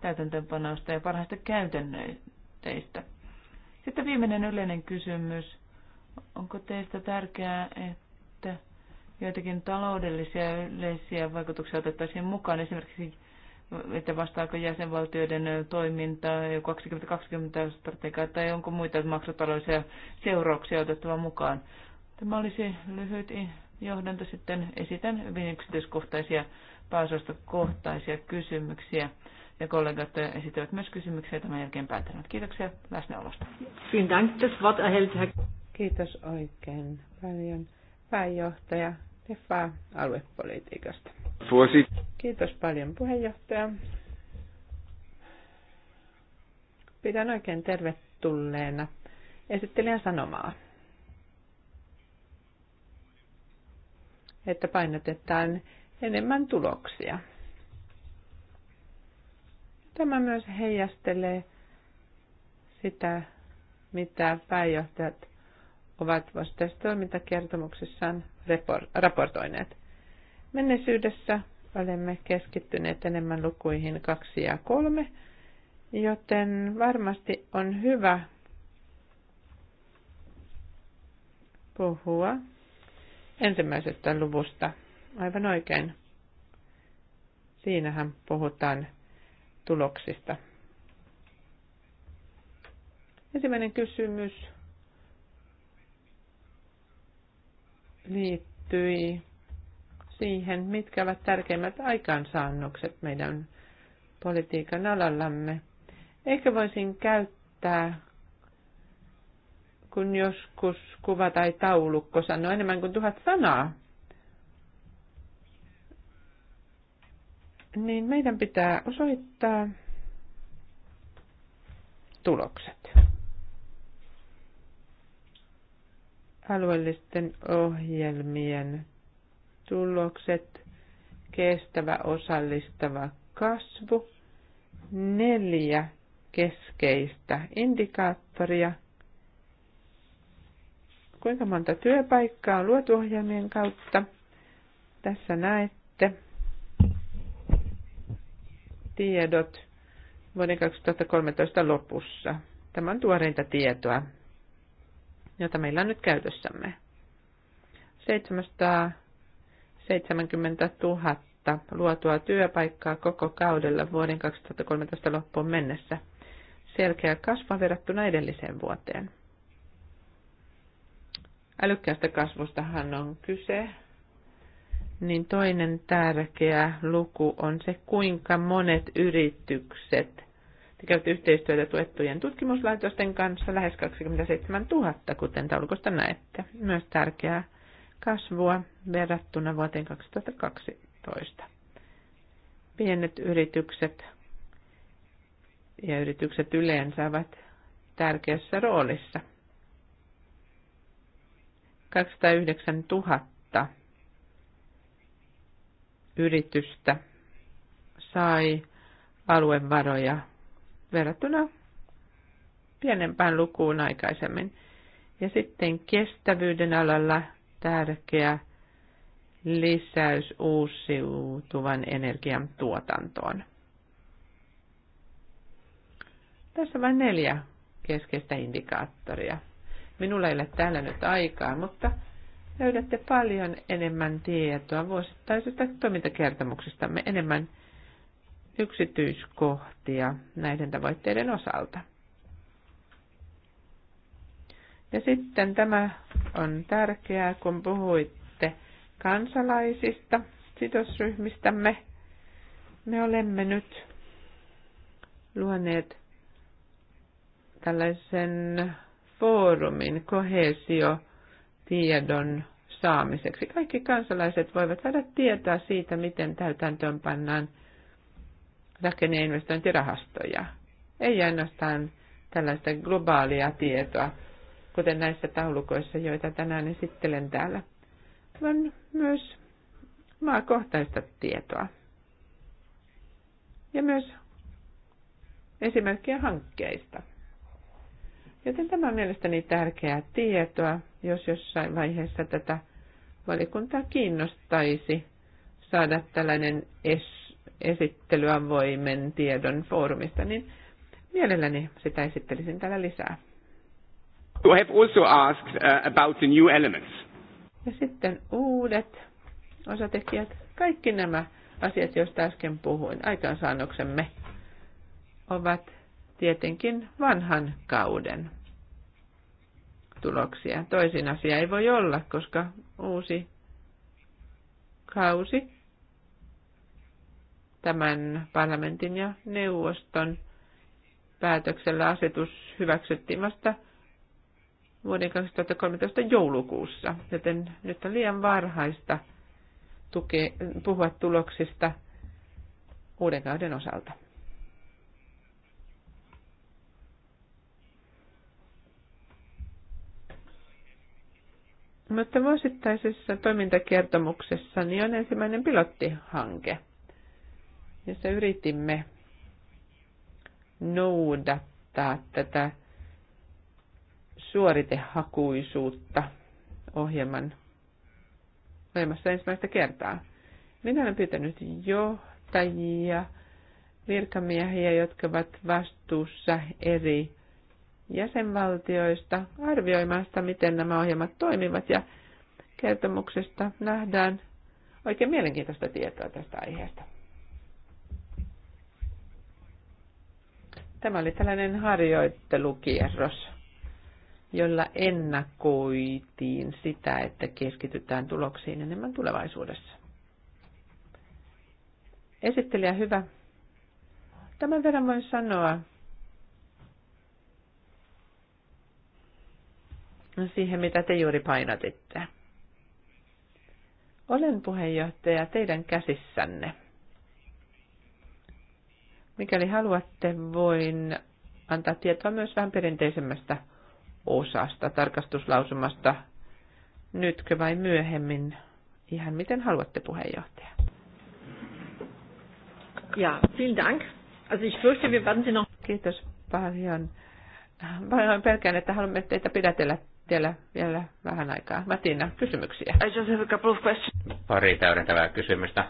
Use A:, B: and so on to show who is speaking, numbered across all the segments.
A: täytäntöönpanosta ja parhaista käytännöistä. Sitten viimeinen yleinen kysymys. Onko teistä tärkeää, että joitakin taloudellisia yleisiä vaikutuksia otettaisiin mukaan, esimerkiksi että vastaako jäsenvaltioiden toiminta 2020 strategia tai onko muita maksutaloudellisia seurauksia otettava mukaan. Tämä olisi lyhyt johdanto. Sitten esitän hyvin yksityiskohtaisia, pääosasta kohtaisia kysymyksiä ja kollegat esittävät myös kysymyksiä tämän
B: jälkeen päättänyt. Kiitoksia läsnäolosta. Kiitos oikein paljon pääjohtaja Tefa aluepolitiikasta. Kiitos paljon puheenjohtaja. Pidän oikein tervetulleena esittelijän sanomaa, että painotetaan enemmän tuloksia Tämä myös heijastelee sitä, mitä pääjohtajat ovat vasta tässä toimintakertomuksessaan raportoineet. Menneisyydessä olemme keskittyneet enemmän lukuihin kaksi ja kolme, joten varmasti on hyvä puhua ensimmäisestä luvusta aivan oikein. Siinähän puhutaan tuloksista. Ensimmäinen kysymys liittyi siihen, mitkä ovat tärkeimmät aikaansaannokset meidän politiikan alallamme. Eikö voisin käyttää, kun joskus kuva tai taulukko sanoo enemmän kuin tuhat sanaa niin meidän pitää osoittaa tulokset. Alueellisten ohjelmien tulokset, kestävä osallistava kasvu, neljä keskeistä indikaattoria, kuinka monta työpaikkaa on luotu ohjelmien kautta. Tässä näet tiedot vuoden 2013 lopussa. Tämä on tuoreinta tietoa, jota meillä on nyt käytössämme. 770 000 luotua työpaikkaa koko kaudella vuoden 2013 loppuun mennessä. Selkeä kasvu verrattuna edelliseen vuoteen. Älykkäästä kasvustahan on kyse niin toinen tärkeä luku on se, kuinka monet yritykset tekevät yhteistyötä tuettujen tutkimuslaitosten kanssa lähes 27 000, kuten taulukosta näette. Myös tärkeää kasvua verrattuna vuoteen 2012. Pienet yritykset ja yritykset yleensä ovat tärkeässä roolissa. 209 000 yritystä sai aluevaroja verrattuna pienempään lukuun aikaisemmin. Ja sitten kestävyyden alalla tärkeä lisäys uusiutuvan energian tuotantoon. Tässä vain neljä keskeistä indikaattoria. Minulla ei ole täällä nyt aikaa, mutta löydätte paljon enemmän tietoa vuosittaisesta toimintakertomuksestamme, enemmän yksityiskohtia näiden tavoitteiden osalta. Ja sitten tämä on tärkeää, kun puhuitte kansalaisista, sidosryhmistämme. Me olemme nyt luoneet tällaisen foorumin kohesio tiedon saamiseksi. Kaikki kansalaiset voivat saada tietää siitä, miten täytäntöön pannaan rakenneinvestointirahastoja. Ei ainoastaan tällaista globaalia tietoa, kuten näissä taulukoissa, joita tänään esittelen täällä, vaan myös maakohtaista tietoa. Ja myös esimerkkiä hankkeista. Joten tämä on mielestäni tärkeää tietoa, jos jossain vaiheessa tätä valikuntaa kiinnostaisi saada tällainen es- esittelyavoimen tiedon foorumista, niin mielelläni sitä esittelisin täällä lisää. You have also asked uh, about the new elements. Ja sitten uudet osatekijät, kaikki nämä asiat, joista äsken puhuin, aikaansaannoksemme, ovat tietenkin vanhan kauden tuloksia. Toisin asia ei voi olla, koska uusi kausi tämän parlamentin ja neuvoston päätöksellä asetus hyväksyttiin vasta vuoden 2013 joulukuussa, joten nyt on liian varhaista tukea, puhua tuloksista uuden kauden osalta. Mutta vuosittaisessa toimintakertomuksessa niin on ensimmäinen pilottihanke, jossa yritimme noudattaa tätä suoritehakuisuutta ohjelman olemassa ensimmäistä kertaa. Minä olen pyytänyt johtajia, virkamiehiä, jotka ovat vastuussa eri jäsenvaltioista arvioimasta, miten nämä ohjelmat toimivat ja kertomuksesta nähdään oikein mielenkiintoista tietoa tästä aiheesta. Tämä oli tällainen harjoittelukierros, jolla ennakoitiin sitä, että keskitytään tuloksiin enemmän tulevaisuudessa. Esittelijä hyvä. Tämän verran voin sanoa, siihen, mitä te juuri painotitte. Olen puheenjohtaja teidän käsissänne. Mikäli haluatte, voin antaa tietoa myös vähän perinteisemmästä osasta, tarkastuslausumasta, nytkö vai myöhemmin, ihan miten haluatte puheenjohtaja. Ja, vielen Dank. Also ich fürchte, wir werden Sie noch... Kiitos paljon. pelkään, että haluamme teitä pidätellä vielä, vielä vähän aikaa. Matina, kysymyksiä. I just have a couple of questions.
C: Pari täydentävää kysymystä.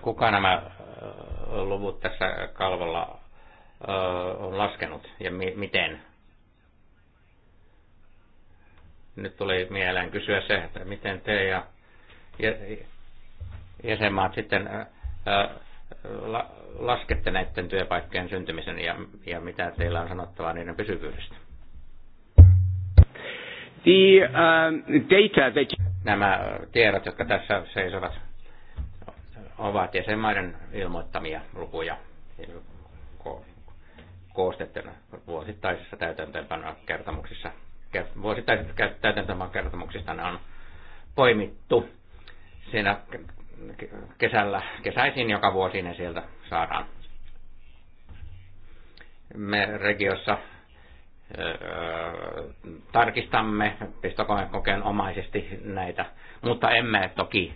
C: Kuka nämä luvut tässä kalvolla on laskenut ja mi- miten? Nyt tuli mieleen kysyä se, että miten te ja jäsenmaat sitten la, laskette näiden työpaikkojen syntymisen ja, ja mitä teillä on sanottavaa niiden pysyvyydestä? The, uh, data that Nämä tiedot, jotka tässä seisovat, ovat jäsenmaiden ilmoittamia lukuja koostettuna vuosittaisissa täytäntöönpanokertomuksissa. Vuosittaisissa täytäntöönpanokertomuksista ne on poimittu. Siinä kesällä, kesäisin joka vuosi ne sieltä saadaan. Me regiossa tarkistamme pistokonekokeen omaisesti näitä, mutta emme toki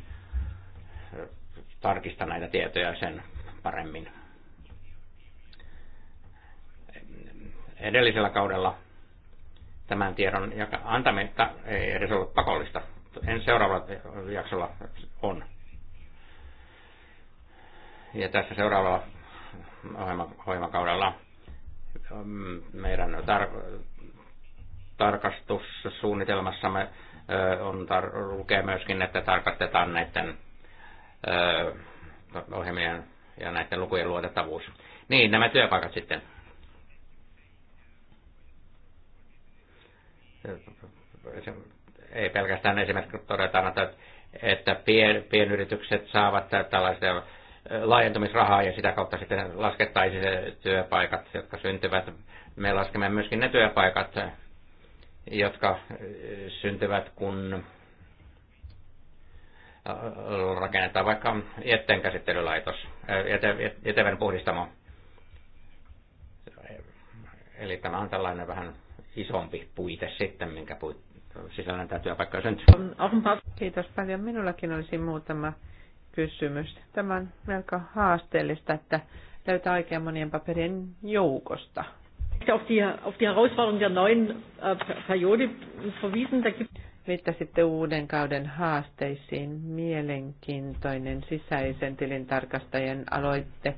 C: tarkista näitä tietoja sen paremmin. Edellisellä kaudella tämän tiedon antamista ei edes ollut pakollista. En seuraavalla jaksolla on. Ja tässä seuraavalla ohjelmakaudella mm, meidän tar- tarkastussuunnitelmassamme on tar- lukee myöskin, että tarkastetaan näiden ohjelmien ja näiden lukujen luotettavuus. Niin, nämä työpaikat sitten. Ei pelkästään esimerkiksi todetaan, että, että pien, pienyritykset saavat tällaisia laajentumisrahaa ja sitä kautta sitten laskettaisiin työpaikat, jotka syntyvät. Me laskemme myöskin ne työpaikat, jotka äh, syntyvät, kun äh, rakennetaan vaikka jätteenkäsittelylaitos, äh, jäte, jäteveden puhdistamo. Eli tämä on tällainen vähän isompi puite sitten, minkä sisällä tämä työpaikka syntyy.
B: Kiitos paljon. Minullakin olisi muutama kysymys. Tämä on melko haasteellista, että löytää oikein monien paperien joukosta. Auf die, äh, Viittasitte uuden kauden haasteisiin. Mielenkiintoinen sisäisen tilintarkastajien aloitte,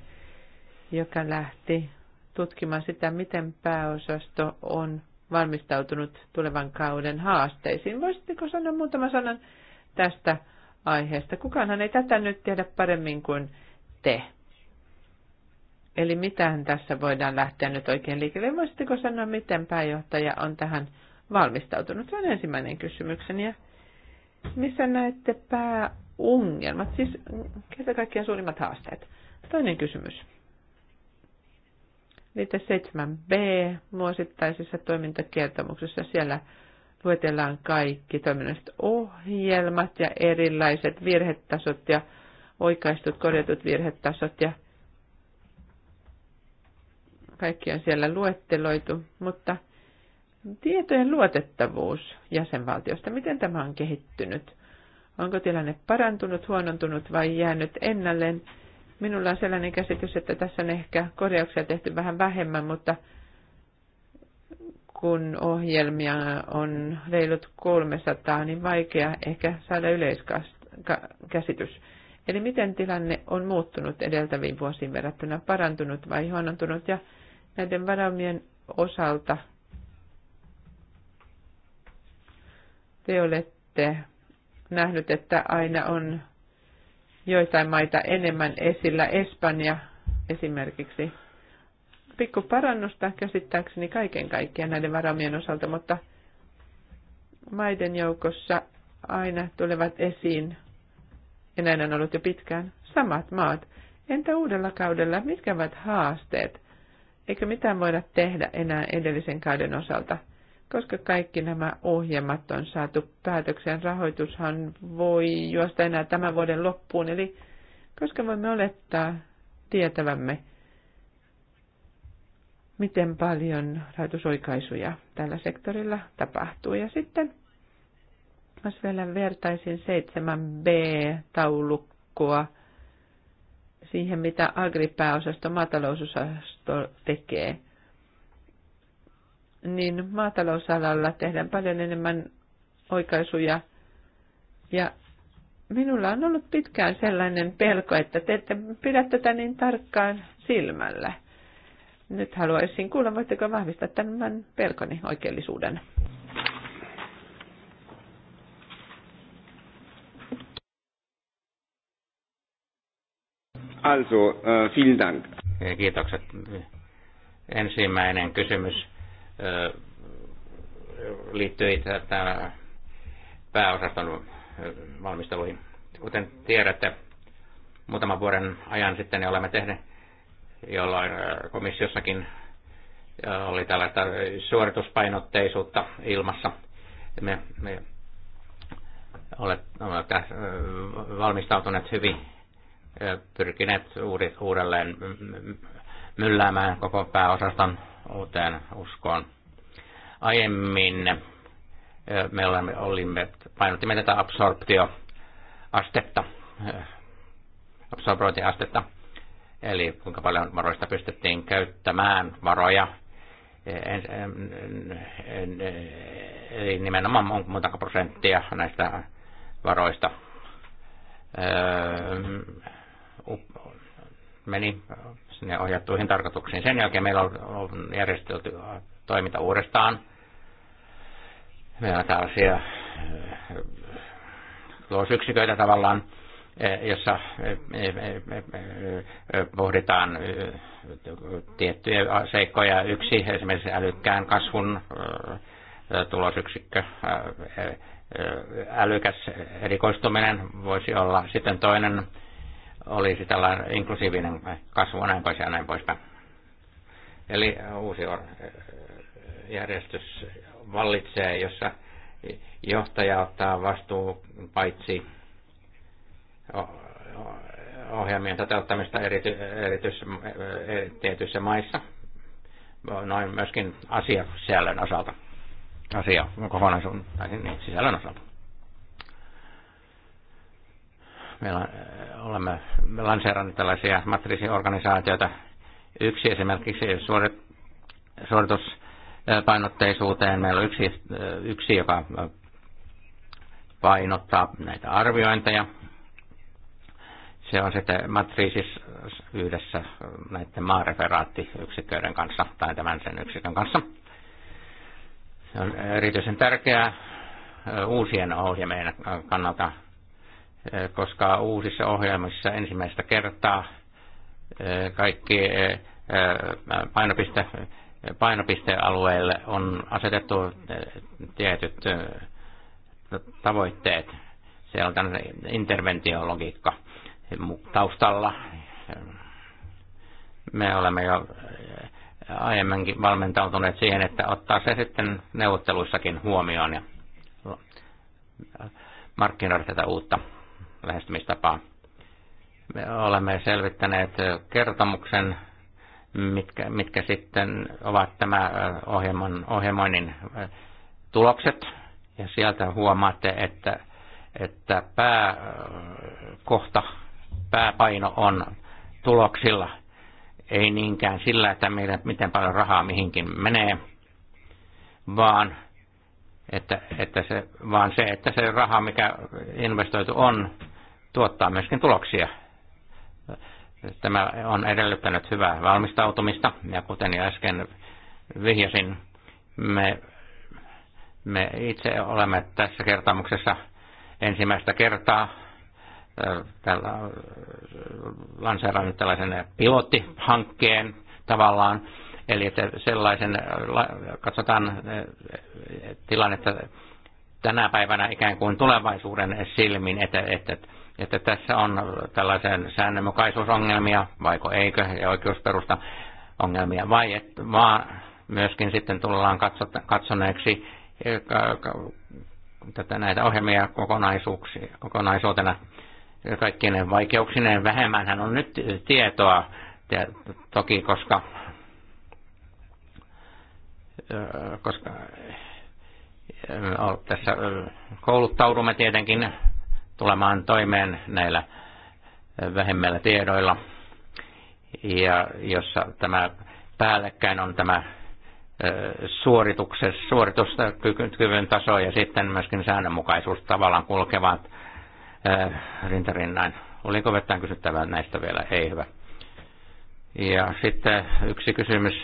B: joka lähti tutkimaan sitä, miten pääosasto on valmistautunut tulevan kauden haasteisiin. Voisitteko sanoa muutaman sanan tästä aiheesta. Kukaanhan ei tätä nyt tiedä paremmin kuin te. Eli mitähän tässä voidaan lähteä nyt oikein liikkeelle? Voisitteko sanoa, miten pääjohtaja on tähän valmistautunut? Se on ensimmäinen kysymykseni. Ja missä näette pääongelmat, siis kerta kaikkiaan suurimmat haasteet? Toinen kysymys. Liite 7b vuosittaisessa toimintakertomuksessa siellä luetellaan kaikki toiminnalliset ohjelmat ja erilaiset virhetasot ja oikaistut, korjatut virhetasot ja kaikki on siellä luetteloitu, mutta tietojen luotettavuus jäsenvaltiosta, miten tämä on kehittynyt? Onko tilanne parantunut, huonontunut vai jäänyt ennalleen? Minulla on sellainen käsitys, että tässä on ehkä korjauksia tehty vähän vähemmän, mutta kun ohjelmia on reilut 300, niin vaikea ehkä saada yleiskäsitys. Eli miten tilanne on muuttunut edeltäviin vuosiin verrattuna, parantunut vai huonontunut ja näiden varaumien osalta te olette nähnyt, että aina on joitain maita enemmän esillä, Espanja esimerkiksi pikku parannusta käsittääkseni kaiken kaikkiaan näiden varamien osalta, mutta maiden joukossa aina tulevat esiin, ja näin on ollut jo pitkään, samat maat. Entä uudella kaudella, mitkä ovat haasteet? Eikö mitään voida tehdä enää edellisen kauden osalta? Koska kaikki nämä ohjelmat on saatu päätökseen, rahoitushan voi juosta enää tämän vuoden loppuun, eli koska voimme olettaa tietävämme, miten paljon rahoitusoikaisuja tällä sektorilla tapahtuu. Ja sitten, jos vielä vertaisin 7B-taulukkoa siihen, mitä agripääosasto, maatalousosasto tekee, niin maatalousalalla tehdään paljon enemmän oikaisuja. Ja minulla on ollut pitkään sellainen pelko, että te ette pidä tätä niin tarkkaan silmällä – nyt haluaisin kuulla, voitteko vahvistaa tämän pelkoni oikeellisuuden. Also, uh, vielen Dank.
C: Kiitokset. Ensimmäinen kysymys uh, äh, liittyi tämän pääosaston äh, valmisteluihin. Kuten tiedätte, muutaman vuoden ajan sitten olemme tehneet jollain äh, komissiossakin äh, oli tällaista suorituspainotteisuutta ilmassa. Me, me olemme äh, valmistautuneet hyvin, pyrkineet uudelleen mylläämään koko pääosaston uuteen uskoon. Aiemmin me olemme, olimme, painottimme tätä absorptioastetta, absorbointiastetta, Eli kuinka paljon varoista pystyttiin käyttämään varoja. En, en, en, e, eli nimenomaan muutama prosenttia näistä varoista öö, meni sinne ohjattuihin tarkoituksiin. Sen jälkeen meillä on järjestelty toiminta uudestaan. Meillä on tällaisia e, tulosyksiköitä tavallaan, Eh, jossa eh, eh, pohditaan tiettyjä seikkoja. Yksi esimerkiksi älykkään kasvun tulosyksikkö, älykäs erikoistuminen voisi olla. Sitten toinen olisi tällainen inklusiivinen kasvu, näin pois ja näin poispäin. Eli uusi järjestys vallitsee, jossa johtaja ottaa vastuu paitsi ohjelmien toteuttamista erity, erityis, e-, e-, tietyissä maissa, noin myöskin asia sisällön osalta, asia kokonaisuuden tai niin, niin, sisällön osalta. Meillä e, olemme lanseeranneet tällaisia matriisiorganisaatioita. Yksi esimerkiksi suorit, suorituspainotteisuuteen. Meillä on yksi, yksi joka painottaa näitä arviointeja, se on sitten matriisissa yhdessä näiden maareferaattiyksiköiden kanssa tai tämän sen yksikön kanssa. Se on erityisen tärkeää uusien ohjelmien kannalta, koska uusissa ohjelmissa ensimmäistä kertaa kaikki painopiste, painopistealueille on asetettu tietyt tavoitteet. Siellä on tämmöinen interventiologiikka taustalla. Me olemme jo äh, aiemminkin valmentautuneet siihen, että ottaa se sitten neuvotteluissakin huomioon ja markkinoida tätä uutta lähestymistapaa. Me olemme selvittäneet äh, kertomuksen, mitkä, mitkä sitten ovat tämä äh, ohjelman, ohjelmoinnin tulokset. Ja sieltä huomaatte, että, että pääkohta pääpaino on tuloksilla, ei niinkään sillä, että meillä, miten paljon rahaa mihinkin menee, vaan että, että se, vaan se, että se raha, mikä investoitu on, tuottaa myöskin tuloksia. Tämä on edellyttänyt hyvää valmistautumista, ja kuten jo äsken vihjasin, me, me itse olemme tässä kertomuksessa ensimmäistä kertaa tällä, lanseerannut tällaisen pilottihankkeen tavallaan, eli että sellaisen, katsotaan tilannetta tänä päivänä ikään kuin tulevaisuuden silmin, että, että, että tässä on tällaisen säännönmukaisuusongelmia, vaiko eikö, ja oikeusperusta ongelmia, vai että vaan myöskin sitten tullaan katsoneeksi tätä näitä ohjelmia kokonaisuuksia, kokonaisuutena kaikkien vaikeuksineen vähemmän hän on nyt tietoa, toki koska, äh, koska äh, tässä äh, kouluttaudumme tietenkin tulemaan toimeen näillä vähemmällä tiedoilla, ja jossa tämä päällekkäin on tämä suorituksen, suorituskyvyn taso ja sitten myöskin säännönmukaisuus tavallaan kulkevat rintarinnain. Oliko vettään kysyttävää näistä vielä? Ei hyvä.
A: Ja sitten yksi kysymys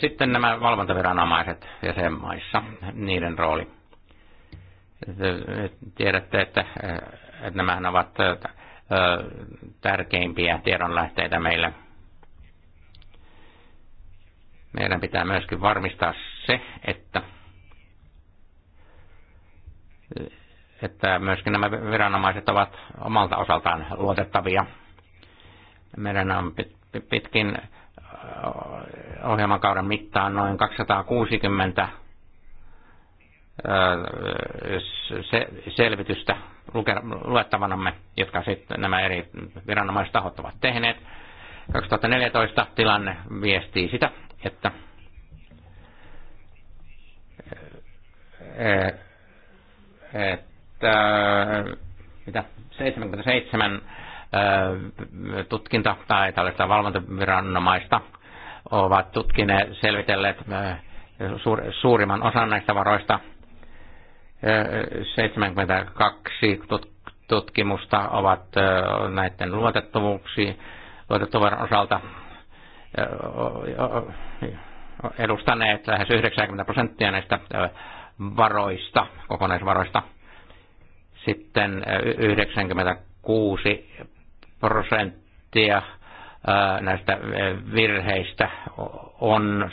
C: Sitten nämä valvontaviranomaiset jäsenmaissa, niiden rooli. Tiedätte, että, että nämä ovat tärkeimpiä tiedonlähteitä meille meidän pitää myöskin varmistaa se, että, että myöskin nämä viranomaiset ovat omalta osaltaan luotettavia. Meidän on pitkin ohjelmakauden mittaan noin 260 selvitystä luettavanamme, jotka sitten nämä eri viranomaistahot ovat tehneet. 2014 tilanne viestii sitä, että eh, että mitä 77 eh, tutkinta tai tällaista valvontaviranomaista ovat tutkineet, selvitelleet eh, suur, suurimman osan näistä varoista. 72 tutkimusta ovat näiden luotettavuuksien luotettavuuden osalta edustaneet lähes 90 prosenttia näistä varoista, kokonaisvaroista. Sitten 96 prosenttia näistä virheistä on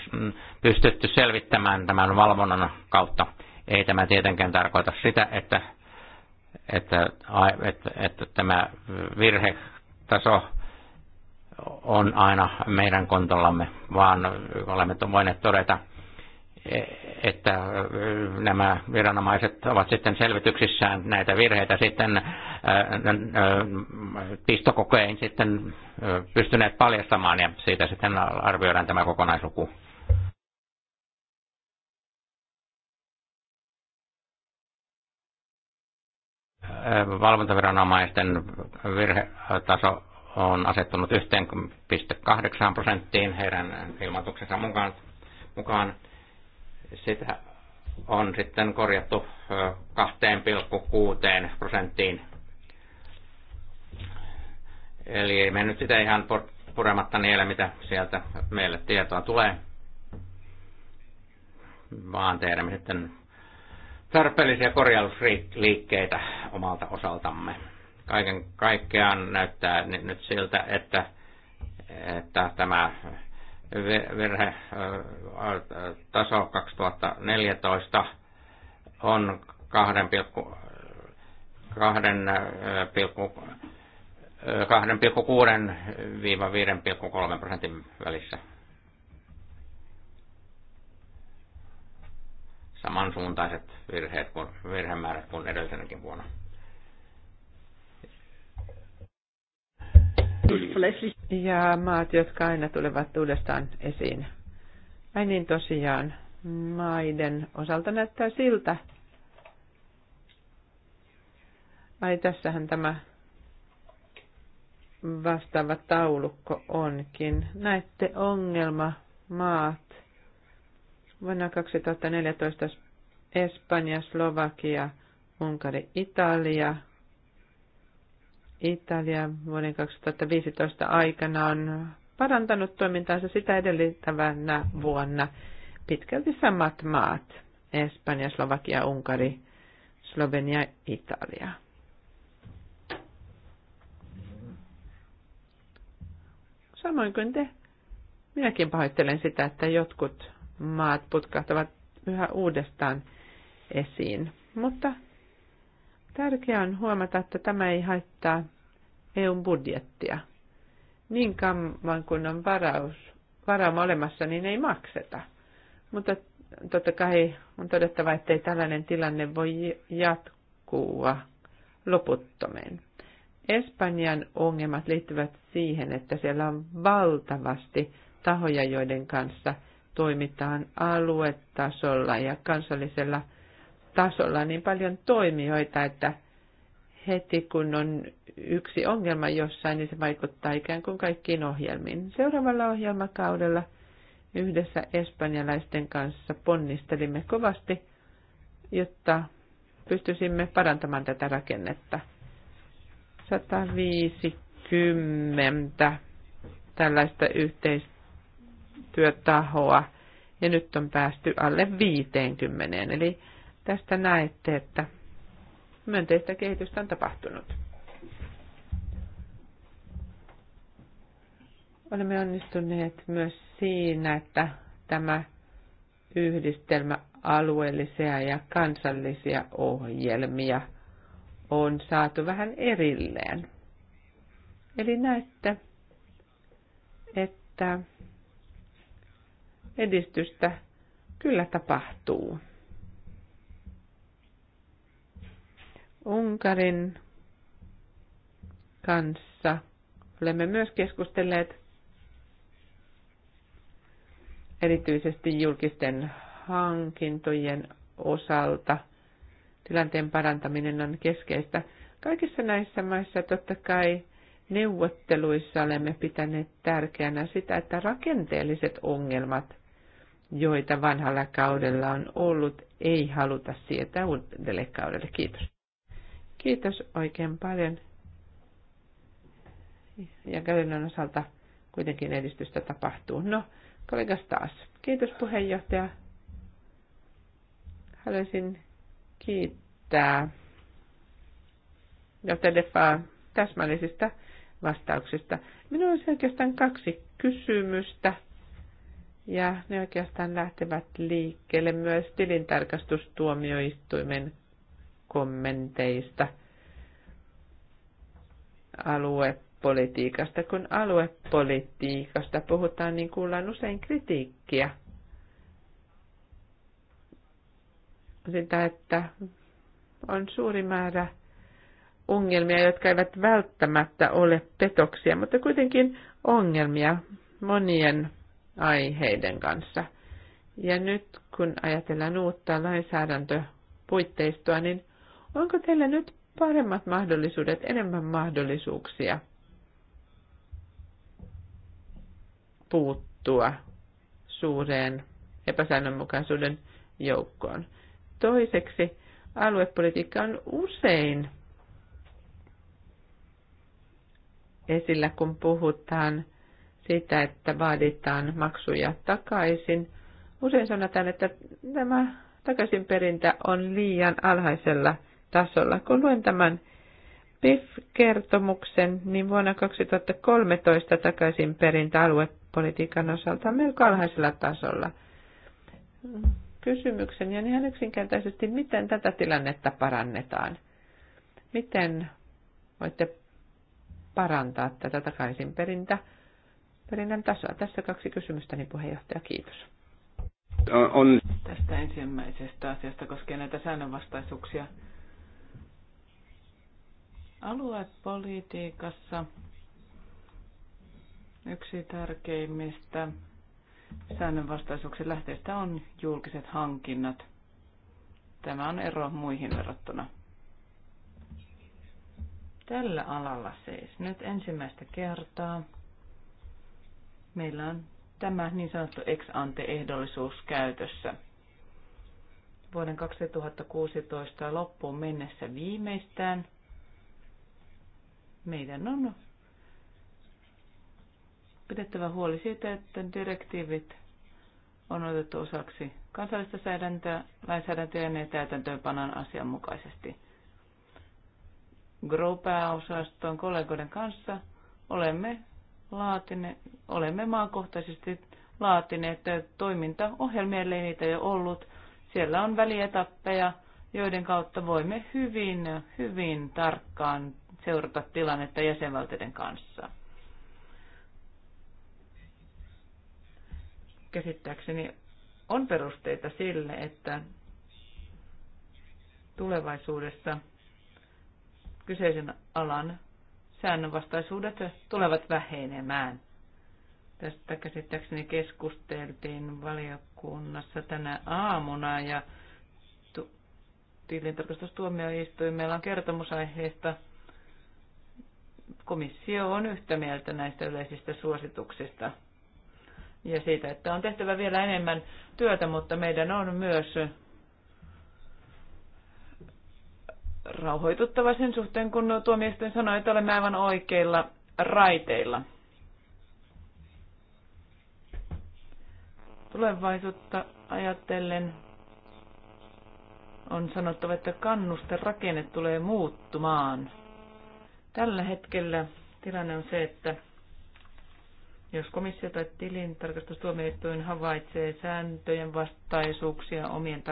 C: pystytty selvittämään tämän valvonnan kautta. Ei tämä tietenkään tarkoita sitä, että, että, että, että tämä virhetaso on aina meidän kontollamme, vaan olemme voineet todeta, e, että nämä viranomaiset ovat sitten selvityksissään näitä virheitä sitten pistokokein sitten pystyneet paljastamaan ja siitä sitten arvioidaan tämä kokonaisluku. Valvontaviranomaisten virhetaso on asettunut 1,8 prosenttiin heidän ilmoituksensa mukaan. mukaan. Sitä on sitten korjattu 2,6 prosenttiin. Eli ei mennyt sitä ihan purematta niille, mitä sieltä meille tietoa tulee, vaan teemme sitten tarpeellisia korjausliikkeitä omalta osaltamme. Kaiken kaikkiaan näyttää nyt siltä, että, että tämä taso 2014 on 2,6-5,3 prosentin välissä. Samansuuntaiset virheet kuin, virhemäärät kuin edellisenäkin vuonna.
B: Ja maat, jotka aina tulevat uudestaan esiin. Ai niin tosiaan, maiden osalta näyttää siltä. Ai tässähän tämä vastaava taulukko onkin. Näette ongelma maat. Vuonna 2014 Espanja, Slovakia, Unkari, Italia – Italia vuoden 2015 aikana on parantanut toimintaansa sitä edellyttävänä vuonna pitkälti samat maat, Espanja, Slovakia, Unkari, Slovenia, Italia. Samoin kuin te, minäkin pahoittelen sitä, että jotkut maat putkahtavat yhä uudestaan esiin. Mutta Tärkeää on huomata, että tämä ei haittaa EUn budjettia. Niin kauan kun on varaus, varauma olemassa, niin ei makseta. Mutta totta kai on todettava, että ei tällainen tilanne voi jatkua loputtomiin. Espanjan ongelmat liittyvät siihen, että siellä on valtavasti tahoja, joiden kanssa toimitaan aluetasolla ja kansallisella tasolla tasolla niin paljon toimijoita, että heti kun on yksi ongelma jossain, niin se vaikuttaa ikään kuin kaikkiin ohjelmiin. Seuraavalla ohjelmakaudella yhdessä espanjalaisten kanssa ponnistelimme kovasti, jotta pystyisimme parantamaan tätä rakennetta. 150 tällaista yhteistyötahoa ja nyt on päästy alle 50, eli Tästä näette, että myönteistä kehitystä on tapahtunut. Olemme onnistuneet myös siinä, että tämä yhdistelmä alueellisia ja kansallisia ohjelmia on saatu vähän erilleen. Eli näette, että edistystä kyllä tapahtuu. Unkarin kanssa olemme myös keskustelleet erityisesti julkisten hankintojen osalta. Tilanteen parantaminen on keskeistä. Kaikissa näissä maissa totta kai neuvotteluissa olemme pitäneet tärkeänä sitä, että rakenteelliset ongelmat, joita vanhalla kaudella on ollut, ei haluta sietää uudelle kaudelle. Kiitos. Kiitos oikein paljon. Ja käytännön osalta kuitenkin edistystä tapahtuu. No, kollegas taas. Kiitos puheenjohtaja. Haluaisin kiittää johtaja Defaa täsmällisistä vastauksista. Minulla olisi oikeastaan kaksi kysymystä. Ja ne oikeastaan lähtevät liikkeelle myös tilintarkastustuomioistuimen kommenteista aluepolitiikasta. Kun aluepolitiikasta puhutaan, niin kuullaan usein kritiikkiä sitä, että on suuri määrä ongelmia, jotka eivät välttämättä ole petoksia, mutta kuitenkin ongelmia monien aiheiden kanssa. Ja nyt kun ajatellaan uutta lainsäädäntöpuitteistoa, niin Onko teillä nyt paremmat mahdollisuudet, enemmän mahdollisuuksia puuttua suureen epäsäännönmukaisuuden joukkoon? Toiseksi, aluepolitiikka on usein esillä, kun puhutaan siitä, että vaaditaan maksuja takaisin. Usein sanotaan, että tämä takaisinperintä on liian alhaisella tasolla. Kun luen tämän PIF-kertomuksen, niin vuonna 2013 takaisin perintä aluepolitiikan osalta melko alhaisella tasolla. Kysymyksen ja ihan yksinkertaisesti, miten tätä tilannetta parannetaan? Miten voitte parantaa tätä takaisin perintä, perinnän tasoa? Tässä kaksi kysymystäni puheenjohtaja, kiitos. On.
A: Tästä ensimmäisestä asiasta koskee näitä säännönvastaisuuksia Aluepolitiikassa yksi tärkeimmistä säännönvastaisuuksien lähteistä on julkiset hankinnat. Tämä on ero muihin verrattuna. Tällä alalla siis nyt ensimmäistä kertaa meillä on tämä niin sanottu ex ante ehdollisuus käytössä. Vuoden 2016 loppuun mennessä viimeistään – meidän on pidettävä huoli siitä, että direktiivit on otettu osaksi kansallista lainsäädäntöä ja ne täytäntöönpanan asianmukaisesti. GROW-pääosaston kollegoiden kanssa olemme, laatine, olemme maakohtaisesti laatineet toimintaohjelmia, ellei niitä jo ollut. Siellä on välietappeja, joiden kautta voimme hyvin, hyvin tarkkaan seurata tilannetta jäsenvaltioiden kanssa. Käsittääkseni on perusteita sille, että tulevaisuudessa kyseisen alan säännönvastaisuudet tulevat vähenemään. Tästä käsittääkseni keskusteltiin valiokunnassa tänä aamuna ja tilintarkastustuomioistuimella on kertomusaiheesta – komissio on yhtä mieltä näistä yleisistä suosituksista ja siitä, että on tehtävä vielä enemmän työtä, mutta meidän on myös rauhoituttava sen suhteen, kun tuomioistuin sanoi, että olemme aivan oikeilla raiteilla. Tulevaisuutta ajatellen on sanottava, että kannusten rakenne tulee muuttumaan – Tällä hetkellä tilanne on se, että jos komissio tai tilintarkastustuomioistuin havaitsee sääntöjen vastaisuuksia omien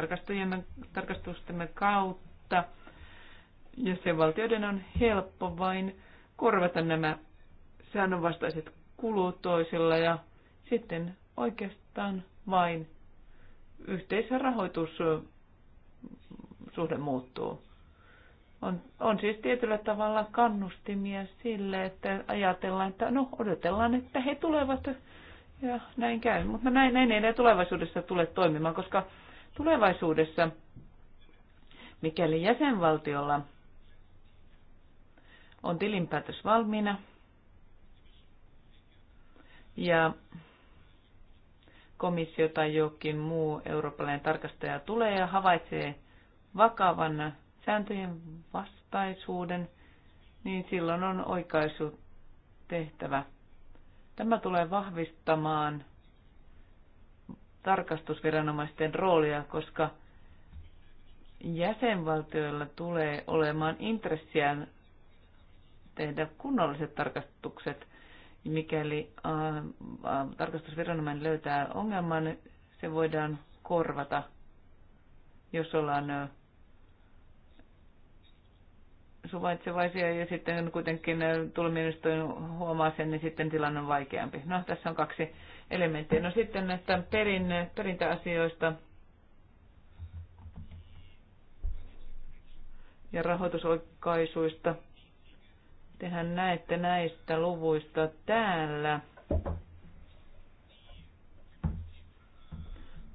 A: tarkastustemme kautta, ja valtioiden on helppo vain korvata nämä säännönvastaiset kulut toisilla ja sitten oikeastaan vain yhteisrahoitussuhde muuttuu. On, on siis tietyllä tavalla kannustimia sille, että ajatellaan, että no odotellaan, että he tulevat ja näin käy. Mutta näin, näin ei enää tulevaisuudessa tule toimimaan, koska tulevaisuudessa, mikäli jäsenvaltiolla on tilinpäätös valmiina ja komissio tai jokin muu eurooppalainen tarkastaja tulee ja havaitsee vakavan sääntöjen vastaisuuden, niin silloin on oikaisu tehtävä. Tämä tulee vahvistamaan tarkastusviranomaisten roolia, koska jäsenvaltioilla tulee olemaan intressiään tehdä kunnolliset tarkastukset, mikäli tarkastusviranomainen löytää ongelman, se voidaan korvata, jos ollaan suvaitsevaisia ja sitten kuitenkin äh, tuomioistuin huomaa sen, niin sitten tilanne on vaikeampi. No, tässä on kaksi elementtiä. No sitten näistä perin, perintäasioista ja rahoitusoikaisuista. Tehän näette näistä luvuista täällä,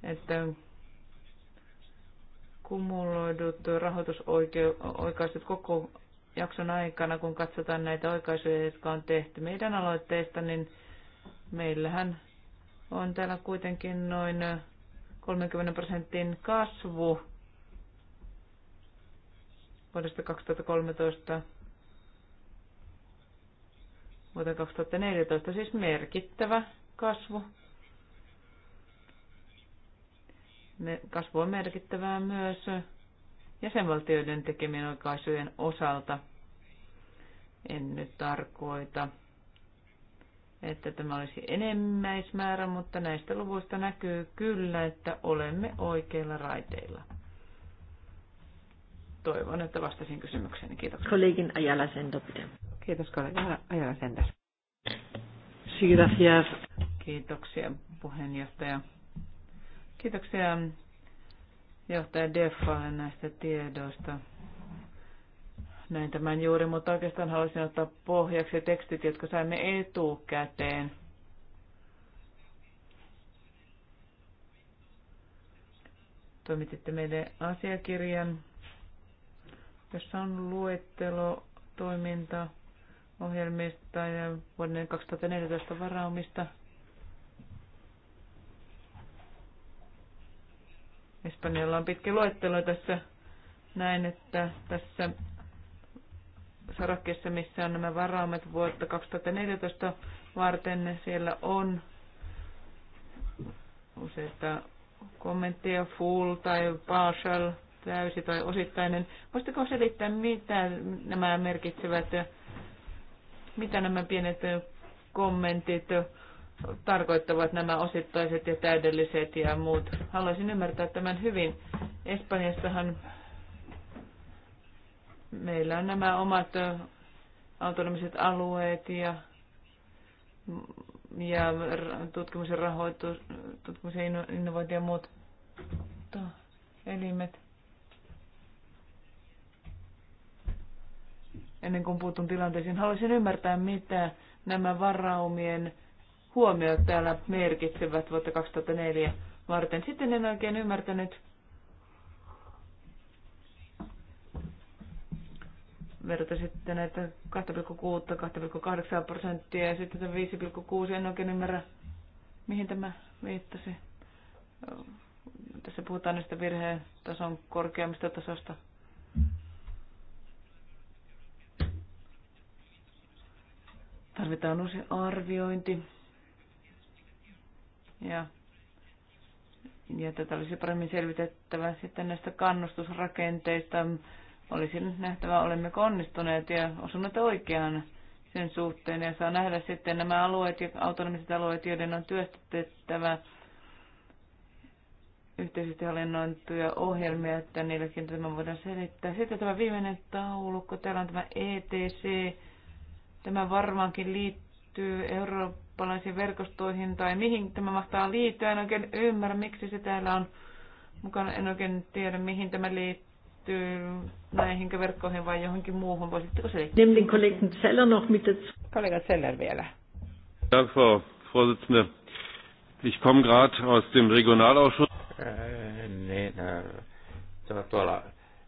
A: että kumuloidut rahoitusoikaisut koko jakson aikana, kun katsotaan näitä oikaisuja, jotka on tehty meidän aloitteesta, niin meillähän on täällä kuitenkin noin 30 prosentin kasvu vuodesta 2013 vuoteen 2014, siis merkittävä kasvu. Kasvu on merkittävää myös jäsenvaltioiden tekemien oikaisujen osalta. En nyt tarkoita, että tämä olisi enemmäismäärä, mutta näistä luvuista näkyy kyllä, että olemme oikeilla raiteilla. Toivon, että vastasin kysymykseen. Kiitoksia. Kollegin Ajala
B: Sendopide. Kiitos kollega Ajala Sendas. Sí,
A: Kiitoksia puheenjohtaja. Kiitoksia johtaja Deffalle näistä tiedoista. Näin tämän juuri, mutta oikeastaan haluaisin ottaa pohjaksi tekstit, jotka saimme etukäteen. Toimititte meille asiakirjan, jossa on luettelo toiminta ohjelmista ja vuoden 2014 varaumista – Espanjalla on pitkä luettelo tässä näin, että tässä sarakkeessa, missä on nämä varaumet vuotta 2014 varten, siellä on useita kommentteja, full tai partial, täysi tai osittainen. Voisitteko selittää, mitä nämä merkitsevät, mitä nämä pienet kommentit tarkoittavat nämä osittaiset ja täydelliset ja muut. Haluaisin ymmärtää tämän hyvin. Espanjassahan meillä on nämä omat autonomiset alueet ja, ja tutkimuksen rahoitus, tutkimuksen innovointi ja muut elimet. Ennen kuin puutun tilanteeseen, haluaisin ymmärtää, mitä nämä varaumien huomiot täällä merkitsevät vuotta 2004 varten. Sitten en oikein ymmärtänyt verta sitten näitä 2,6-2,8 prosenttia ja sitten 5,6 en oikein ymmärrä, mihin tämä viittasi. Tässä puhutaan näistä virheen tason korkeammista tasosta. Tarvitaan uusi arviointi. Ja, ja tätä olisi paremmin selvitettävä sitten näistä kannustusrakenteista. Olisi nähtävä, olemmeko onnistuneet ja osuneet oikeaan sen suhteen. Ja saa nähdä sitten nämä alueet ja autonomiset alueet, joiden on työstettävä yhteisesti hallinnointuja ohjelmia, että niilläkin tämä voidaan selittää. Sitten tämä viimeinen taulukko, täällä on tämä ETC. Tämä varmaankin liittyy Euroopan eurooppalaisiin verkostoihin tai mihin tämä mahtaa liittyä. En oikein ymmärrä, miksi se täällä on mukana. En oikein tiedä, mihin tämä liittyy näihin verkkoihin vai johonkin muuhun. Voisitteko se liittyä? Nimm Zeller noch mit dazu. Kollega
B: Zeller vielä. Ja, Frau Vorsitzende. Ich komme gerade aus
C: dem Regionalausschuss. Äh, niin, äh, tuolla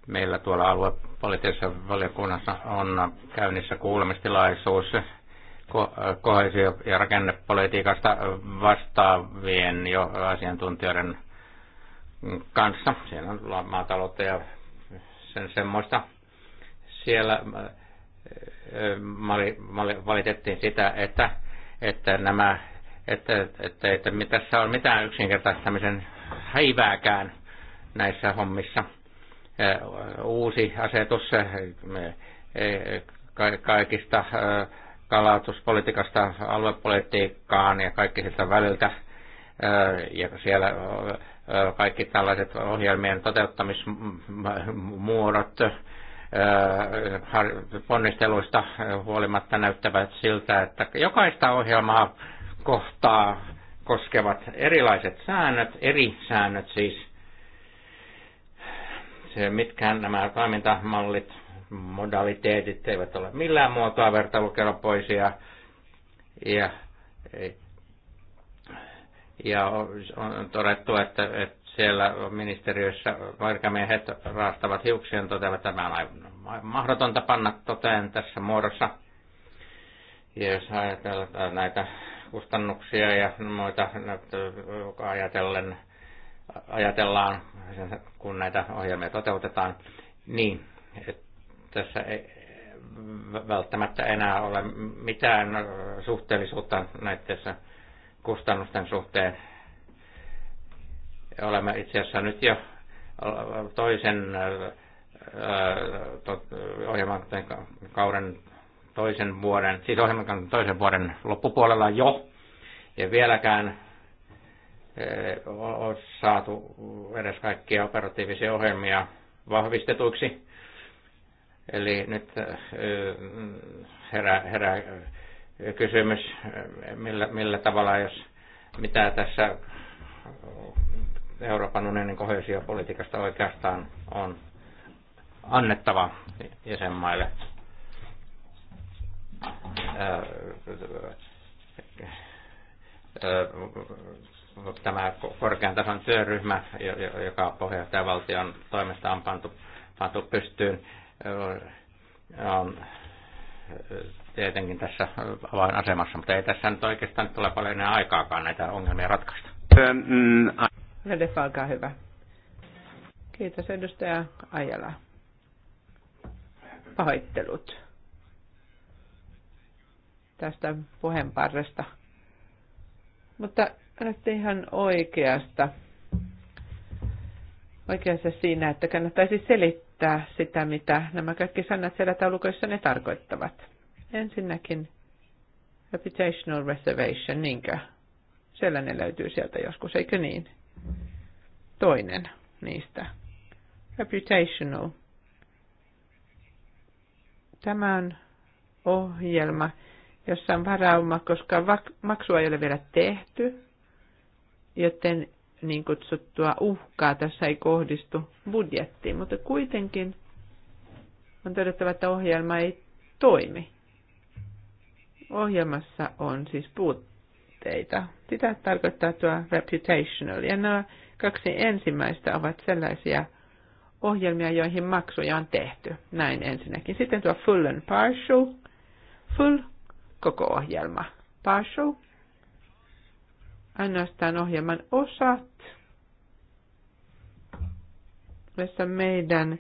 C: meillä tuolla aluepoliittisessa valiokunnassa on käynnissä kuulemistilaisuus kohesio- ja rakennepolitiikasta vastaavien jo asiantuntijoiden kanssa. Siellä on maataloutta ja sen semmoista. Siellä äh, valitettiin sitä, että, että nämä että, että, että tässä on mitään yksinkertaistamisen häivääkään näissä hommissa. Äh, uusi asetus äh, kaikista kalautuspolitiikasta aluepolitiikkaan ja kaikki siltä väliltä. Ja siellä kaikki tällaiset ohjelmien toteuttamismuodot ponnisteluista huolimatta näyttävät siltä, että jokaista ohjelmaa kohtaa koskevat erilaiset säännöt, eri säännöt siis, se, mitkä nämä toimintamallit modaliteetit eivät ole millään muotoa vertailukelpoisia. Ja, ja on todettu, että, että siellä ministeriössä virkamiehet raastavat hiuksien toteavat, että tämä on aivan mahdotonta panna toteen tässä muodossa. Ja jos ajatellaan näitä kustannuksia ja muita ajatellen, ajatellaan, kun näitä ohjelmia toteutetaan, niin et, tässä ei välttämättä enää ole mitään suhteellisuutta näiden kustannusten suhteen. Olemme itse asiassa nyt jo toisen ohjelman kauden toisen vuoden, siis ohjelman toisen vuoden loppupuolella jo, ja vieläkään on saatu edes kaikkia operatiivisia ohjelmia vahvistetuiksi Eli nyt äh, herää, herää äh, kysymys, äh, millä, millä tavalla, jos mitä tässä Euroopan unionin kohesiopolitiikasta oikeastaan on annettava jäsenmaille. Tämä korkean tason työryhmä, joka pohjoittajavaltion toimesta on pantu, pantu pystyyn, on tietenkin tässä avainasemassa, mutta ei tässä nyt oikeastaan tule paljon enää aikaakaan näitä ongelmia ratkaista.
B: Nede ähm, mm, alkaa hyvä. Kiitos edustaja Ajala. Pahoittelut tästä puheenparresta. Mutta olette ihan oikeasta. Oikeassa siinä, että kannattaisi selittää käyttää sitä, mitä nämä kaikki sanat siellä taulukoissa ne tarkoittavat. Ensinnäkin reputational reservation, niinkö? Sellainen löytyy sieltä joskus, eikö niin? Toinen niistä. Reputational. Tämä on ohjelma, jossa on varauma, koska maksua ei ole vielä tehty, joten niin kutsuttua uhkaa tässä ei kohdistu budjettiin, mutta kuitenkin on todettava, että ohjelma ei toimi. Ohjelmassa on siis puutteita. Sitä tarkoittaa tuo reputational. Ja nämä kaksi ensimmäistä ovat sellaisia ohjelmia, joihin maksuja on tehty. Näin ensinnäkin. Sitten tuo full and partial. Full, koko ohjelma. Partial, ainoastaan ohjelman osat, jossa meidän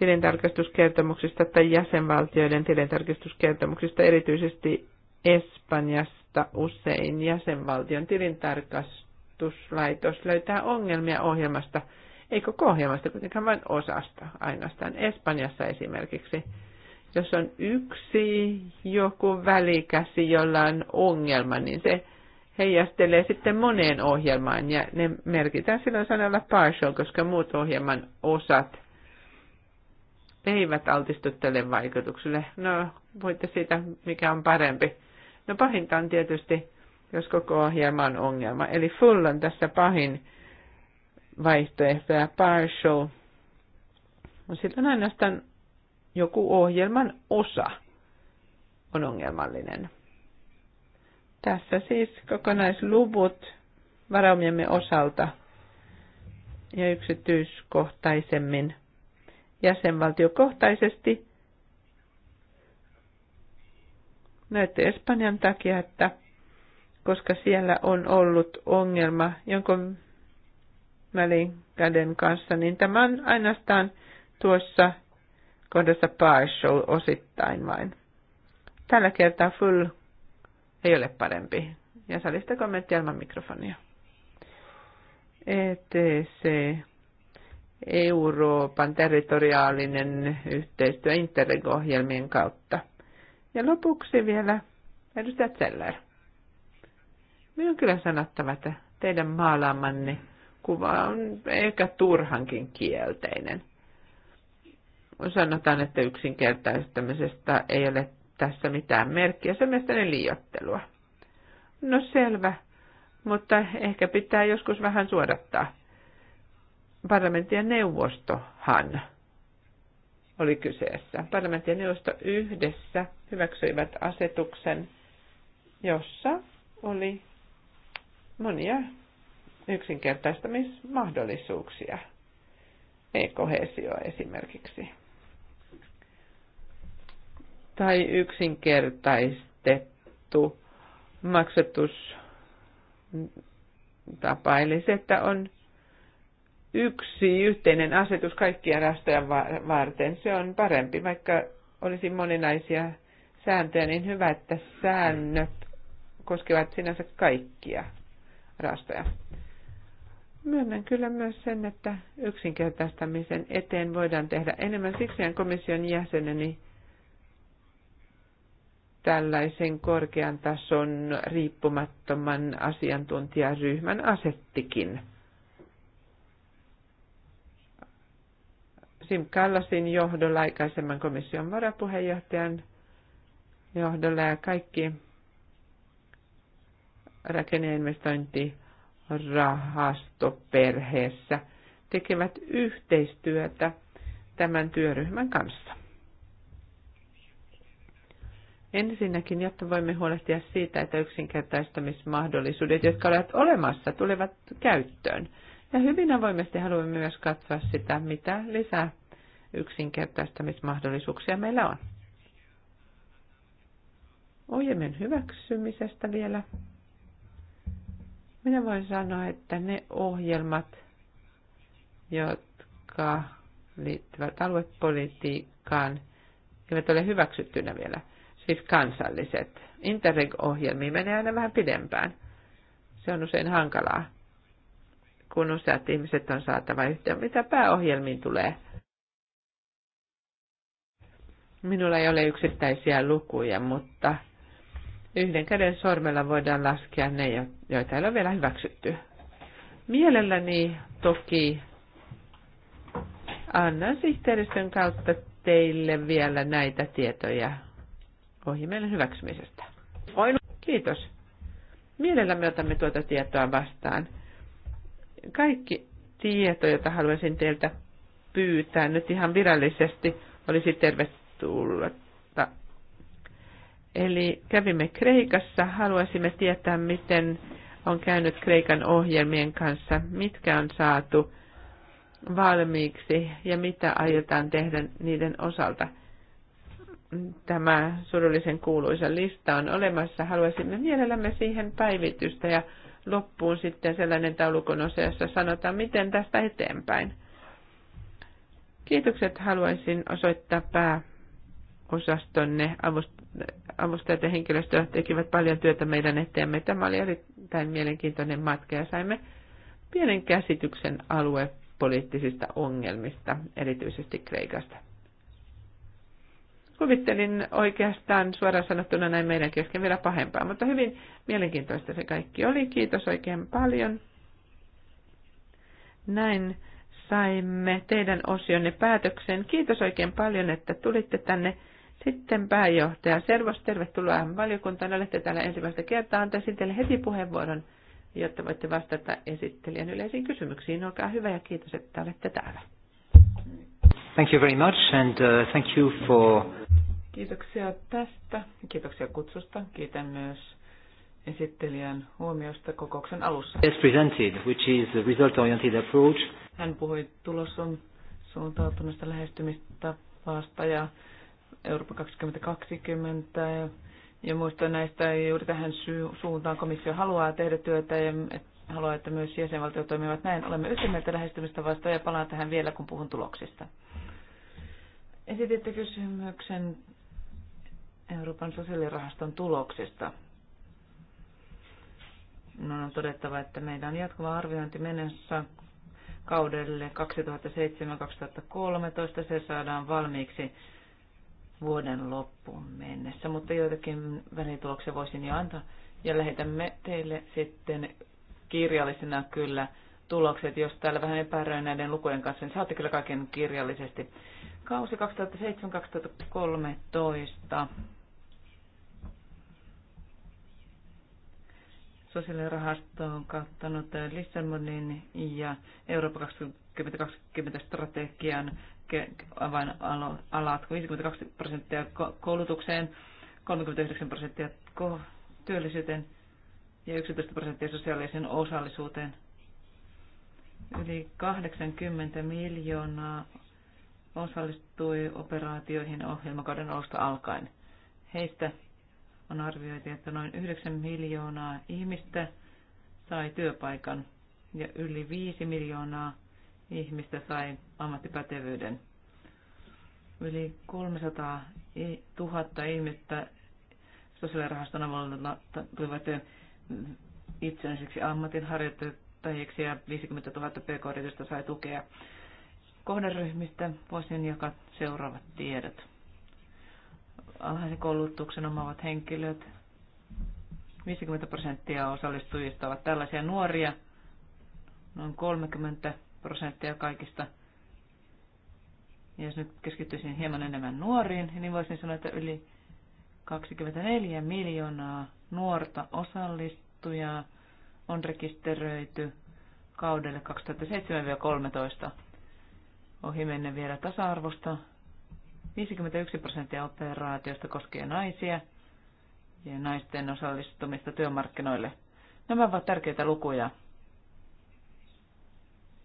B: tilintarkastuskertomuksista tai jäsenvaltioiden tilintarkastuskertomuksista, erityisesti Espanjasta usein jäsenvaltion tilintarkastuslaitos löytää ongelmia ohjelmasta, ei koko ohjelmasta, kuitenkaan vain osasta ainoastaan. Espanjassa esimerkiksi, jos on yksi joku välikäsi, jolla on ongelma, niin se heijastelee sitten moneen ohjelmaan ja ne merkitään silloin sanalla partial, koska muut ohjelman osat eivät altistu tälle vaikutukselle. No, voitte siitä, mikä on parempi. No pahinta on tietysti, jos koko ohjelma on ongelma. Eli full on tässä pahin vaihtoehto ja partial. No, silloin ainoastaan joku ohjelman osa on ongelmallinen. Tässä siis kokonaisluvut varaumiemme osalta ja yksityiskohtaisemmin jäsenvaltiokohtaisesti. Näette Espanjan takia, että koska siellä on ollut ongelma jonkun käden kanssa, niin tämä on ainoastaan tuossa kohdassa partial osittain vain. Tällä kertaa full ei ole parempi. Ja salista kommentti ilman mikrofonia. ETC, Euroopan territoriaalinen yhteistyö Interreg-ohjelmien kautta. Ja lopuksi vielä edustaja Zeller. Minun on kyllä sanottava, että teidän maalaamanne kuva on eikä turhankin kielteinen. Sanotaan, että yksinkertaistamisesta ei ole tässä mitään merkkiä. Se on mielestäni liiottelua. No selvä, mutta ehkä pitää joskus vähän suodattaa. Parlamentin ja neuvostohan oli kyseessä. Parlamentin ja neuvosto yhdessä hyväksyivät asetuksen, jossa oli monia yksinkertaistamismahdollisuuksia. kohesio esimerkiksi tai yksinkertaistettu maksatustapa, eli se, että on yksi yhteinen asetus kaikkia rastoja varten. Se on parempi, vaikka olisi moninaisia sääntöjä, niin hyvä, että säännöt koskevat sinänsä kaikkia rastoja. Myönnän kyllä myös sen, että yksinkertaistamisen eteen voidaan tehdä enemmän. Siksi komission jäseneni tällaisen korkean tason riippumattoman asiantuntijaryhmän asettikin. Sim Kallasin johdolla, aikaisemman komission varapuheenjohtajan johdolla ja kaikki rakenneinvestointirahastoperheessä tekevät yhteistyötä tämän työryhmän kanssa. Ensinnäkin, jotta voimme huolehtia siitä, että yksinkertaistamismahdollisuudet, jotka ovat olemassa, tulevat käyttöön. Ja hyvin avoimesti haluamme myös katsoa sitä, mitä lisää yksinkertaistamismahdollisuuksia meillä on. Ojemen hyväksymisestä vielä. Minä voin sanoa, että ne ohjelmat, jotka liittyvät aluepolitiikkaan, eivät ole hyväksyttynä vielä siis kansalliset. interreg ohjelmi menee aina vähän pidempään. Se on usein hankalaa, kun useat ihmiset on saatava yhteen. Mitä pääohjelmiin tulee? Minulla ei ole yksittäisiä lukuja, mutta yhden käden sormella voidaan laskea ne, joita ei ole vielä hyväksytty. Mielelläni toki annan sihteeristön kautta teille vielä näitä tietoja ohjelmien hyväksymisestä. Kiitos. Mielellämme otamme tuota tietoa vastaan. Kaikki tieto, jota haluaisin teiltä pyytää nyt ihan virallisesti, olisi
A: tervetullutta.
B: Eli kävimme Kreikassa, haluaisimme tietää, miten on käynyt Kreikan ohjelmien kanssa, mitkä on saatu valmiiksi ja mitä aiotaan tehdä niiden osalta – tämä surullisen kuuluisa lista on olemassa. Haluaisimme mielellämme siihen päivitystä ja loppuun sitten sellainen taulukon osa, jossa sanotaan, miten tästä eteenpäin. Kiitokset haluaisin osoittaa pääosastonne. Avustajat ja henkilöstö tekivät paljon työtä meidän eteemme. Tämä oli erittäin mielenkiintoinen matka ja saimme pienen käsityksen aluepoliittisista ongelmista, erityisesti Kreikasta kuvittelin oikeastaan suoraan sanottuna näin meidän kesken vielä pahempaa, mutta hyvin mielenkiintoista se kaikki oli. Kiitos oikein paljon. Näin saimme teidän osionne päätökseen. Kiitos oikein paljon, että tulitte tänne. Sitten pääjohtaja Servos, tervetuloa valiokuntaan. Olette täällä ensimmäistä kertaa. Antaisin teille heti puheenvuoron, jotta voitte vastata esittelijän yleisiin kysymyksiin. Olkaa hyvä ja kiitos, että olette täällä. Thank you very much and uh, thank you for Kiitoksia tästä. Kiitoksia kutsusta. Kiitän
A: myös esittelijän huomiosta kokouksen alussa. presented, which is result-oriented approach. Hän puhui tulosun suuntautuneesta lähestymistavasta ja Eurooppa 2020 ja, ja muista näistä juuri tähän suuntaan komissio haluaa tehdä työtä ja haluaa, että myös jäsenvaltiot toimivat näin. Olemme yhtä mieltä lähestymistavasta ja palaan tähän vielä, kun puhun tuloksista. Esititte kysymyksen Euroopan sosiaalirahaston tuloksista. No on todettava, että meillä on jatkuva arviointi menossa kaudelle 2007-2013. Se saadaan valmiiksi vuoden loppuun mennessä, mutta joitakin välituloksia voisin jo antaa. Ja lähetämme teille sitten kirjallisena kyllä tulokset, jos täällä vähän epäröi näiden lukujen kanssa, niin saatte kyllä kaiken kirjallisesti. Kausi 2007-2013 sosiaalirahastoon kattanut Lissabonin ja Eurooppa 2020 strategian avainalat 52 prosenttia koulutukseen, 39 prosenttia työllisyyteen ja 11 prosenttia sosiaaliseen osallisuuteen. Yli 80 miljoonaa osallistui operaatioihin ohjelmakauden alusta alkaen. Heistä on arvioitu, että noin 9 miljoonaa ihmistä sai työpaikan ja yli 5 miljoonaa ihmistä sai ammattipätevyyden. Yli 300 000 ihmistä sosiaalirahaston avulla tulivat itsenäiseksi ammatinharjoittajiksi ja 50 000 pk-yritystä sai tukea. Kohderyhmistä voisin jakaa seuraavat tiedot alhaisen koulutuksen omavat henkilöt. 50 prosenttia osallistujista ovat tällaisia nuoria, noin 30 prosenttia kaikista. Ja jos nyt keskittyisin hieman enemmän nuoriin, niin voisin sanoa, että yli 24 miljoonaa nuorta osallistujaa on rekisteröity kaudelle 2007-2013. Ohi menne vielä tasa-arvosta 51 prosenttia operaatiosta koskee naisia ja naisten osallistumista työmarkkinoille. Nämä ovat tärkeitä lukuja,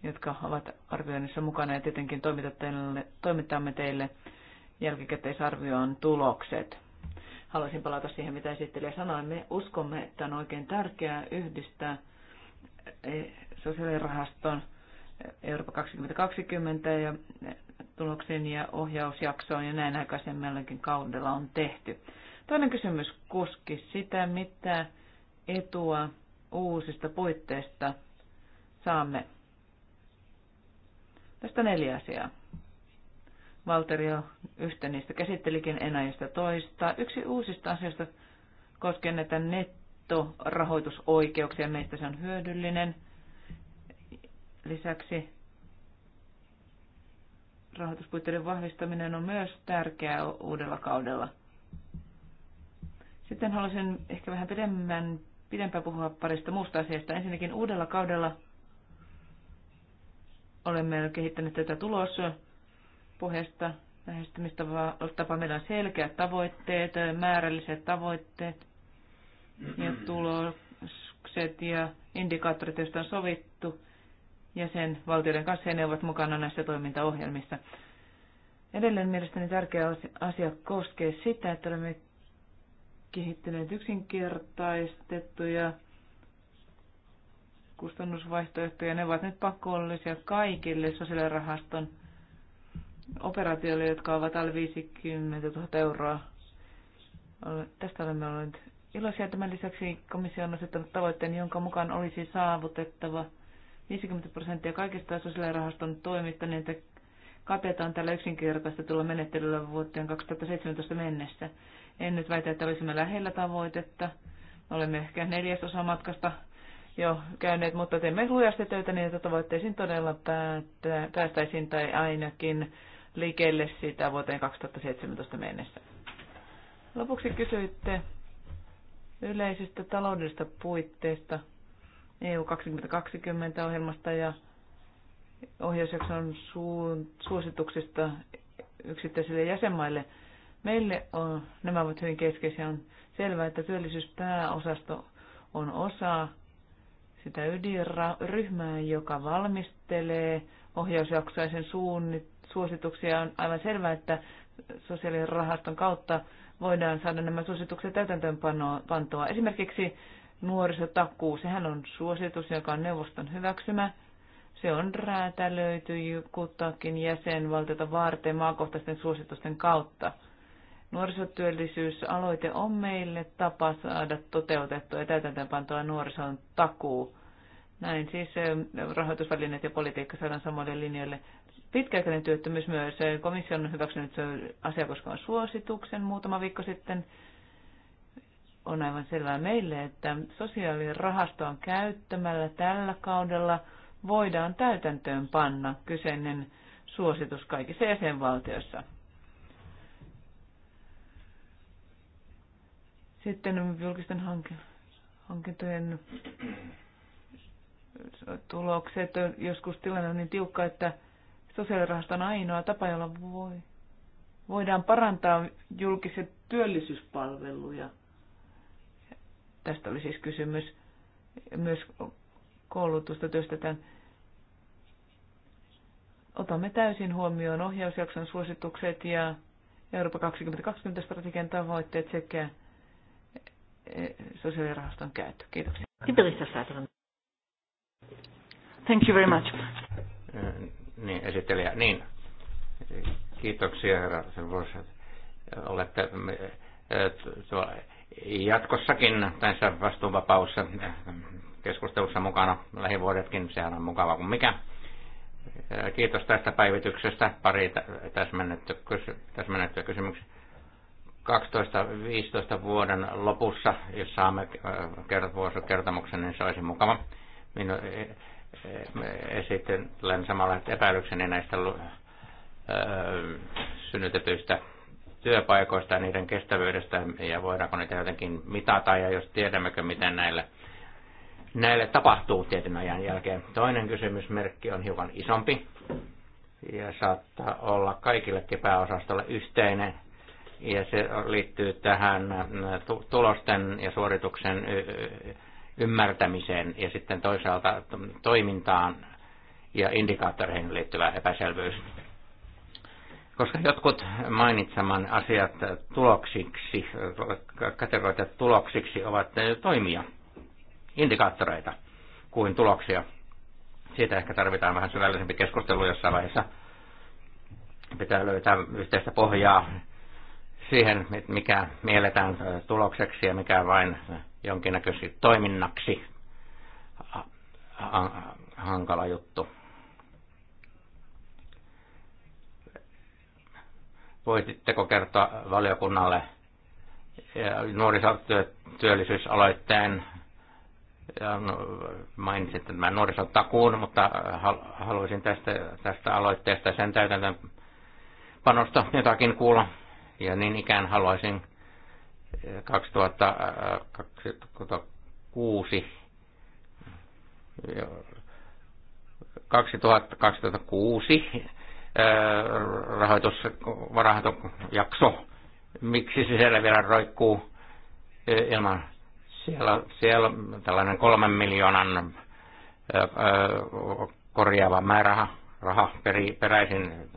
A: jotka ovat arvioinnissa mukana ja tietenkin toimittamme teille jälkikäteisarvioon tulokset. Haluaisin palata siihen, mitä esittelijä sanoi. Me uskomme, että on oikein tärkeää yhdistää eh, sosiaalirahaston Euroopan 2020 ja tuloksiin ja ohjausjaksoon ja näin aikaisemmallakin kaudella on tehty. Toinen kysymys koski sitä, mitä etua uusista puitteista saamme. Tästä neljä asiaa. Valteri jo yhtä niistä käsittelikin enää toista. Yksi uusista asioista koskee näitä nettorahoitusoikeuksia. Meistä se on hyödyllinen. Lisäksi rahoituspuitteiden vahvistaminen on myös tärkeää uudella kaudella. Sitten haluaisin ehkä vähän pidemmän, pidempään puhua parista muusta asiasta. Ensinnäkin uudella kaudella olemme kehittäneet tätä tulospohjasta lähestymistapa. Meillä on selkeät tavoitteet, määrälliset tavoitteet ja tulokset ja indikaattorit, joista on sovittu jäsenvaltioiden kanssa ja ne ovat mukana näissä toimintaohjelmissa. Edelleen mielestäni tärkeä asia koskee sitä, että olemme kehittyneet yksinkertaistettuja kustannusvaihtoehtoja. Ne ovat nyt pakollisia kaikille sosiaalirahaston operaatioille, jotka ovat alle 50 000 euroa. Tästä olemme olleet iloisia. Tämän lisäksi komissio on asettanut tavoitteen, jonka mukaan olisi saavutettava – 50 prosenttia kaikista sosiaalirahaston toimista, niin että katetaan tällä yksinkertaistetulla menettelyllä vuoteen 2017 mennessä. En nyt väitä, että olisimme lähellä tavoitetta. Olemme ehkä neljäsosa matkasta jo käyneet, mutta teemme lujasti töitä niin, että tavoitteisiin todella päästäisiin tai ainakin liikelle sitä vuoteen 2017 mennessä. Lopuksi kysyitte yleisistä taloudellisista puitteista EU 2020 ohjelmasta ja ohjausjakson suosituksista yksittäisille jäsenmaille. Meille on, nämä ovat hyvin keskeisiä. On selvää, että työllisyyspääosasto on osa sitä ydinryhmää, joka valmistelee ohjausjaksoa ja sen suosituksia. On aivan selvää, että sosiaalirahaston kautta voidaan saada nämä suositukset täytäntöönpantoa. Esimerkiksi nuorisotakuu. Sehän on suositus, joka on neuvoston hyväksymä. Se on räätälöity kutakin jäsenvaltiota varten maakohtaisten suositusten kautta. Nuorisotyöllisyysaloite on meille tapa saada toteutettua ja täytäntöönpantoa nuorison takuu. Näin siis rahoitusvälineet ja politiikka saadaan samoille linjoille. Pitkäaikainen työttömyys myös. Komissio on hyväksynyt asiakoskaan suosituksen muutama viikko sitten on aivan selvää meille, että sosiaalirahastoon käyttämällä tällä kaudella voidaan täytäntöön panna kyseinen suositus kaikissa jäsenvaltioissa. Sitten julkisten hankintojen tulokset. Joskus tilanne on niin tiukka, että sosiaalirahasto on ainoa tapa, jolla voi, voidaan parantaa julkiset työllisyyspalveluja – Tästä oli siis kysymys. Myös koulutusta työstetään. Otamme täysin huomioon ohjausjakson suositukset ja Euroopan 2020 strategian tavoitteet sekä eh, sosiaalirahaston käyttö. Kiitoksia. Thank you very much.
C: Eh, niin, esittelijä. Niin. Kiitoksia, herra Sen Olette eh, jatkossakin tässä vastuunvapaus keskustelussa mukana lähivuodetkin. Sehän on mukava kuin mikä. Kiitos tästä päivityksestä. Pari täsmennettyä kysymyksiä. 12-15 vuoden lopussa, jos saamme kertomuksen, niin se olisi mukava. Minä esittelen samalla epäilykseni näistä synnytetyistä työpaikoista ja niiden kestävyydestä ja voidaanko niitä jotenkin mitata ja jos tiedämmekö, miten näille, näille tapahtuu tietyn ajan jälkeen. Toinen kysymysmerkki on hiukan isompi ja saattaa olla kaikillekin pääosastolle yhteinen. Ja se liittyy tähän tulosten ja suorituksen ymmärtämiseen ja sitten toisaalta toimintaan ja indikaattoreihin liittyvä epäselvyys koska jotkut mainitseman asiat tuloksiksi, kategoriat tuloksiksi ovat toimia, indikaattoreita kuin tuloksia. Siitä ehkä tarvitaan vähän syvällisempi keskustelu jossain vaiheessa. Pitää löytää yhteistä pohjaa siihen, mikä mielletään tulokseksi ja mikä vain jonkinnäköisesti toiminnaksi hankala juttu. voititteko kertoa valiokunnalle eh, nuorisotyöllisyysaloitteen, no, mainitsin tämän nuorisotakuun, mutta eh, haluaisin tästä, tästä aloitteesta sen täytäntöön panosta jotakin kuulla. Ja niin ikään haluaisin 2006 eh, 2006 Äh, rahoitusvarahantojakso, miksi se siellä vielä roikkuu e, ilman. Siellä, siellä tällainen kolmen miljoonan äh, äh, korjaava määräraha raha peri, peräisin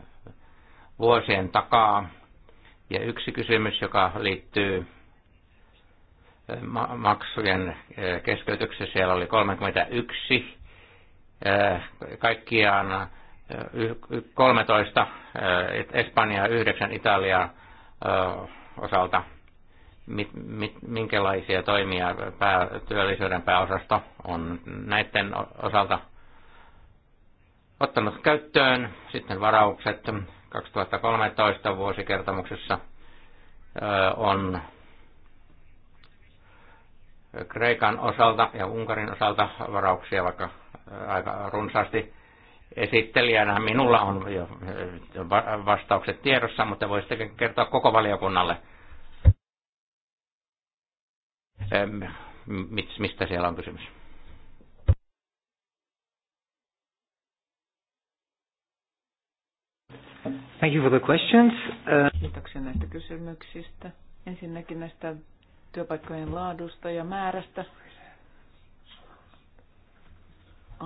C: vuosien takaa. Ja yksi kysymys, joka liittyy maksujen keskeytykseen, siellä oli 31 kaikkiaan 13 Espanjaa, 9 Italiaa osalta. Minkälaisia toimia pää, työllisyyden pääosasto on näiden osalta ottanut käyttöön? Sitten varaukset 2013 vuosikertomuksessa eh, on Kreikan osalta ja Unkarin osalta varauksia vaikka eh, aika runsaasti – esittelijänä minulla on jo vastaukset tiedossa, mutta voisitte kertoa koko valiokunnalle, mistä siellä on kysymys.
A: Thank you for the questions. Uh, Kiitoksia näistä kysymyksistä. Ensinnäkin näistä työpaikkojen laadusta ja määrästä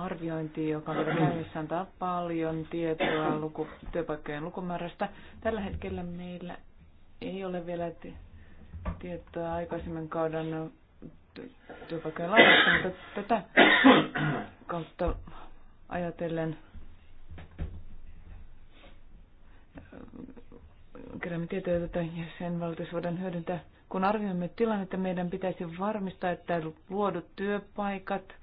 A: arviointi, joka on käynnissä, antaa paljon tietoa luku, työpaikkojen lukumäärästä. Tällä hetkellä meillä ei ole vielä tietoa aikaisemman kauden työpaikkojen laajasta, mutta tätä kautta ajatellen äh, keräämme tietoja, joita jäsenvaltiossa voidaan hyödyntää. Kun arvioimme tilannetta, meidän pitäisi varmistaa, että luodut työpaikat –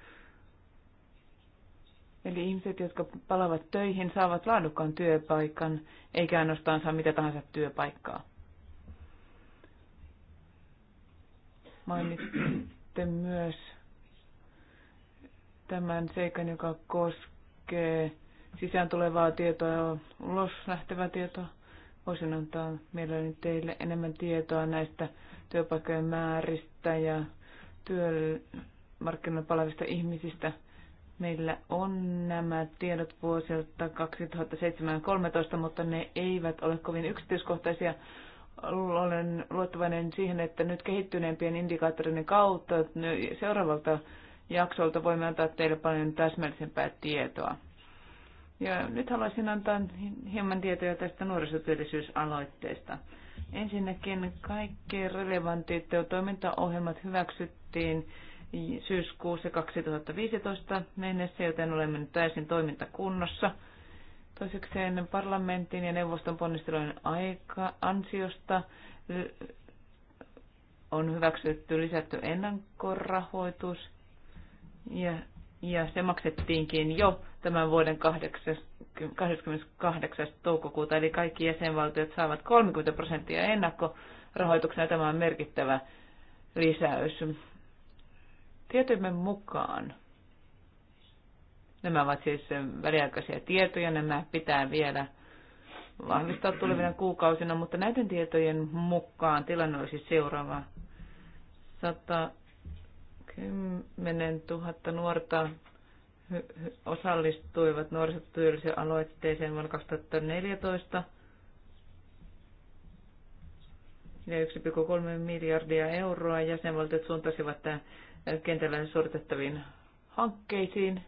A: Eli ihmiset, jotka palaavat töihin, saavat laadukkaan työpaikan, eikä ainoastaan saa mitä tahansa työpaikkaa. Mainitsitte myös tämän seikan, joka koskee sisään tulevaa tietoa ja ulos lähtevää tietoa. Voisin antaa mielelläni teille enemmän tietoa näistä työpaikkojen määristä ja työmarkkinoilla palvista ihmisistä – Meillä on nämä tiedot vuosilta 2007-2013, mutta ne eivät ole kovin yksityiskohtaisia. Olen luottavainen siihen, että nyt kehittyneempien indikaattorien kautta seuraavalta jaksolta voimme antaa teille paljon täsmällisempää tietoa. Ja nyt haluaisin antaa hieman tietoja tästä nuorisotyöllisyysaloitteesta. Ensinnäkin kaikki relevantit toimintaohjelmat hyväksyttiin syyskuussa 2015 mennessä, joten olemme nyt täysin toimintakunnossa. Toisekseen parlamentin ja neuvoston ponnistelujen aika ansiosta on hyväksytty lisätty ennakkorahoitus ja, ja se maksettiinkin jo tämän vuoden 28. toukokuuta, eli kaikki jäsenvaltiot saavat 30 prosenttia ennakkorahoituksena. Tämä on merkittävä lisäys Tietojemme mukaan, nämä ovat siis väliaikaisia tietoja, nämä pitää vielä vahvistaa tulevina kuukausina, mutta näiden tietojen mukaan tilanne olisi seuraava. 110 000 nuorta osallistuivat nuorisotyölliseen aloitteeseen vuonna 2014 ja 1,3 miljardia euroa jäsenvaltiot suuntasivat kentällä suoritettaviin hankkeisiin.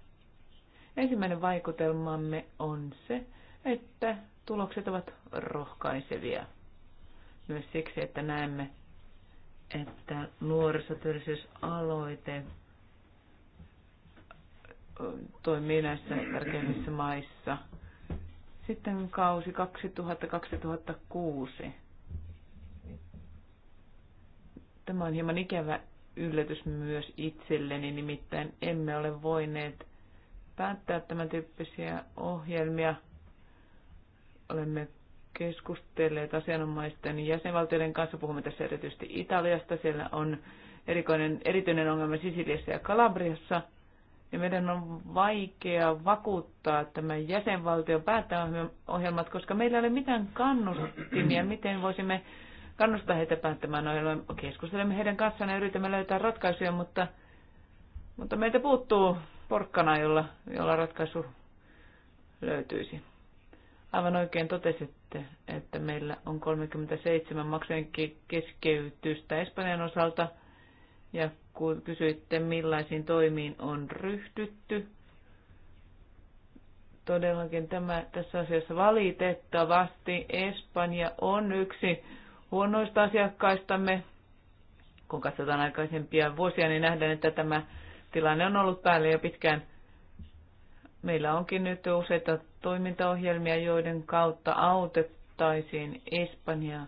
A: Ensimmäinen vaikutelmamme on se, että tulokset ovat rohkaisevia. Myös siksi, että näemme, että nuorisotyöllisyysaloite toimii näissä tärkeimmissä maissa. Sitten kausi 2000-2006. Tämä on hieman ikävä yllätys myös itselleni, nimittäin emme ole voineet päättää tämän tyyppisiä ohjelmia. Olemme keskustelleet asianomaisten jäsenvaltioiden kanssa, puhumme tässä erityisesti Italiasta, siellä on erikoinen, erityinen ongelma Sisiliassa ja Kalabriassa, ja meidän on vaikea vakuuttaa tämä jäsenvaltio päättää ohjelmat, koska meillä ei ole mitään kannustimia, miten voisimme kannustaa heitä päättämään noilla. Keskustelemme heidän kanssaan ja yritämme löytää ratkaisuja, mutta, mutta meiltä puuttuu porkkana, jolla, jolla ratkaisu löytyisi. Aivan oikein totesitte, että meillä on 37 maksujen keskeytystä Espanjan osalta ja kun kysyitte, millaisiin toimiin on ryhdytty, todellakin tämä, tässä asiassa valitettavasti Espanja on yksi huonoista asiakkaistamme. Kun katsotaan aikaisempia vuosia, niin nähdään, että tämä tilanne on ollut päällä jo pitkään. Meillä onkin nyt useita toimintaohjelmia, joiden kautta autettaisiin Espanjaa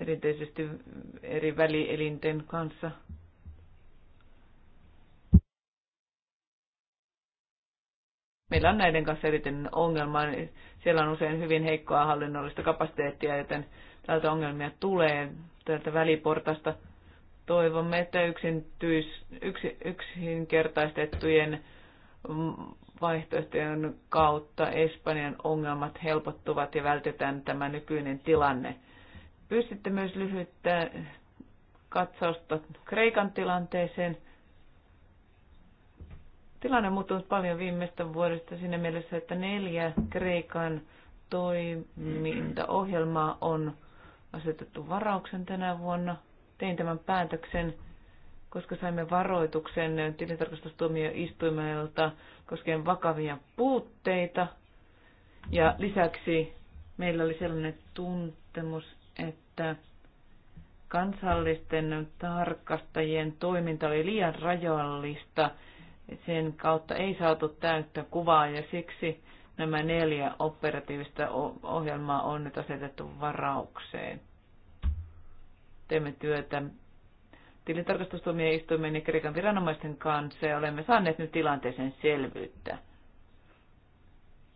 A: erityisesti eri välielinten kanssa – meillä on näiden kanssa erityinen ongelma. Niin siellä on usein hyvin heikkoa hallinnollista kapasiteettia, joten täältä ongelmia tulee täältä väliportasta. Toivomme, että yksintyis, yksi, yksinkertaistettujen vaihtoehtojen kautta Espanjan ongelmat helpottuvat ja vältetään tämä nykyinen tilanne. Pystytte myös lyhyttä katsausta Kreikan tilanteeseen. Tilanne on muuttunut paljon viimeistä vuodesta siinä mielessä, että neljä Kreikan toimintaohjelmaa on asetettu varauksen tänä vuonna. Tein tämän päätöksen, koska saimme varoituksen tilintarkastustuomioistuimelta koskien vakavia puutteita. Ja lisäksi meillä oli sellainen tuntemus, että kansallisten tarkastajien toiminta oli liian rajallista sen kautta ei saatu täyttä kuvaa ja siksi nämä neljä operatiivista ohjelmaa on nyt asetettu varaukseen. Teemme työtä istuimen ja Kreikan viranomaisten kanssa ja olemme saaneet nyt tilanteeseen selvyyttä.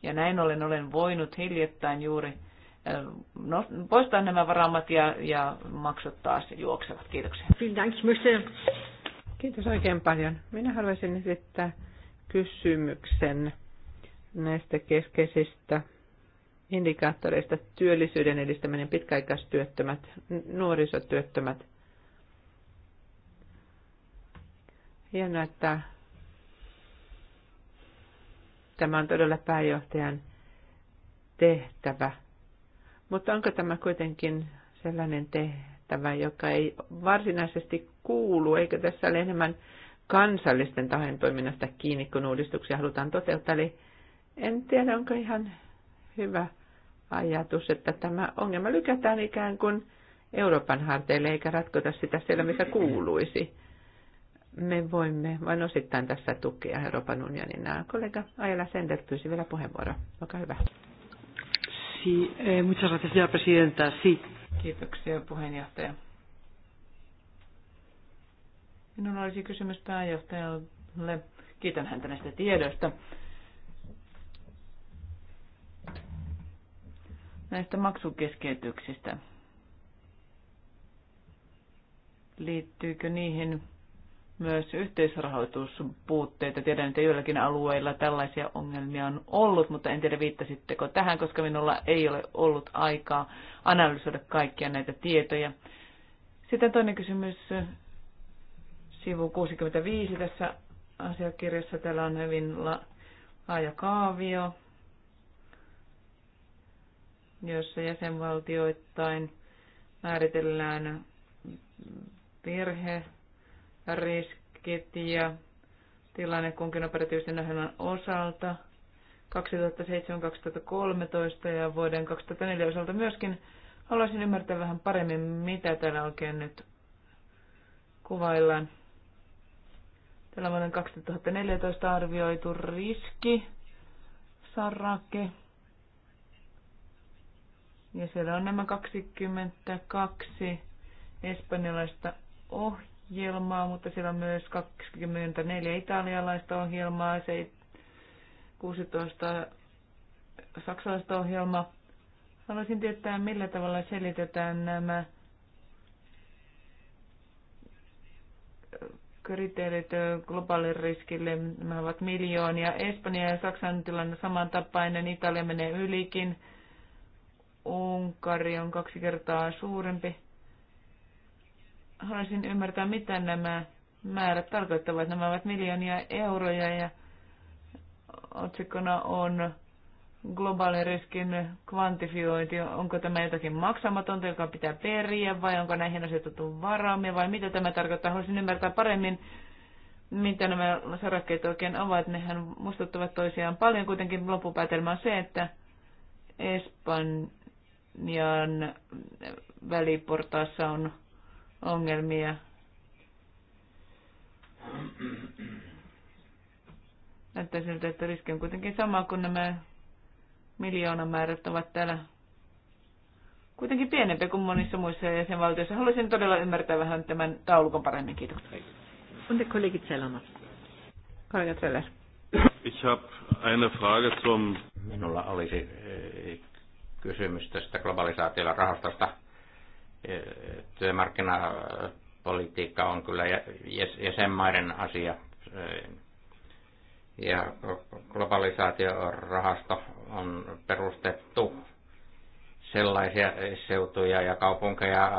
A: Ja näin ollen olen voinut hiljattain juuri no, poistaa nämä varaamat ja, ja maksut taas juoksevat. Kiitoksia.
B: Kiitos oikein paljon. Minä haluaisin esittää kysymyksen näistä keskeisistä indikaattoreista työllisyyden edistäminen, pitkäaikaistyöttömät, nuorisotyöttömät. Hienoa, että tämä on todella pääjohtajan tehtävä. Mutta onko tämä kuitenkin sellainen te- tehtävä, joka ei varsinaisesti kuulu, eikö tässä ole enemmän kansallisten tahojen toiminnasta kiinni, kun uudistuksia halutaan toteuttaa. Eli en tiedä, onko ihan hyvä ajatus, että tämä ongelma lykätään ikään kuin Euroopan harteille eikä ratkota sitä siellä, missä kuuluisi. Me voimme vain osittain tässä tukea Euroopan unionin. Nämä kollega Ajala Sender pyysi vielä puheenvuoro. Olkaa hyvä. Sí, eh, muchas gracias, señora presidenta. Sí, Kiitoksia puheenjohtaja.
A: Minulla olisi kysymys pääjohtajalle. Kiitän häntä näistä tiedoista. Näistä maksukeskeytyksistä. Liittyykö niihin myös yhteisrahoituspuutteita. Tiedän, että joillakin alueilla tällaisia ongelmia on ollut, mutta en tiedä viittasitteko tähän, koska minulla ei ole ollut aikaa analysoida kaikkia näitä tietoja. Sitten toinen kysymys, sivu 65 tässä asiakirjassa. Täällä on hyvin laaja kaavio, jossa jäsenvaltioittain määritellään virhe riskit ja tilanne kunkin operatiivisen ohjelman osalta 2007-2013 ja vuoden 2004 osalta myöskin. Haluaisin ymmärtää vähän paremmin, mitä täällä oikein nyt kuvaillaan. Täällä on vuoden 2014 arvioitu riski, sarake. Ja siellä on nämä 22 espanjalaista ohjelmaa ohjelmaa, mutta siellä on myös 24 italialaista ohjelmaa, 16 saksalaista ohjelmaa. Haluaisin tietää, millä tavalla selitetään nämä kriteerit globaalin riskille. Nämä ovat miljoonia. Espanja ja Saksan tilanne samantapainen. Italia menee ylikin. Unkari on kaksi kertaa suurempi haluaisin ymmärtää, mitä nämä määrät tarkoittavat. Nämä ovat miljoonia euroja ja otsikkona on globaalin riskin kvantifiointi. Onko tämä jotakin maksamatonta, joka pitää periä vai onko näihin asetettu varaamia vai mitä tämä tarkoittaa? Haluaisin ymmärtää paremmin, mitä nämä sarakkeet oikein ovat. Nehän muistuttavat toisiaan paljon. Kuitenkin loppupäätelmä on se, että Espanjan väliportaassa on ongelmia. Näyttää siltä, että riski on kuitenkin sama, kuin nämä miljoonamäärät ovat täällä kuitenkin pienempi kuin monissa muissa jäsenvaltioissa. Haluaisin todella ymmärtää vähän tämän taulukon paremmin. Kiitoksia.
B: Unter kollegit Zellermann. Kollega Zeller.
C: Ich habe eine Frage zum... Minulla olisi eh, kysymys tästä globalisaatiolla rahastosta Työmarkkinapolitiikka on kyllä jäsenmaiden asia. Ja globalisaatiorahasto on perustettu sellaisia seutuja ja kaupunkeja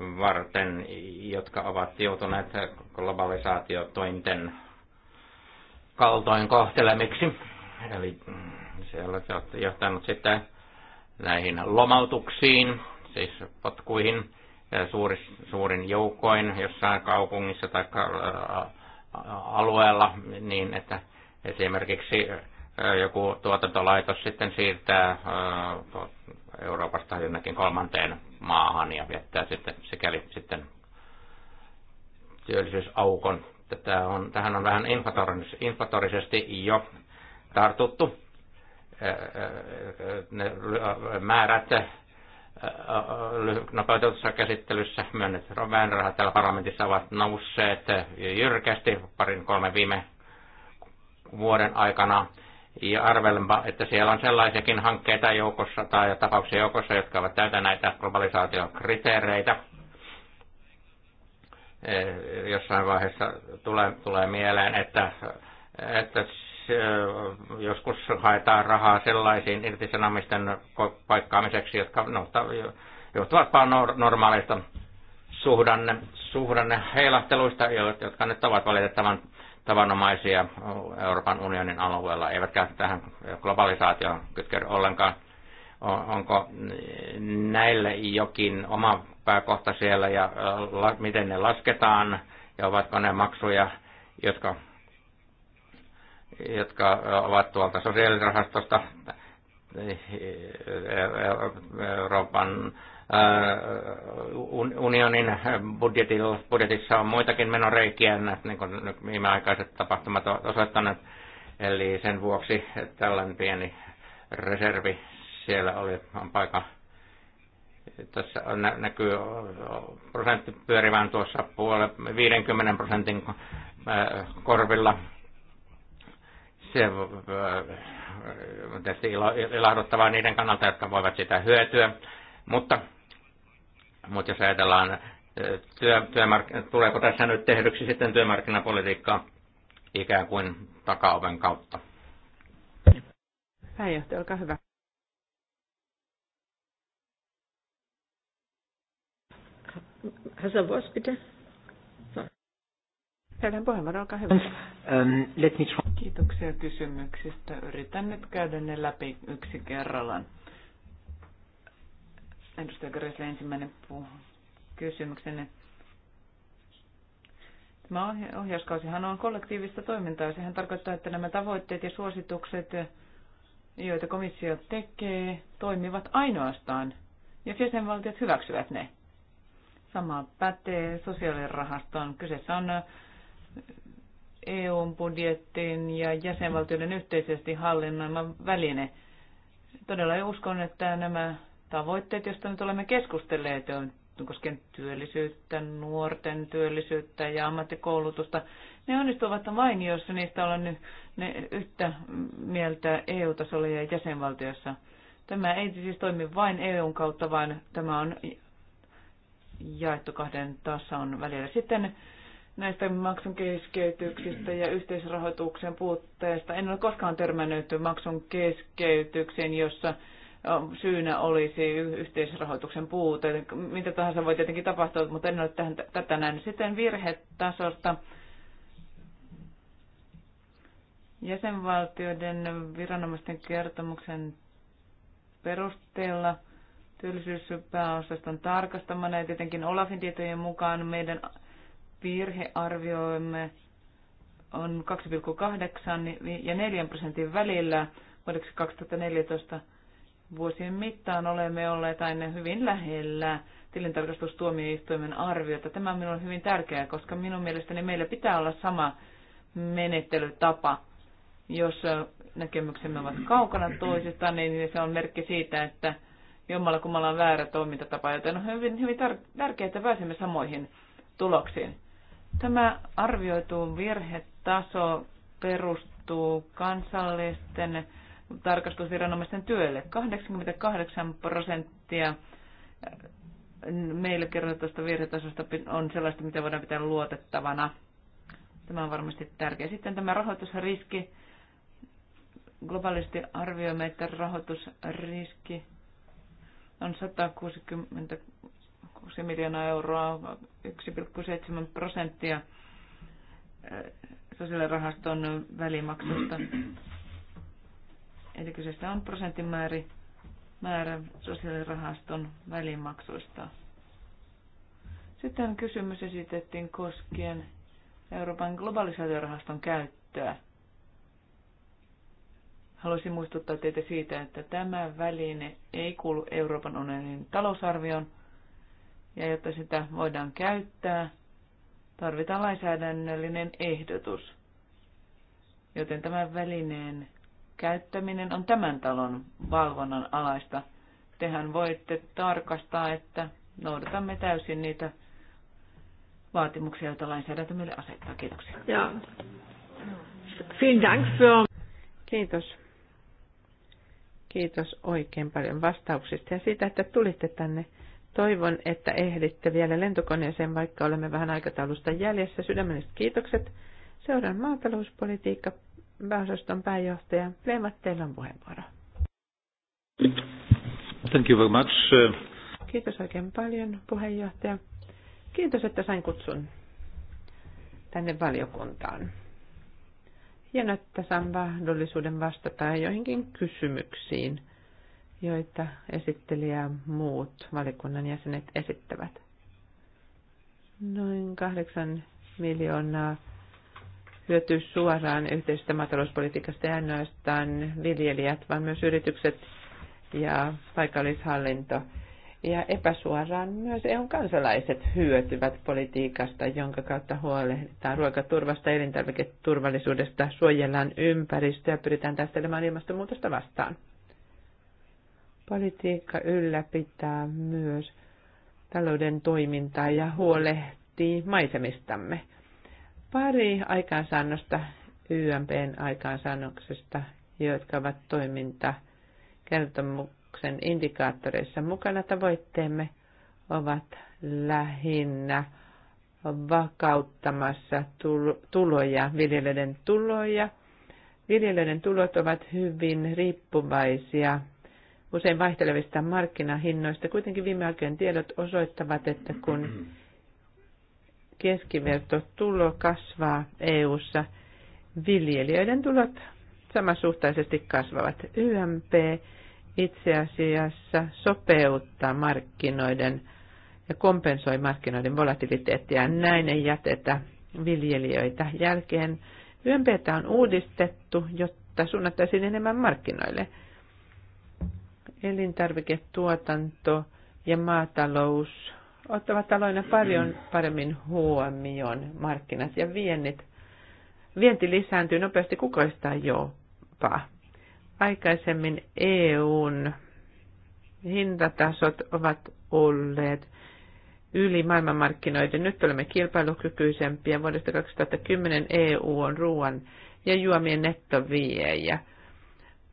C: varten, jotka ovat joutuneet globalisaatiotointen kaltoin kohtelemiksi. Eli se on johtanut sitten näihin lomautuksiin, siis potkuihin suuri, suurin joukoin jossain kaupungissa tai alueella, niin että esimerkiksi joku tuotantolaitos sitten siirtää Euroopasta jonnekin kolmanteen maahan ja viettää sitten sikäli sitten työllisyysaukon. Tätä on, tähän on vähän infatorisesti jo tartuttu. Ne määrät nopeutetussa käsittelyssä myönnetyt väenrahat täällä parlamentissa ovat nousseet jyrkästi parin kolmen viime vuoden aikana. Ja arvelenpa, että siellä on sellaisiakin hankkeita joukossa tai tapauksia joukossa, jotka ovat täytä näitä globalisaation kriteereitä. Eh, jossain vaiheessa tulee, tulee mieleen, että, että Äh, joskus haetaan rahaa sellaisiin irtisanomisten paikkaamiseksi, jotka johtuvat vain normaaleista suhdanne, suhdanne heilahteluista, jotka nyt ovat valitettavan tavanomaisia Euroopan unionin alueella, eivätkä tähän globalisaatioon kytkeydy ollenkaan. Onko näille jokin oma pääkohta siellä ja äh, miten ne lasketaan ja ovatko ne maksuja, jotka jotka ovat tuolta sosiaalirahastosta Euroopan unionin budjetissa on muitakin menoreikiä, niin kuin viimeaikaiset tapahtumat ovat osoittaneet. Eli sen vuoksi tällainen pieni reservi siellä oli on paikka. Tässä näkyy prosentti pyörivään tuossa puole, 50 prosentin korvilla se äh, on tietysti ilahduttavaa niiden kannalta, jotka voivat sitä hyötyä, mutta, mutta jos ajatellaan, äh, työ, työmark- tuleeko tässä nyt tehdyksi sitten työmarkkinapolitiikkaa ikään kuin takaoven kautta?
B: Pääjohtaja, olkaa hyvä.
A: Herr Savos, pitää. Teidän puheenvuoro, olkaa hyvä.
B: Um, let me try.
A: Kiitoksia kysymyksistä. Yritän nyt käydä ne läpi yksi kerrallaan. Edustaja Karisle ensimmäinen kysymyksenne. Tämä ohjauskausihan on kollektiivista toimintaa. Sehän tarkoittaa, että nämä tavoitteet ja suositukset, joita komissio tekee, toimivat ainoastaan, jos jäsenvaltiot hyväksyvät ne. Sama pätee sosiaalirahaston. Kyseessä on EUn budjettiin ja jäsenvaltioiden yhteisesti hallinnoima väline. Todella uskon, että nämä tavoitteet, joista nyt olemme keskustelleet, koskien työllisyyttä, nuorten työllisyyttä ja ammattikoulutusta, ne onnistuvat vain, jos niistä ollaan nyt ne yhtä mieltä EU-tasolla ja jäsenvaltiossa. Tämä ei siis toimi vain EUn kautta, vaan tämä on jaettu kahden tason välillä. Sitten näistä maksun keskeytyksistä ja yhteisrahoituksen puutteesta. En ole koskaan törmännyt maksun keskeytykseen, jossa syynä olisi yhteisrahoituksen puute. Mitä tahansa voi tietenkin tapahtua, mutta en ole tähän, tätä näin. Sitten virhetasosta. Jäsenvaltioiden viranomaisten kertomuksen perusteella työllisyyspääosaston tarkastamana ja tietenkin Olafin tietojen mukaan meidän virhearvioimme on 2,8 ja 4 prosentin välillä vuodeksi 2014 vuosien mittaan olemme olleet aina hyvin lähellä tilintarkastustuomioistuimen arviota. Tämä on minulle hyvin tärkeää, koska minun mielestäni meillä pitää olla sama menettelytapa. Jos näkemyksemme ovat kaukana toisistaan, niin se on merkki siitä, että jommalla kummalla on väärä toimintatapa, joten on hyvin, hyvin tärkeää, että pääsemme samoihin tuloksiin. Tämä arvioitu virhetaso perustuu kansallisten tarkastusviranomaisten työlle. 88 prosenttia eh, meille kerrotusta virhetasosta on sellaista, mitä voidaan pitää luotettavana. Tämä on varmasti tärkeä. Sitten tämä rahoitusriski. Globaalisti arvioimme, että rahoitusriski on 160 6 miljoonaa euroa, 1,7 prosenttia eh, sosiaalirahaston välimaksusta. Eli kyseessä on prosenttimäärä määrä sosiaalirahaston välimaksuista. Sitten kysymys esitettiin koskien Euroopan globalisaatiorahaston käyttöä. Haluaisin muistuttaa teitä siitä, että tämä väline ei kuulu Euroopan unionin talousarvioon, ja jotta sitä voidaan käyttää, tarvitaan lainsäädännöllinen ehdotus. Joten tämän välineen käyttäminen on tämän talon valvonnan alaista. Tehän voitte tarkastaa, että noudatamme täysin niitä vaatimuksia, joita
B: lainsäädäntö meille asettaa. Kiitoksia. Ja. Kiitos. Kiitos oikein paljon vastauksista ja siitä, että tulitte tänne Toivon, että ehditte vielä lentokoneeseen, vaikka olemme vähän aikataulusta jäljessä. Sydämelliset kiitokset. Seuraan maatalouspolitiikka pääosaston pääjohtaja. Leimat, teillä on puheenvuoro.
A: Thank you very much. Uh,
B: Kiitos oikein paljon, puheenjohtaja. Kiitos, että sain kutsun tänne valiokuntaan. Hienoa, että saan mahdollisuuden vastata joihinkin kysymyksiin – joita esittelijä muut valikunnan jäsenet esittävät. Noin kahdeksan miljoonaa hyötyy suoraan yhteisestä maatalouspolitiikasta ja ainoastaan viljelijät, vaan myös yritykset ja paikallishallinto. Ja epäsuoraan myös EUn kansalaiset hyötyvät politiikasta, jonka kautta huolehditaan ruokaturvasta, elintarviketurvallisuudesta, suojellaan ympäristöä ja pyritään taistelemaan ilmastonmuutosta vastaan. Politiikka ylläpitää myös talouden toimintaa ja huolehtii maisemistamme. Pari aikaansaannosta YMPn aikaansaannoksesta, jotka ovat toimintakertomuksen indikaattoreissa mukana tavoitteemme, ovat lähinnä vakauttamassa tuloja, viljelijöiden tuloja. Viljelijöiden tulot ovat hyvin riippuvaisia usein vaihtelevista markkinahinnoista. Kuitenkin viime aikojen tiedot osoittavat, että kun keskivertotulo kasvaa EU:ssa, viljelijöiden tulot samansuhtaisesti kasvavat. YMP itse asiassa sopeuttaa markkinoiden ja kompensoi markkinoiden volatiliteettia. Näin ei jätetä viljelijöitä jälkeen. YMPtä on uudistettu, jotta suunnattaisiin enemmän markkinoille elintarviketuotanto ja maatalous ottavat aloina paljon paremmin huomioon markkinat ja viennit. Vienti lisääntyy nopeasti kukoistaa jopa. Aikaisemmin EUn hintatasot ovat olleet yli maailmanmarkkinoiden. Nyt olemme kilpailukykyisempiä. Vuodesta 2010 EU on ruoan ja juomien nettoviejä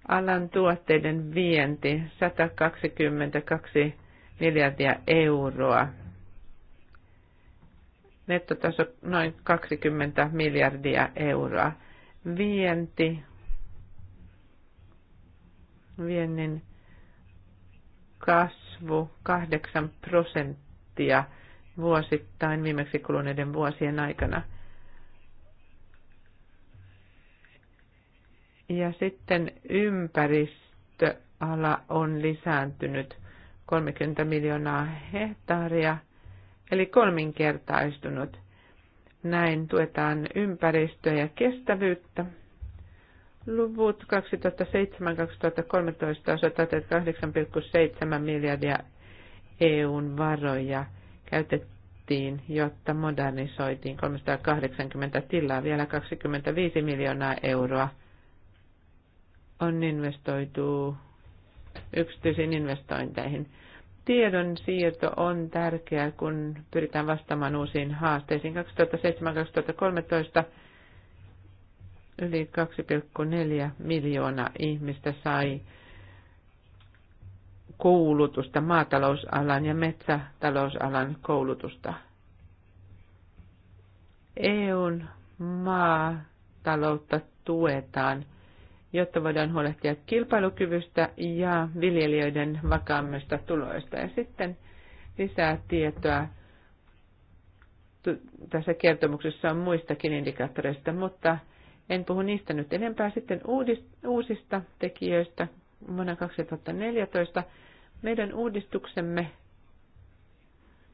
B: alan tuotteiden vienti 122 miljardia euroa. Nettotaso noin 20 miljardia euroa. Vienti, viennin kasvu 8 prosenttia vuosittain viimeksi kuluneiden vuosien aikana – Ja sitten ympäristöala on lisääntynyt 30 miljoonaa hehtaaria, eli kolminkertaistunut. Näin tuetaan ympäristöä ja kestävyyttä. Luvut 2007-2013 osoittavat, että 8,7 miljardia EUn varoja käytettiin, jotta modernisoitiin 380 tilaa vielä 25 miljoonaa euroa – on investoitu yksityisiin investointeihin. Tiedon siirto on tärkeää, kun pyritään vastaamaan uusiin haasteisiin. 2007-2013 yli 2,4 miljoonaa ihmistä sai koulutusta, maatalousalan ja metsätalousalan koulutusta. EUn maataloutta tuetaan jotta voidaan huolehtia kilpailukyvystä ja viljelijöiden vakaammista tuloista. Ja sitten lisää tietoa tässä kertomuksessa on muistakin indikaattoreista, mutta en puhu niistä nyt enempää. Sitten uusista tekijöistä vuonna 2014. Meidän uudistuksemme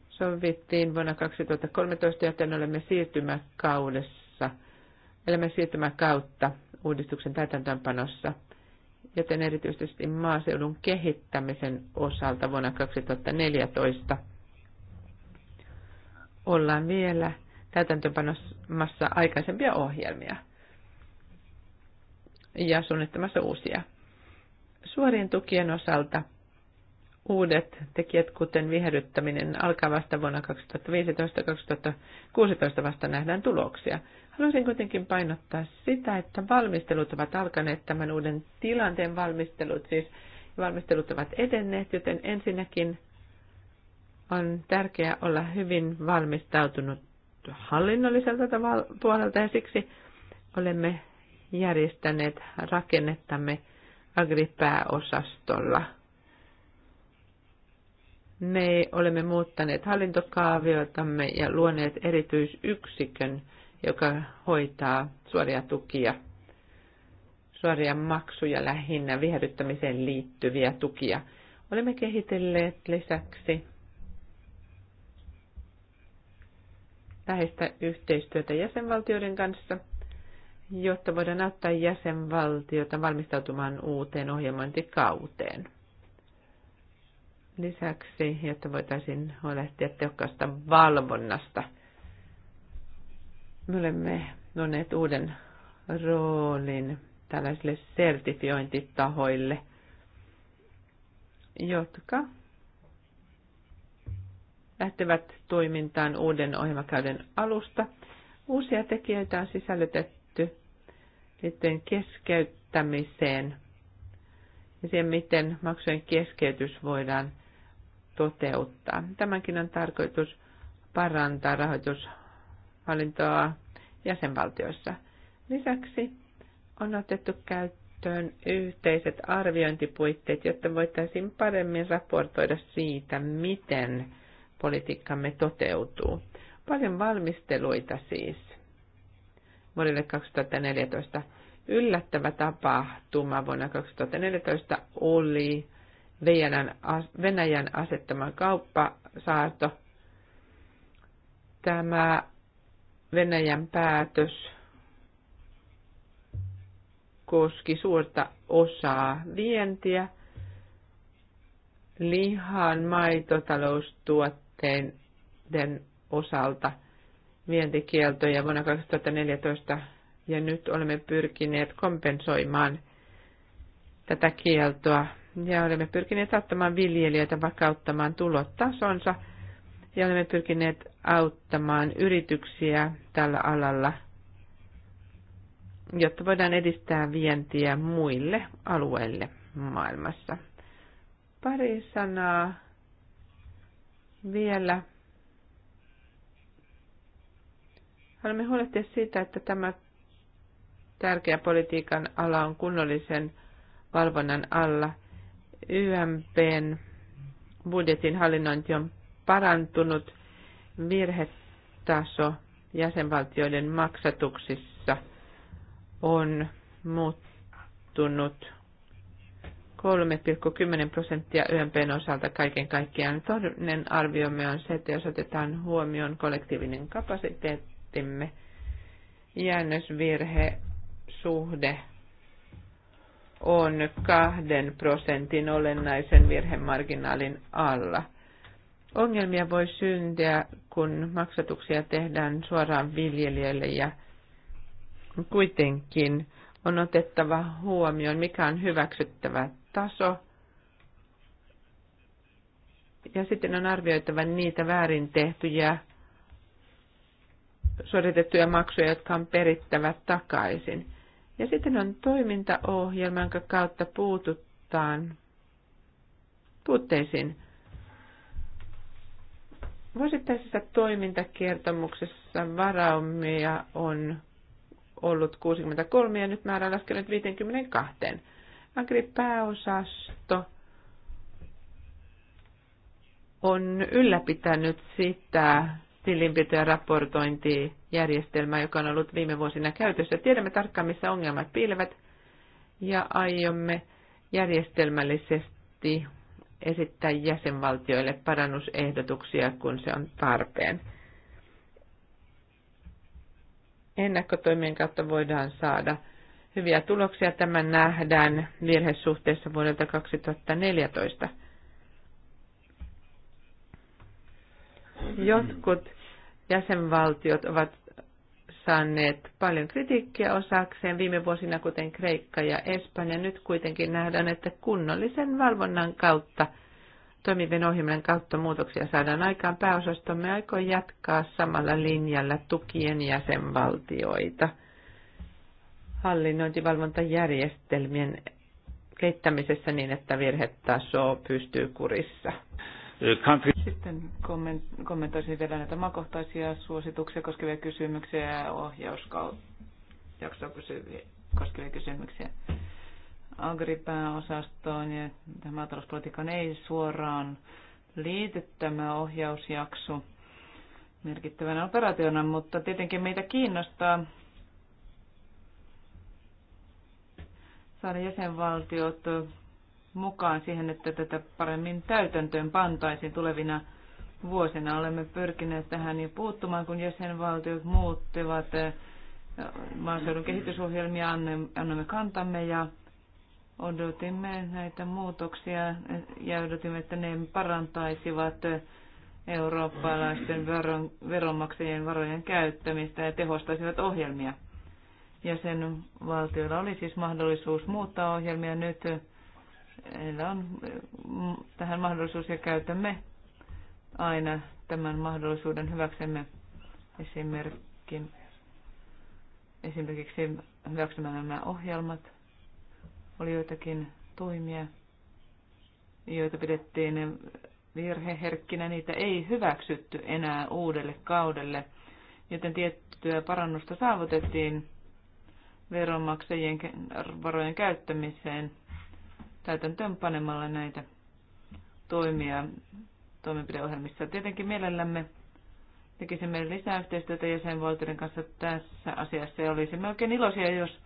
B: sovittiin vuonna 2013, joten olemme siirtymäkaudessa, elämme siirtymäkautta uudistuksen täytäntöönpanossa, joten erityisesti maaseudun kehittämisen osalta vuonna 2014 ollaan vielä täytäntöönpanossa aikaisempia ohjelmia ja suunnittamassa uusia. Suorien tukien osalta uudet tekijät, kuten viherryttäminen, alkaa vasta vuonna 2015-2016 vasta nähdään tuloksia. Haluaisin kuitenkin painottaa sitä, että valmistelut ovat alkaneet tämän uuden tilanteen valmistelut, siis valmistelut ovat edenneet, joten ensinnäkin on tärkeää olla hyvin valmistautunut hallinnolliselta puolelta ja siksi olemme järjestäneet rakennettamme agripääosastolla. Me olemme muuttaneet hallintokaaviotamme ja luoneet erityisyksikön joka hoitaa suoria tukia, suoria maksuja lähinnä viherryttämiseen liittyviä tukia. Olemme kehitelleet lisäksi läheistä yhteistyötä jäsenvaltioiden kanssa, jotta voidaan auttaa jäsenvaltiota valmistautumaan uuteen ohjelmointikauteen. Lisäksi, jotta voitaisiin huolehtia tehokkaasta valvonnasta – me olemme luoneet uuden roolin tällaisille sertifiointitahoille, jotka lähtevät toimintaan uuden ohjelmakäyden alusta. Uusia tekijöitä on sisällytetty liittyen keskeyttämiseen ja siihen, miten maksujen keskeytys voidaan toteuttaa. Tämänkin on tarkoitus parantaa rahoitus hallintoa jäsenvaltioissa. Lisäksi on otettu käyttöön yhteiset arviointipuitteet, jotta voitaisiin paremmin raportoida siitä, miten politiikkamme toteutuu. Paljon valmisteluita siis vuodelle 2014. Yllättävä tapahtuma vuonna 2014 oli Venäjän, Venäjän asettama kauppasaarto. Tämä Venäjän päätös koski suurta osaa vientiä, lihan, maitotaloustuotteiden osalta vientikieltoja vuonna 2014 ja nyt olemme pyrkineet kompensoimaan tätä kieltoa ja olemme pyrkineet auttamaan viljelijöitä vakauttamaan tulotasonsa – ja olemme pyrkineet auttamaan yrityksiä tällä alalla, jotta voidaan edistää vientiä muille alueille maailmassa. Pari sanaa vielä. Haluamme huolehtia siitä, että tämä tärkeä politiikan ala on kunnollisen valvonnan alla. YMPn budjetin hallinnointi on parantunut virhetaso jäsenvaltioiden maksatuksissa on muuttunut 3,10 prosenttia YMPn osalta kaiken kaikkiaan. Toinen arviomme on se, että jos otetaan huomioon kollektiivinen kapasiteettimme, suhde on kahden prosentin olennaisen virhemarginaalin alla – Ongelmia voi syntyä, kun maksatuksia tehdään suoraan viljelijöille ja kuitenkin on otettava huomioon, mikä on hyväksyttävä taso. Ja sitten on arvioitava niitä väärin tehtyjä suoritettuja maksuja, jotka on perittävä takaisin. Ja sitten on toimintaohjelma, jonka kautta puututtaan puutteisiin Vuosittaisessa toimintakertomuksessa varaumia on ollut 63 ja nyt määrä on laskenut 52. Agri-pääosasto on ylläpitänyt sitä tilinpito- ja raportointijärjestelmää, joka on ollut viime vuosina käytössä. Tiedämme tarkkaan, missä ongelmat piilevät ja aiomme järjestelmällisesti esittää jäsenvaltioille parannusehdotuksia, kun se on tarpeen. Ennakkotoimien kautta voidaan saada hyviä tuloksia. Tämä nähdään virhesuhteessa vuodelta 2014.
A: Jotkut
B: jäsenvaltiot ovat saaneet paljon kritiikkiä osakseen viime vuosina, kuten Kreikka ja Espanja. Nyt kuitenkin nähdään, että kunnollisen valvonnan kautta, toimivien ohjelmien kautta muutoksia saadaan aikaan. Pääosastomme aikoo jatkaa samalla linjalla tukien jäsenvaltioita hallinnointivalvontajärjestelmien kehittämisessä niin, että virhetaso pystyy kurissa. Eh,
A: Sitten kommentoisin vielä näitä makohtaisia suosituksia koskevia kysymyksiä ja ohjausjaksoa koskevia kysymyksiä. Agripääosastoon ja maatalouspolitiikan ei suoraan liity tämä ohjausjakso merkittävänä operaationa, mutta tietenkin meitä kiinnostaa saada jäsenvaltiot mukaan siihen, että tätä paremmin täytäntöön pantaisiin tulevina vuosina. Olemme pyrkineet tähän jo puuttumaan, kun jäsenvaltiot muuttivat eh, maaseudun kehitysohjelmia, annamme kantamme ja odotimme näitä muutoksia ja odotimme, että ne parantaisivat eurooppalaisten veron, veronmaksajien varojen käyttämistä ja tehostaisivat ohjelmia. Jäsenvaltioilla oli siis mahdollisuus muuttaa ohjelmia nyt meillä on mm, tähän mahdollisuus ja käytämme aina tämän mahdollisuuden hyväksemme esimerkin, esimerkiksi hyväksymään nämä ohjelmat. Oli joitakin toimia, joita pidettiin virheherkkinä, niitä ei hyväksytty enää uudelle kaudelle, joten tiettyä parannusta saavutettiin veronmaksajien varojen käyttämiseen – täytäntöön panemalla näitä toimia toimenpideohjelmissa. Tietenkin mielellämme tekisimme lisää yhteistyötä jäsenvaltioiden kanssa tässä asiassa ja olisimme oikein iloisia, jos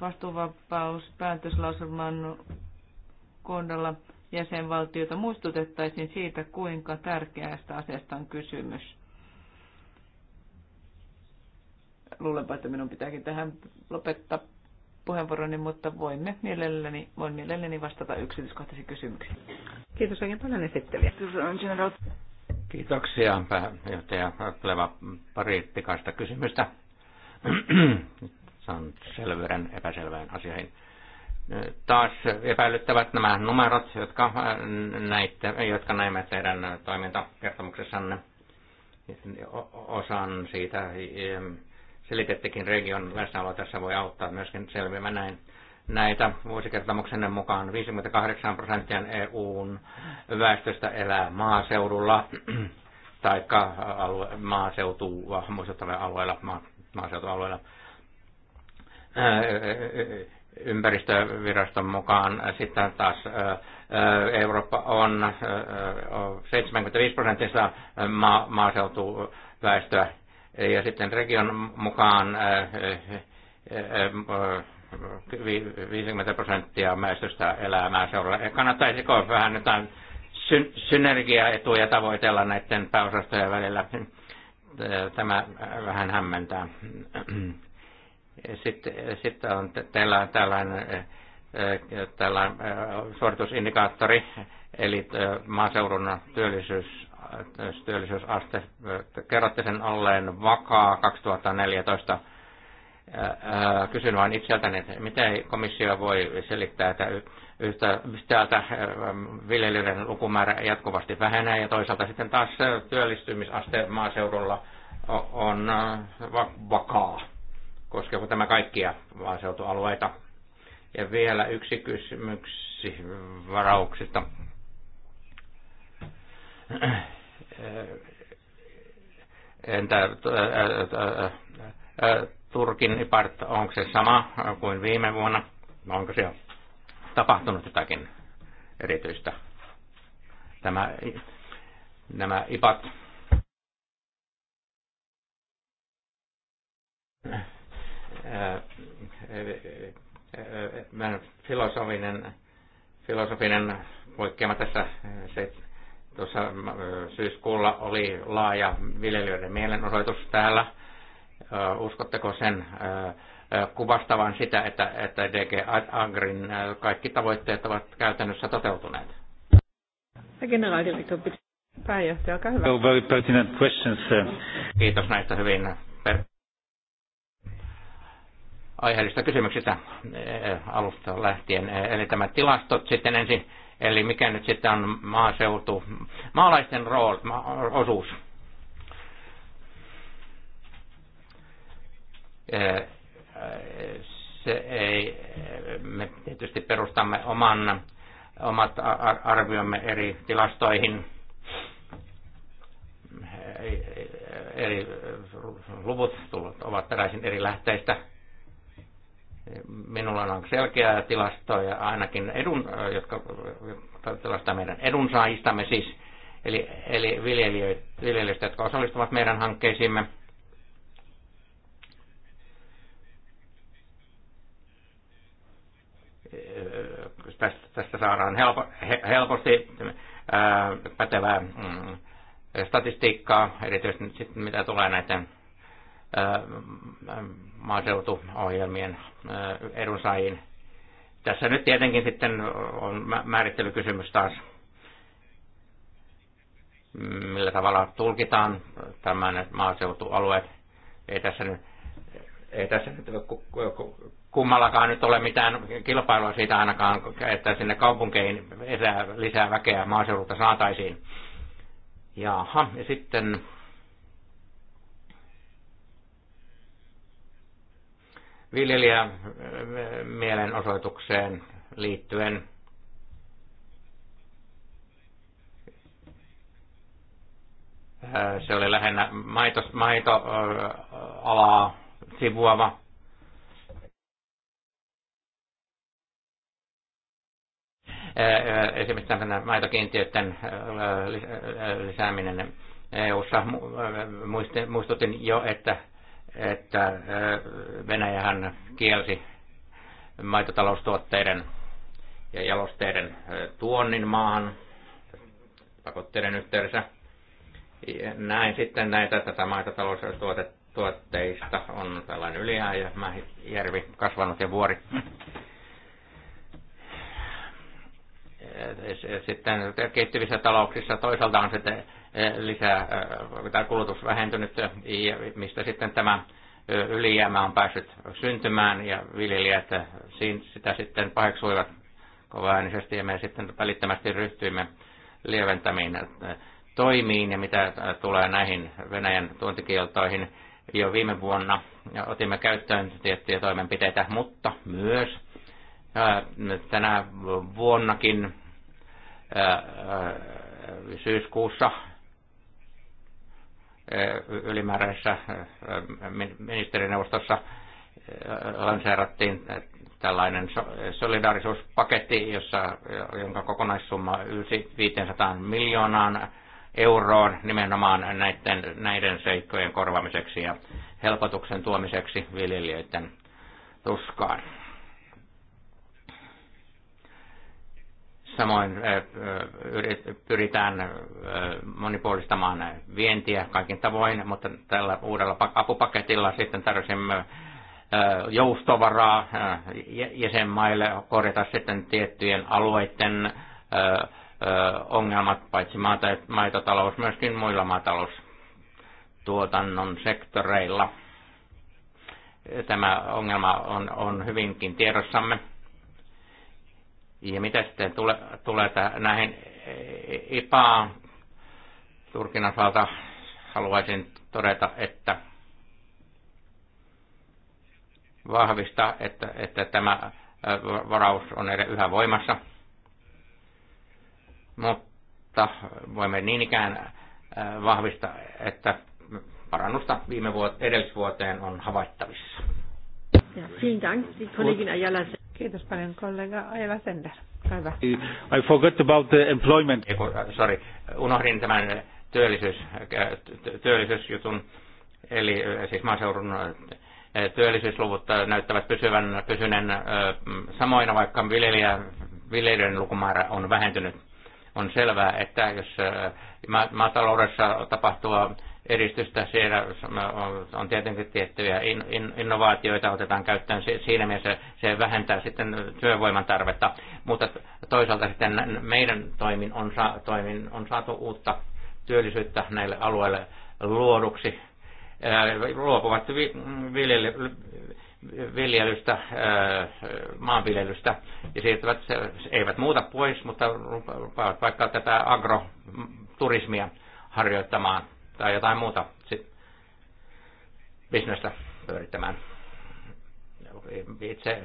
A: vastuuvapaus päätöslauselman kohdalla jäsenvaltiota muistutettaisiin siitä, kuinka tärkeästä asiasta on kysymys. Luulenpa, että minun pitääkin tähän lopettaa puheenvuoroni, mutta voimme mielelläni, voin mielelläni vastata yksityiskohtaisiin kysymyksiin. Kiitos oikein paljon esittelijä.
C: Kiitoksia pääjohtaja Pleva. Pari tikaista kysymystä. Saan selvyyden epäselvään asioihin. Taas epäilyttävät nämä numerot, jotka, näitte, jotka näimme teidän toimintakertomuksessanne. Osan siitä selitettekin region läsnäolo tässä voi auttaa myöskin selviämään näin. Näitä vuosikertomuksenne mukaan 58 prosenttia EUn väestöstä elää maaseudulla tai alue, maaseutua muistuttavilla alueilla, ma, maaseutualueilla. Ympäristöviraston mukaan sitten taas Eurooppa on 75 prosentissa ma, maaseutuväestöä ja sitten region mukaan 50 äh, äh, äh, prosenttia väestöstä elämää seuralla. Kannattaisiko vähän jotain synergiaetuja tavoitella näiden pääosastojen välillä? Tämä vähän hämmentää. Sitten, sitten on teillä tällainen, tällainen suoritusindikaattori, eli maaseudun työllisyys työllisyysaste kerrotte sen alleen vakaa 2014. Kysyn vain itseltäni, että miten komissio voi selittää, että yhtä, yhtäältä viljelijöiden lukumäärä jatkuvasti vähenee ja toisaalta sitten taas työllistymisaste maaseudulla on vakaa. Koskeeko tämä kaikkia maaseutualueita? Ja vielä yksi kysymys varauksista Entä Turkin part, onko se sama kuin viime vuonna? Onko siellä tapahtunut jotakin erityistä? Tämä, nämä IPAT filosofinen, filosofinen poikkeama tässä se, Tuossa äh, syyskuulla oli laaja viljelijöiden mielenosoitus täällä. Äh, uskotteko sen äh, kuvastavan sitä, että, että DG Agrin kaikki tavoitteet ovat käytännössä toteutuneet?
B: pääjohtaja, olkaa hyvä. No,
A: very pertinent questions. Kiitos
C: näistä hyvin aiheellista kysymyksistä alusta lähtien. Eli tämä tilastot sitten ensin Eli mikä nyt sitten on maaseutu, maalaisten rool, ma- osuus. Se ei, me tietysti perustamme oman, omat arviomme eri tilastoihin, e, e, eri luvut ovat peräisin eri lähteistä – Minulla on selkeää tilastoja ainakin, edun, jotka tilastaa meidän edunsaajistamme siis, eli, eli viljelijöistä, jotka osallistuvat meidän hankkeisiimme. Tästä, tästä saadaan helpo, helposti ää, pätevää mm, statistiikkaa, erityisesti sitten mitä tulee näiden maaseutuohjelmien edunsaajiin. Tässä nyt tietenkin sitten on määrittelykysymys taas, millä tavalla tulkitaan tämän maaseutualueet. Ei tässä nyt, ei tässä nyt kummallakaan nyt ole mitään kilpailua siitä ainakaan, että sinne kaupunkeihin lisää väkeä maaseudulta saataisiin. Jaha, ja sitten viljelijän äh, mielenosoitukseen liittyen. Äh, se oli lähinnä maito, maitoalaa äh, sivuava esimerkiksi tämmöinen maitokiintiöiden lisääminen EU-ssa. Muistutin jo, että että Venäjähän kielsi maitotaloustuotteiden ja jalosteiden tuonnin maahan pakotteiden yhteydessä. Näin sitten näitä tätä maitotaloustuotteista on tällainen ylijääjämähijärvi kasvanut ja vuori Eh, eh, sitten kehittyvissä talouksissa toisaalta on sitten eh, lisää, tämä kulutus vähentynyt, mistä sitten tämä ylijäämä on päässyt syntymään ja viljelijät sitä sitten paheksuivat kovaäänisesti ja me sitten välittömästi ryhtyimme lieventämiin toimiin ja mitä tulee näihin Venäjän tuontikieltoihin jo viime vuonna ja otimme käyttöön tiettyjä toimenpiteitä, mutta myös tänä vuonnakin syyskuussa ylimääräisessä ministerineuvostossa lanseerattiin tällainen solidaarisuuspaketti, jossa, jonka kokonaissumma ylsi 500 miljoonaan euroon nimenomaan näiden, näiden seikkojen korvaamiseksi ja helpotuksen tuomiseksi viljelijöiden tuskaan. Samoin pyritään monipuolistamaan vientiä kaikin tavoin, mutta tällä uudella apupaketilla sitten tarvitsemme joustovaraa jäsenmaille korjata sitten tiettyjen alueiden ongelmat, paitsi maitotalous, myöskin muilla maataloustuotannon sektoreilla. Tämä ongelma on, on hyvinkin tiedossamme ja mitä sitten tule, tulee tähän, näihin epään Turkin osalta haluaisin todeta, että vahvista, että, että tämä varaus on yhä voimassa. Mutta voimme niin ikään vahvista, että parannusta viime vuot- edellisvuoteen on havaittavissa.
B: Ja, Kiitos paljon kollega Aila Sender. Hyvä.
C: I forgot about the employment. Eiku, äh, sorry, unohdin tämän työllisyys, äh, työllisyysjutun. Eli äh, siis maaseudun työllisyysluvut näyttävät pysyvän, pysyneen samoina, vaikka viljelijä, viljelijöiden lukumäärä on vähentynyt. On selvää, että jos maataloudessa tapahtuva edistystä. Siellä on tietenkin tiettyjä innovaatioita, otetaan käyttöön siinä mielessä, se vähentää sitten työvoiman tarvetta, mutta toisaalta sitten meidän toimin on, sa, toimin on saatu uutta työllisyyttä näille alueille luoduksi. Äh, luopuvat viljely, viljelystä, äh, maanviljelystä ja siirtyvät, eivät muuta pois, mutta rupaavat vaikka tätä agroturismia harjoittamaan tai jotain muuta bisnestä pyörittämään. Itse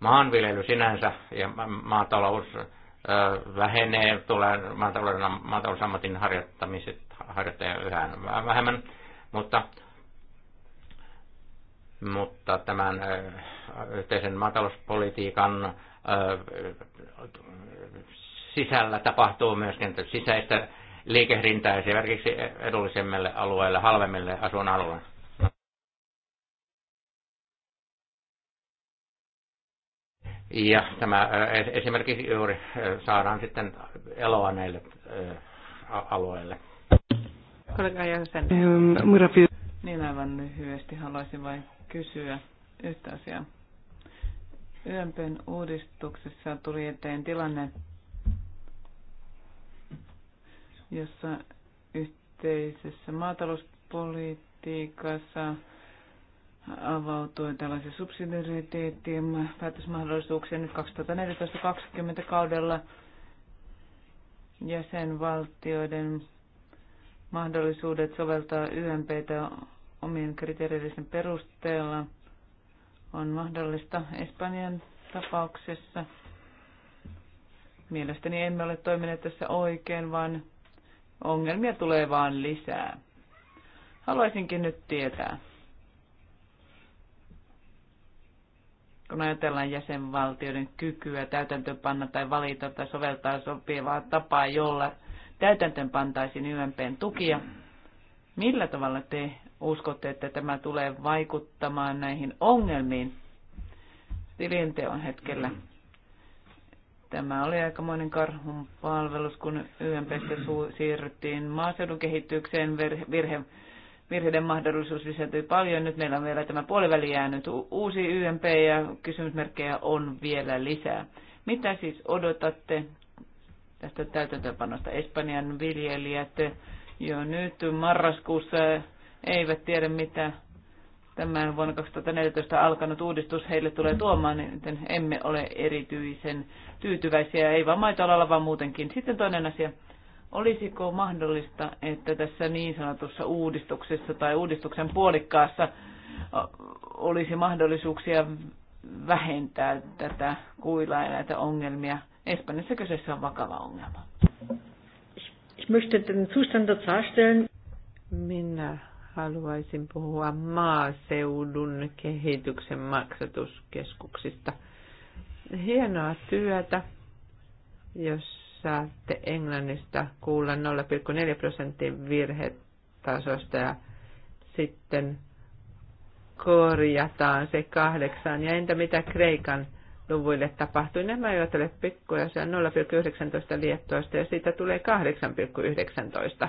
C: maanviljely sinänsä ja maatalous vähenee, tulee maatalouden, maatalousammatin harjoittamiset harjoittajan yhä vähemmän, mutta, mutta tämän yhteisen maatalouspolitiikan sisällä tapahtuu myöskin sisäistä liikehdintää esimerkiksi edullisemmille alueille, halvemmille asuinalueille. Ja tämä esimerkiksi juuri saadaan sitten eloa näille
A: alueille. Niin aivan lyhyesti haluaisin vain kysyä yhtä asiaa. YMPn uudistuksessa tuli eteen tilanne, jossa yhteisessä maatalouspolitiikassa avautui tällaisia subsidiariteettien päätösmahdollisuuksia nyt 2014-2020 kaudella jäsenvaltioiden mahdollisuudet soveltaa YMPtä omien kriteereiden perusteella on mahdollista Espanjan tapauksessa. Mielestäni emme ole toimineet tässä oikein, vaan Ongelmia tulee vaan lisää. Haluaisinkin nyt tietää, kun ajatellaan jäsenvaltioiden kykyä täytäntöpanna tai valita tai soveltaa sopivaa tapaa, jolla täytäntöön pantaisiin YMPn tukia, millä tavalla te uskotte, että tämä tulee vaikuttamaan näihin ongelmiin tilinteon hetkellä? Mm Tämä oli aikamoinen karhun palvelus, kun YMPstä siirryttiin maaseudun kehitykseen. Virhe, virheiden mahdollisuus lisääntyi paljon. Nyt meillä on vielä tämä puoliväli jäänyt uusi YMP ja kysymysmerkkejä on vielä lisää. Mitä siis odotatte tästä täytäntöpanosta? Espanjan viljelijät jo nyt marraskuussa eivät tiedä, mitä tämän vuonna 2014 alkanut uudistus heille tulee tuomaan, niin emme ole erityisen tyytyväisiä, ei vain maitoalalla, vaan muutenkin. Sitten toinen asia. Olisiko mahdollista, että tässä niin sanotussa uudistuksessa tai uudistuksen puolikkaassa olisi mahdollisuuksia vähentää tätä kuilaa ja näitä ongelmia? Espanjassa kyseessä on vakava ongelma.
B: Ich möchte den Zustand Minä haluaisin puhua maaseudun kehityksen maksatuskeskuksista. Hienoa työtä, jos saatte Englannista kuulla 0,4 prosentin virhetasosta ja sitten korjataan se kahdeksaan. Ja entä mitä Kreikan luvuille tapahtui? Nämä eivät ole pikkuja, se on 0,19 liettoista ja siitä tulee 8,19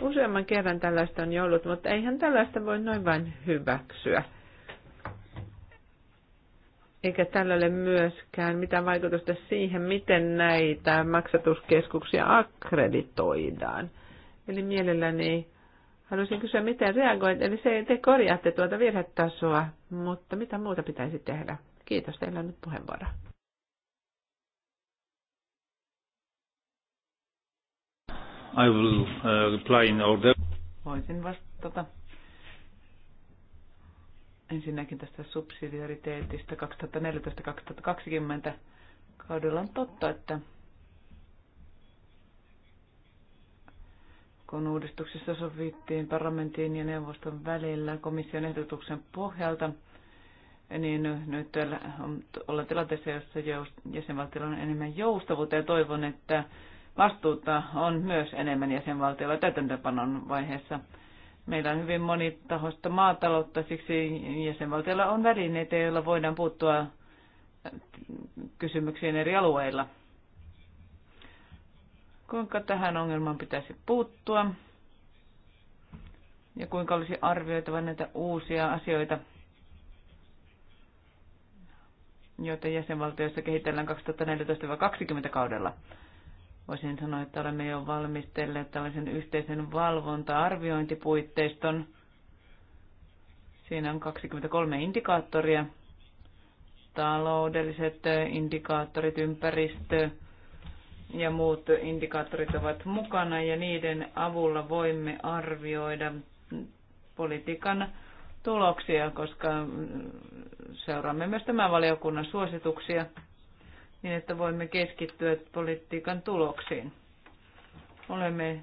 B: Useamman kerran tällaista on jo ollut, mutta eihän tällaista voi noin vain hyväksyä. Eikä tällä ole myöskään mitään vaikutusta siihen, miten näitä maksatuskeskuksia akkreditoidaan. Eli mielelläni haluaisin kysyä, miten reagoit. Eli se, te korjaatte tuota virhetasoa, mutta mitä muuta pitäisi tehdä? Kiitos, teillä on nyt puheenvuoro.
C: I will uh, reply in order.
A: Voisin vastata. Ensinnäkin tästä subsidiariteetista 2014-2020 kaudella on totta, että kun uudistuksessa sovittiin parlamentin ja neuvoston välillä komission ehdotuksen pohjalta, niin nyt ollaan tilanteessa, jossa jäsenvaltiolla on enemmän joustavuutta ja toivon, että vastuuta on myös enemmän jäsenvaltioilla täytäntöpanon vaiheessa. Meillä on hyvin monitahoista maataloutta, siksi jäsenvaltioilla on välineitä, joilla voidaan puuttua kysymyksiin eri alueilla. Kuinka tähän ongelmaan pitäisi puuttua ja kuinka olisi arvioitava näitä uusia asioita, joita jäsenvaltioissa kehitellään 2014-2020 kaudella. Voisin sanoa, että olemme jo valmistelleet tällaisen yhteisen valvonta-arviointipuitteiston. Siinä on 23 indikaattoria. Taloudelliset indikaattorit, ympäristö ja muut indikaattorit ovat mukana ja niiden avulla voimme arvioida politiikan tuloksia, koska seuraamme myös tämän valiokunnan suosituksia niin että voimme keskittyä politiikan tuloksiin. Olemme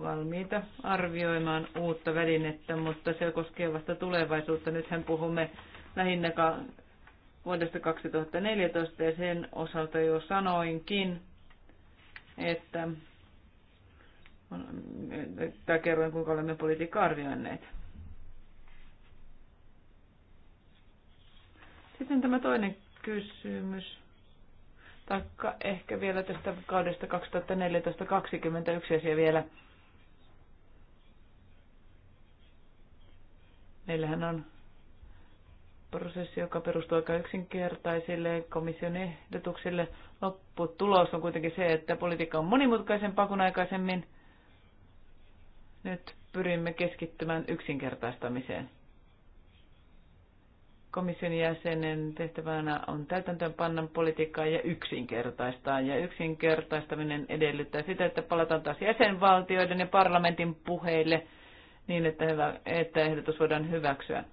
A: valmiita arvioimaan uutta välinettä, mutta se koskee vasta tulevaisuutta. Nythän puhumme lähinnä vuodesta 2014 ja sen osalta jo sanoinkin, että, tämä kerroin kuinka olemme politiikka arvioineet. Sitten tämä toinen kysymys. Taikka ehkä vielä tästä kaudesta 2014 2021 asia vielä. Meillähän on prosessi, joka perustuu aika yksinkertaisille komission ehdotuksille. Lopputulos on kuitenkin se, että politiikka on monimutkaisempaa kuin aikaisemmin. Nyt pyrimme keskittymään yksinkertaistamiseen komission jäsenen tehtävänä on täytäntöönpannan politiikkaa ja yksinkertaistaa. Ja yksinkertaistaminen edellyttää sitä, että palataan taas jäsenvaltioiden ja parlamentin puheille niin, että, hyvä, että ehdotus voidaan hyväksyä.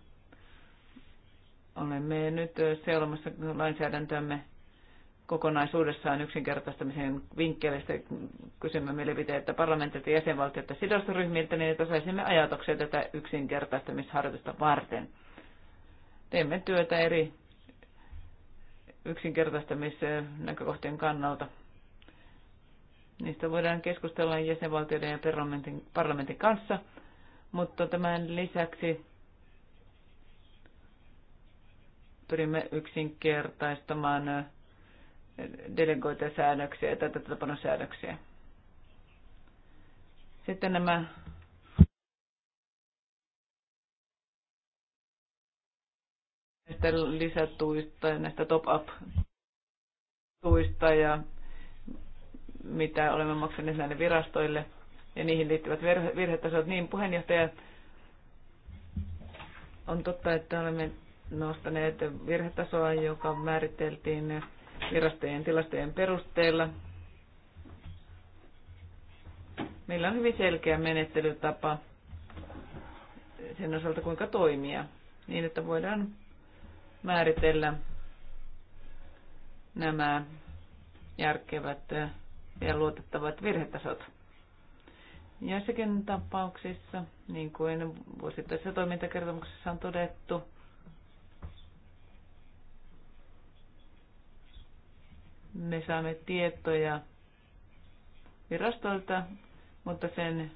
A: Olemme nyt seulomassa lainsäädäntömme kokonaisuudessaan yksinkertaistamisen vinkkeleistä kysymme mielipiteitä parlamentilta ja jäsenvaltiolta sidosryhmiltä niin, että saisimme ajatuksia tätä yksinkertaistamisharjoitusta varten. Teemme työtä eri näkökohtien kannalta. Niistä voidaan keskustella jäsenvaltioiden ja parlamentin, parlamentin kanssa, mutta tämän lisäksi pyrimme yksinkertaistamaan delegoituja tätä ja säädöksiä. Sitten nämä näistä lisätuista, näistä top-up-tuista ja mitä olemme maksaneet näille virastoille ja niihin liittyvät virhetasot. Niin, puheenjohtaja, on totta, että olemme nostaneet virhetasoa, joka määriteltiin virastojen tilastojen perusteella. Meillä on hyvin selkeä menettelytapa sen osalta, kuinka toimia, niin että voidaan määritellä nämä järkevät ja luotettavat virhetasot. Joissakin tapauksissa, niin kuin vuosittaisessa toimintakertomuksessa on todettu, me saamme tietoja virastoilta, mutta sen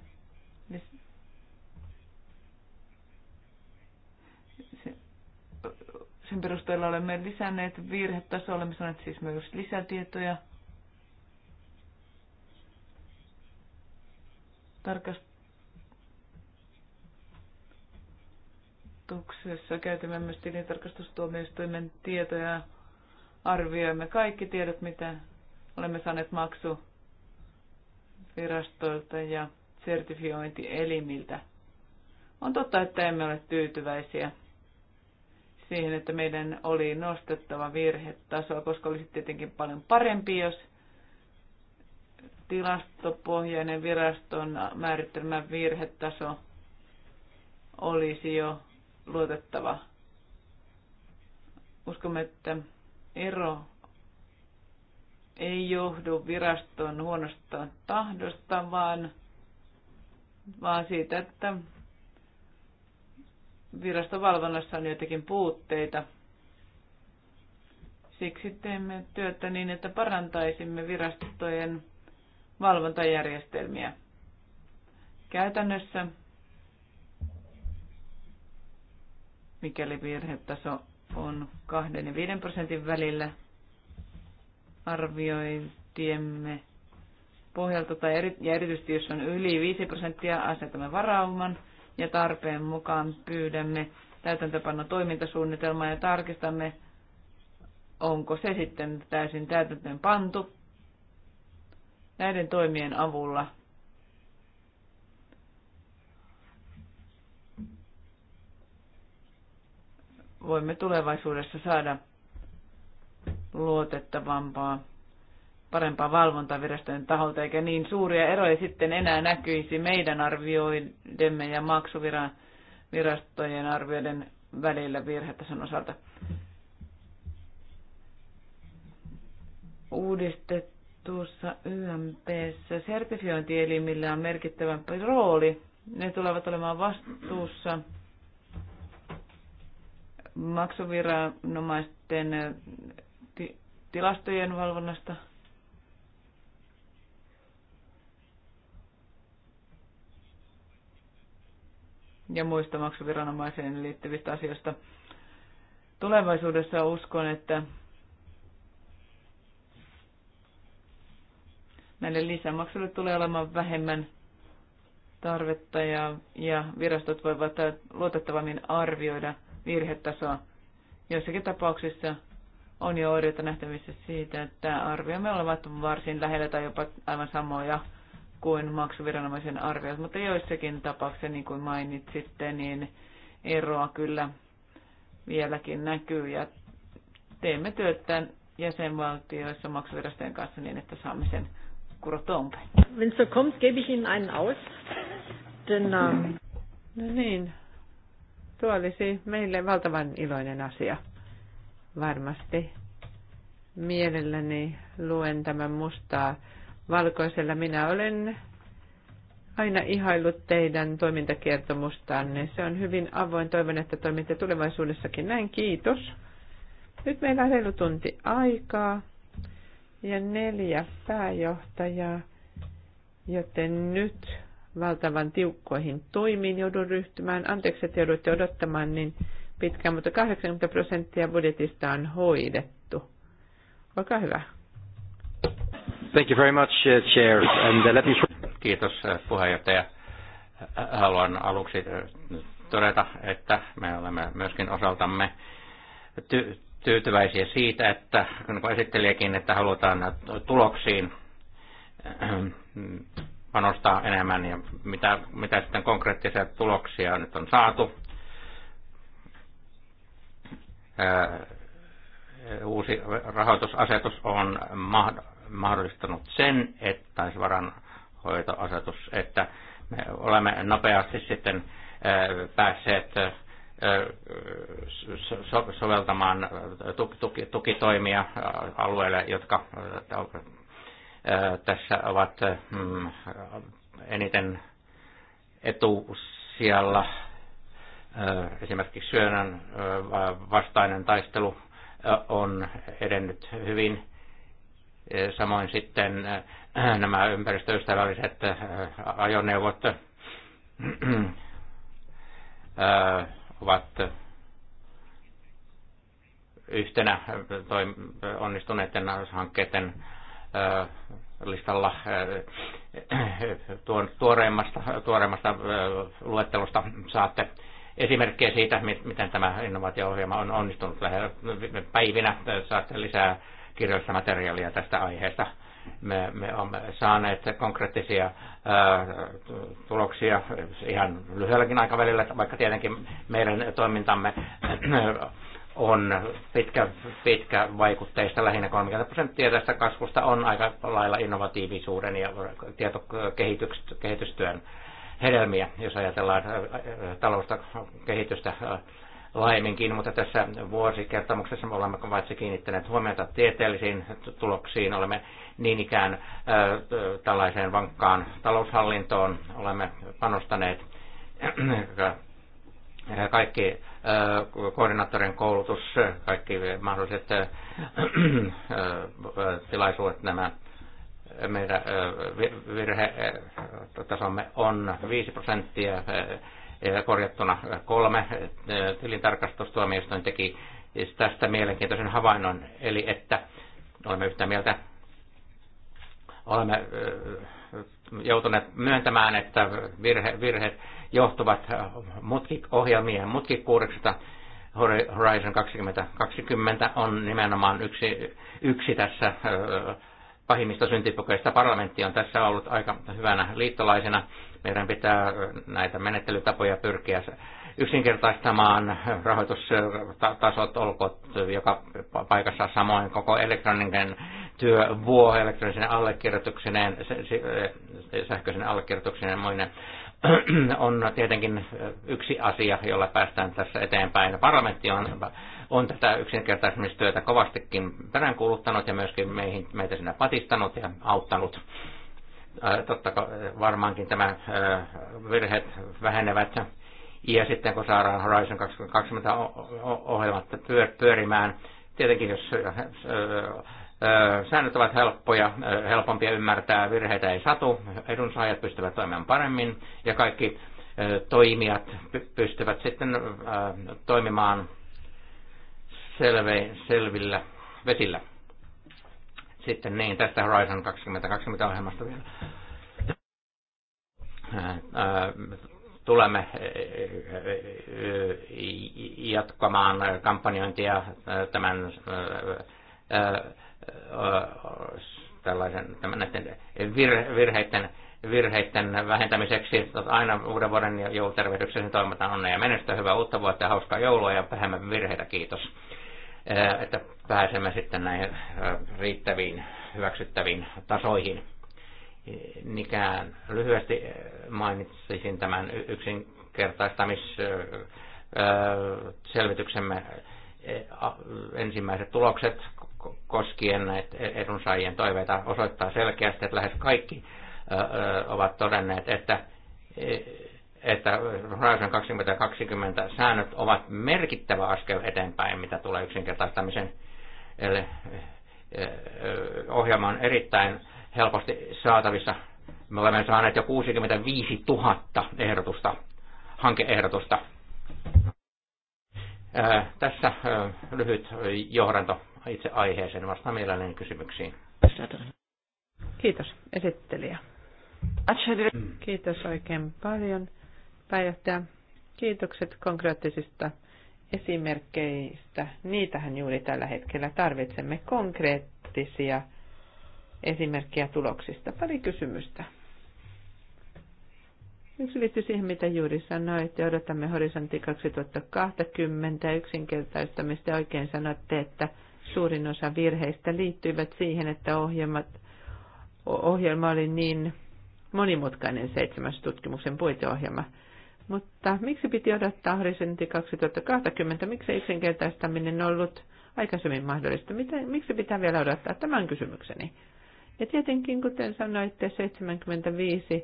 A: Sen perusteella olemme lisänneet virhetasoa, olemme saaneet siis myös lisätietoja. Tarkastuksessa käytämme myös tilintarkastustuomioistuimen tietoja. Arvioimme kaikki tiedot, mitä olemme saaneet maksu virastoilta ja sertifiointielimiltä. On totta, että emme ole tyytyväisiä siihen, että meidän oli nostettava virhetasoa, koska olisi tietenkin paljon parempi, jos tilastopohjainen viraston määrittelemä virhetaso olisi jo luotettava. Uskomme, että ero ei johdu viraston huonosta tahdosta, vaan, vaan siitä, että virastovalvonnassa on joitakin puutteita. Siksi teemme työtä niin, että parantaisimme virastojen valvontajärjestelmiä. Käytännössä, mikäli virhetaso on 2 ja 5 prosentin välillä, arviointiemme pohjalta tai eri, ja erityisesti jos on yli 5 prosenttia, asetamme varauman – ja tarpeen mukaan pyydämme täytäntöpanna toimintasuunnitelmaa ja tarkistamme, onko se sitten täysin täytäntöön pantu. Näiden toimien avulla voimme tulevaisuudessa saada luotettavampaa parempaa valvontaa virastojen taholta, eikä niin suuria eroja sitten enää näkyisi meidän arvioidemme ja maksuvirastojen arvioiden välillä virhetason osalta. Uudistetussa YMPssä sertifiointielimillä on merkittävämpi rooli. Ne tulevat olemaan vastuussa maksuviranomaisten tilastojen valvonnasta – ja muista maksuviranomaiseen liittyvistä asioista. Tulevaisuudessa uskon, että näille lisämaksuille tulee olemaan vähemmän tarvetta ja, ja virastot voivat luotettavammin arvioida virhetasoa. Joissakin tapauksissa on jo oireita nähtävissä siitä, että arviomme olevat varsin lähellä tai jopa aivan samoja kuin maksuviranomaisen arviot, mutta joissakin tapauksissa, niin kuin mainitsitte, niin eroa kyllä vieläkin näkyy ja teemme työtä jäsenvaltioissa maksuvirastojen kanssa niin, että saamme sen kurottua Wenn
B: so kommt, gebe ich Ihnen einen aus. Ähm, no niin, tuo olisi siis meille valtavan iloinen asia. Varmasti mielelläni luen tämän mustaa valkoisella. Minä olen aina ihaillut teidän toimintakertomustanne. Se on hyvin avoin. Toivon, että toimitte tulevaisuudessakin näin. Kiitos. Nyt meillä on reilu tunti aikaa ja neljä pääjohtajaa, joten nyt valtavan tiukkoihin toimiin joudun ryhtymään. Anteeksi, että joudutte odottamaan niin pitkään, mutta 80 prosenttia budjetista on hoidettu. Olkaa hyvä.
C: Thank you very much, uh, Chair. Uh, let me... Kiitos uh, puheenjohtaja. Haluan aluksi todeta, että me olemme myöskin osaltamme ty- tyytyväisiä siitä, että kun esittelijäkin, että halutaan tuloksiin panostaa enemmän ja mitä, mitä sitten konkreettisia tuloksia nyt on saatu. Uusi rahoitusasetus on mahdollistanut sen, että tai se varanhoitoasetus, että me olemme nopeasti sitten päässeet soveltamaan tukitoimia alueille, jotka tässä ovat mm, eniten etusijalla. Esimerkiksi syönän vastainen taistelu on edennyt hyvin Samoin sitten äh, nämä ympäristöystävälliset äh, ajoneuvot äh, ovat yhtenä onnistuneiden hankkeiden listalla tuon tuoreimmasta, tuoreimmasta luettelosta saatte esimerkkejä siitä, miten tämä innovaatio-ohjelma on onnistunut lähellä päivinä. Saatte lisää kirjallista materiaalia tästä aiheesta. Me, me olemme saaneet konkreettisia ää, tuloksia ihan lyhyelläkin aikavälillä, vaikka tietenkin meidän toimintamme on pitkä, pitkä vaikutteista, lähinnä 30 prosenttia tästä kasvusta on aika lailla innovatiivisuuden ja tietokehitystyön hedelmiä, jos ajatellaan talousta kehitystä laajemminkin, mutta tässä vuosikertomuksessa me olemme paitsi kiinnittäneet huomiota tieteellisiin tuloksiin, olemme niin ikään tällaiseen vankkaan taloushallintoon olemme panostaneet äh, kaikki koordinaattorien koulutus, kaikki mahdolliset tilaisuudet, nämä meidän virhetasomme on 5 prosenttia Eh, korjattuna kolme eh, tilintarkastustuomioistuin teki tästä mielenkiintoisen havainnon, eli että olemme yhtä mieltä, olemme eh, joutuneet myöntämään, että virhe, virheet johtuvat mutkik, ohjelmien mutkikkuudeksesta. Horizon 2020 on nimenomaan yksi, yksi tässä pahimmista syntipukeista. Parlamentti on tässä ollut aika hyvänä liittolaisena meidän pitää näitä menettelytapoja pyrkiä yksinkertaistamaan rahoitustasot olkoot joka paikassa samoin koko elektroninen työvuo elektronisen allekirjoituksineen, sähköisen allekirjoituksineen muinen on tietenkin yksi asia, jolla päästään tässä eteenpäin. Parlamentti on, on tätä yksinkertaistamistyötä kovastikin peräänkuuluttanut ja myöskin meihin, meitä sinä patistanut ja auttanut totta kai varmaankin tämä virheet vähenevät. Ja sitten kun saadaan Horizon 2020 ohjelmat pyörimään, tietenkin jos säännöt ovat helppoja, helpompia ymmärtää, virheitä ei satu, edunsaajat pystyvät toimimaan paremmin ja kaikki toimijat pystyvät sitten toimimaan selvillä vesillä. Sitten niin, tästä Horizon 2020-ohjelmasta vielä. Tulemme jatkamaan kampanjointia tämän tällaisen, tämän näiden virheiden, virheiden vähentämiseksi. Aina uuden vuoden joulutervehdyksessä toivotan onnea ja menestystä, hyvää uutta vuotta ja hauskaa joulua ja vähemmän virheitä, kiitos että pääsemme sitten näihin riittäviin, hyväksyttäviin tasoihin. E, Nikään lyhyesti mainitsisin tämän yksinkertaistamisselvityksemme ensimmäiset tulokset koskien näitä e-, edunsaajien toiveita osoittaa selkeästi, että lähes kaikki ovat todenneet, että että Horizon 2020 säännöt ovat merkittävä askel eteenpäin, mitä tulee yksinkertaistamisen. Eli eh, eh, ohjelma on erittäin helposti saatavissa. Me olemme saaneet jo 65 000 ehdotusta, hankeehdotusta. Eh, tässä lyhyt johdanto itse aiheeseen. vasta mielelläni kysymyksiin.
B: Kiitos esittelijä. Kiitos oikein paljon. Pääjohtaja, kiitokset konkreettisista esimerkkeistä. Niitähän juuri tällä hetkellä tarvitsemme konkreettisia esimerkkejä tuloksista. Pari kysymystä. Yksi liittyy siihen, mitä juuri sanoit, ja odotamme horisontti 2020 yksinkertaistamista. Oikein sanotte, että suurin osa virheistä liittyivät siihen, että ohjelmat, ohjelma oli niin monimutkainen seitsemäs tutkimuksen puiteohjelma. Mutta miksi piti odottaa horisontti 2020? Miksi yksinkertaistaminen on ollut aikaisemmin mahdollista? Miten, miksi pitää vielä odottaa? Tämän kysymykseni. Ja tietenkin, kuten sanoitte, 75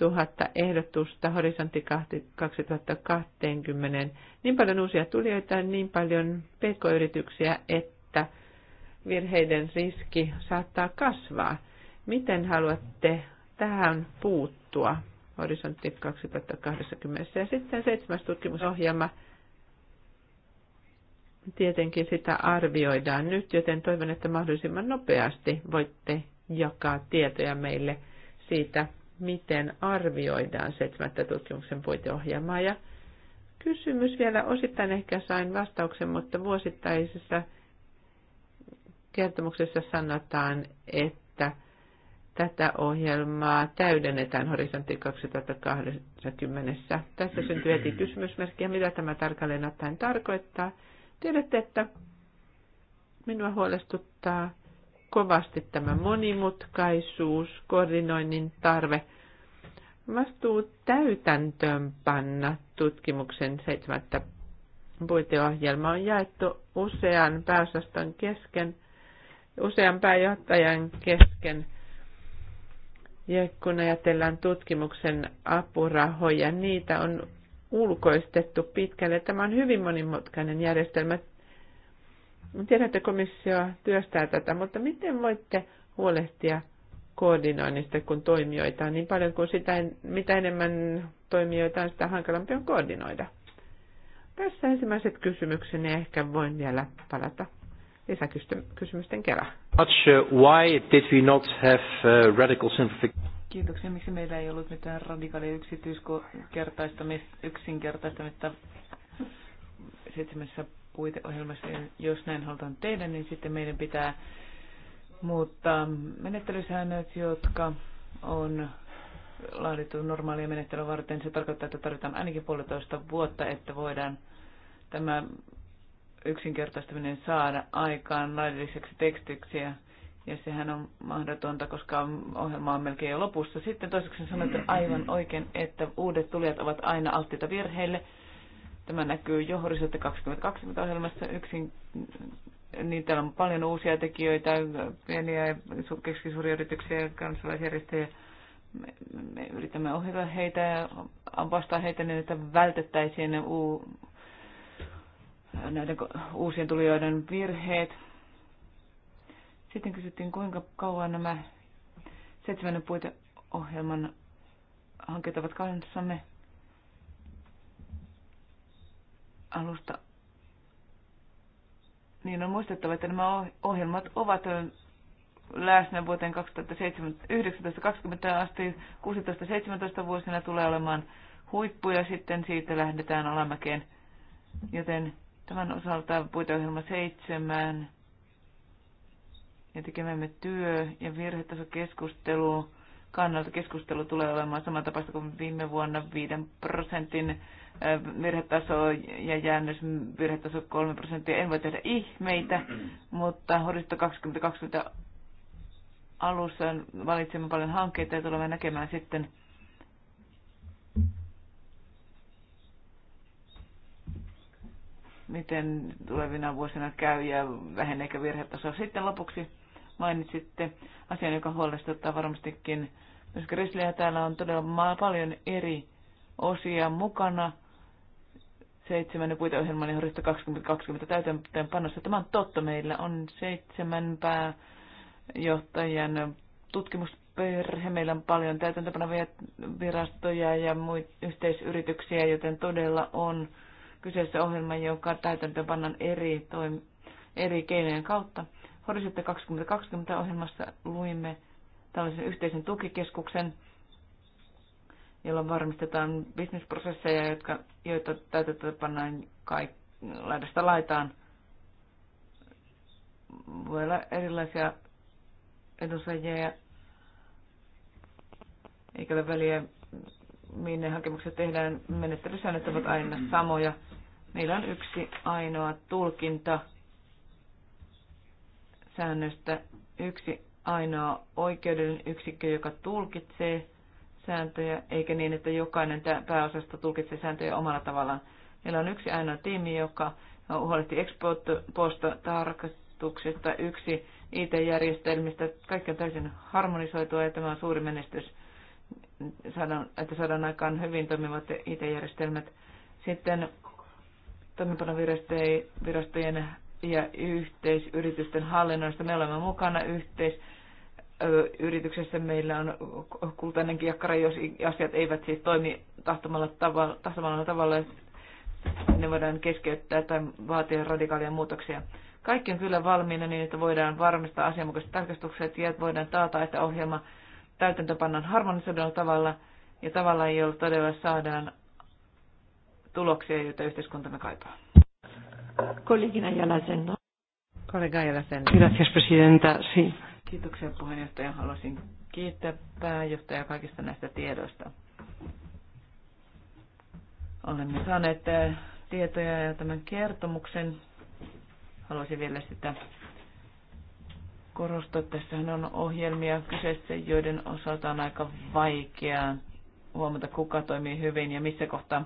B: 000 ehdotusta horisontti 2020, niin paljon uusia tulijoita, niin paljon pk-yrityksiä, että virheiden riski saattaa kasvaa. Miten haluatte tähän puuttua? horisontti 2020. Ja sitten seitsemäs tutkimusohjelma. Tietenkin sitä arvioidaan nyt, joten toivon, että mahdollisimman nopeasti voitte jakaa tietoja meille siitä, miten arvioidaan seitsemättä tutkimuksen puiteohjelmaa. Ja kysymys vielä osittain ehkä sain vastauksen, mutta vuosittaisessa kertomuksessa sanotaan, että tätä ohjelmaa täydennetään horisontti 2020. Tässä syntyy heti ja mitä tämä tarkalleen ottaen tarkoittaa. Tiedätte, että minua huolestuttaa kovasti tämä monimutkaisuus, koordinoinnin tarve. Vastuu täytäntöönpanna tutkimuksen seitsemättä puiteohjelma on jaettu usean pääosaston kesken, usean pääjohtajan kesken – ja kun ajatellaan tutkimuksen apurahoja, niitä on ulkoistettu pitkälle. Tämä on hyvin monimutkainen järjestelmä. Tiedän, että komissio työstää tätä, mutta miten voitte huolehtia koordinoinnista, kun toimijoita on niin paljon kuin sitä, mitä enemmän toimijoita on, sitä hankalampi on koordinoida. Tässä ensimmäiset kysymykseni ehkä voin vielä palata lisäkysymysten kevään.
C: Uh, why did we not have uh, radical simplification?
B: Kiitoksia. Miksi
A: meillä ei ollut mitään radikaalia yksityiskertaistamista, yksinkertaistamista seitsemässä puiteohjelmassa? Jos näin halutaan tehdä, niin sitten meidän pitää muuttaa menettelysäännöt, jotka on laadittu normaalia menettelyä varten. Se tarkoittaa, että tarvitaan ainakin puolitoista vuotta, että voidaan tämä yksinkertaistaminen saada aikaan laillisiksi tekstiksi ja, ja sehän on mahdotonta, koska ohjelma on melkein jo lopussa. Sitten toiseksi sanotaan aivan oikein, että uudet tulijat ovat aina alttiita virheille. Tämä näkyy jo Horisontti 2020 ohjelmassa yksin, niin täällä on paljon uusia tekijöitä, pieniä ja keskisuuria yrityksiä ja kansalaisjärjestöjä. Me, me, me yritämme ohjata heitä ja vastaa heitä niin, että vältettäisiin ne näiden uusien tulijoiden virheet. Sitten kysyttiin, kuinka kauan nämä seitsemännen puiteohjelman hankkeet ovat kansamme alusta. Niin on muistettava, että nämä ohjelmat ovat läsnä vuoteen 2019-2020 asti. 16-17 vuosina tulee olemaan huippuja, sitten siitä lähdetään alamäkeen. Joten Tämän osalta puiteohjelma seitsemään, ja tekemämme työ ja virhetasokeskustelu kannalta keskustelu tulee olemaan tapaista kuin viime vuonna 5 prosentin virhetaso ja jäännös virhetaso 3 prosenttia. En voi tehdä ihmeitä, mutta Horisto 2020 alussa valitsemme paljon hankkeita ja tulemme näkemään sitten miten tulevina vuosina käy ja väheneekö virhetaso. Sitten lopuksi mainitsitte asian, joka huolestuttaa varmastikin myös Gresliä. Täällä on todella paljon eri osia mukana. Seitsemän puiteohjelman horista 2020 täytäntöönpanossa. Tämä on totta. Meillä on seitsemän pääjohtajan tutkimusperhe. Meillä on paljon täytäntöönpanovia virastoja ja muita yhteisyrityksiä, joten todella on kyseessä ohjelma, joka täytäntö pannaan eri, toim- eri keinojen kautta. Horisontti 2020 ohjelmassa luimme tällaisen yhteisen tukikeskuksen, jolla varmistetaan bisnesprosesseja, jotka, joita täytäntö pannaan kaik- laidasta laitaan. Voi olla erilaisia edusajia eikä ole väliä minne hakemukset tehdään, menettelysäännöt ovat aina samoja. Meillä on yksi ainoa tulkinta säännöstä, yksi ainoa oikeudellinen yksikkö, joka tulkitsee sääntöjä, eikä niin, että jokainen pääosasta tulkitsee sääntöjä omalla tavallaan. Meillä on yksi ainoa tiimi, joka huolehti expost-tarkastuksesta, yksi IT-järjestelmistä. Kaikki on täysin harmonisoitua ja tämä on suuri menestys, että saadaan aikaan hyvin toimivat IT-järjestelmät. Sitten toimeenpanovirastojen ja yhteisyritysten hallinnoista. Me olemme mukana yhteis yrityksessä meillä on kultainen kiekkara, jos asiat eivät siis toimi tahtomalla tavalla, tahtomalla tavalla niin ne voidaan keskeyttää tai vaatia radikaalia muutoksia. Kaikki on kyllä valmiina niin, että voidaan varmistaa asianmukaiset tarkastukset ja voidaan taata, että ohjelma täytäntöpannaan harmonisoidulla tavalla ja tavalla, jolla todella saadaan tuloksia, joita yhteiskuntamme
B: kaipaa. Kollegina Jalasenna. Kollega Jalasenna. Gracias, presidenta. Sí.
A: Kiitoksia puheenjohtaja. Haluaisin kiittää pääjohtajaa kaikista näistä tiedoista. Olemme saaneet eh, tietoja ja tämän kertomuksen. Haluaisin vielä sitä korostaa. Tässähän on ohjelmia kyseessä, joiden osalta on aika vaikeaa huomata, kuka toimii hyvin ja missä kohtaa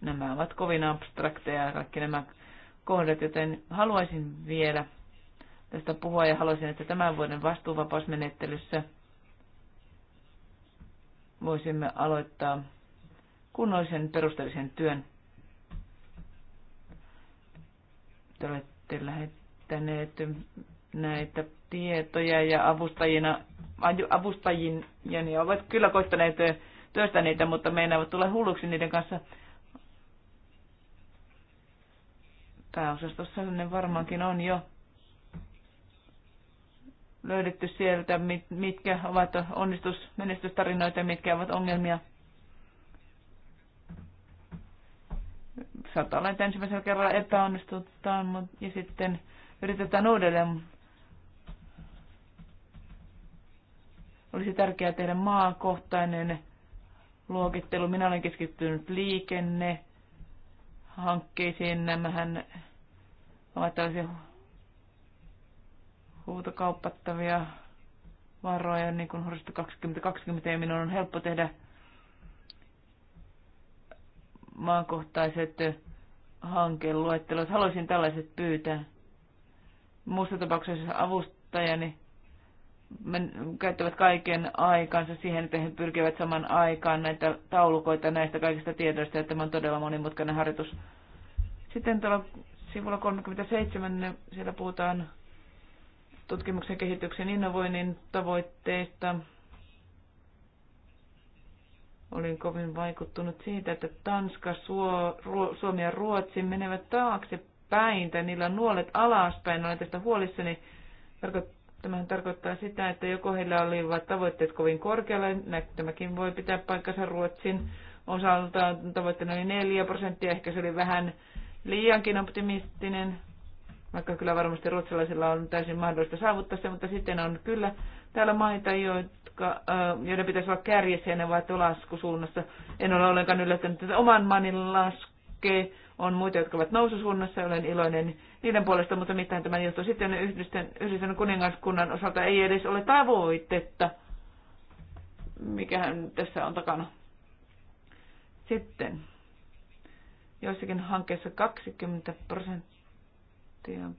A: Nämä ovat kovin abstrakteja kaikki nämä kohdat, joten haluaisin vielä tästä puhua ja haluaisin, että tämän vuoden vastuuvapausmenettelyssä voisimme aloittaa kunnollisen perusteellisen työn. Te olette lähettäneet näitä tietoja ja avustajina, avustajin, ja ovat kyllä koittaneet työstä niitä, mutta meinaavat tulla hulluksi niiden kanssa pääosastossa ne varmaankin on jo löydetty sieltä, mitkä ovat onnistusmenestystarinoita ja mitkä ovat ongelmia. Saattaa olla, että ensimmäisellä kerralla epäonnistutaan ja sitten yritetään uudelleen. Olisi tärkeää tehdä maakohtainen luokittelu. Minä olen keskittynyt liikenne, hankkeisiin. Nämähän ovat tällaisia huutokauppattavia varoja, niin kuin Horisto 2020, ja minun on helppo tehdä maankohtaiset hankeluettelot. Haluaisin tällaiset pyytää. Muussa tapauksessa avustajani käyttävät kaiken aikansa siihen, että he pyrkivät saman aikaan näitä taulukoita näistä kaikista tiedoista, ja tämä on todella monimutkainen harjoitus. Sitten tuolla sivulla 37 niin siellä puhutaan tutkimuksen kehityksen innovoinnin tavoitteista. Olin kovin vaikuttunut siitä, että Tanska, Suomi ja Ruotsi menevät taaksepäin, tai niillä on nuolet alaspäin. Olen tästä huolissani. Tarkoittaa Tämähän tarkoittaa sitä, että joko heillä olivat tavoitteet kovin korkealla, tämäkin voi pitää paikkansa Ruotsin osalta, tavoitteena oli 4 prosenttia, ehkä se oli vähän liiankin optimistinen, vaikka kyllä varmasti ruotsalaisilla on täysin mahdollista saavuttaa se, mutta sitten on kyllä täällä maita, jotka, joiden pitäisi olla kärjessä ja ne ovat laskusuunnassa. En ole ollenkaan yllättänyt, että oman manin laskee on muita, jotka ovat noususuunnassa, olen iloinen niiden puolesta, mutta mitään tämän johtuu. Sitten yhdisten, yhdistön kuningaskunnan osalta ei edes ole tavoitetta, hän tässä on takana. Sitten joissakin hankkeissa 20 prosenttia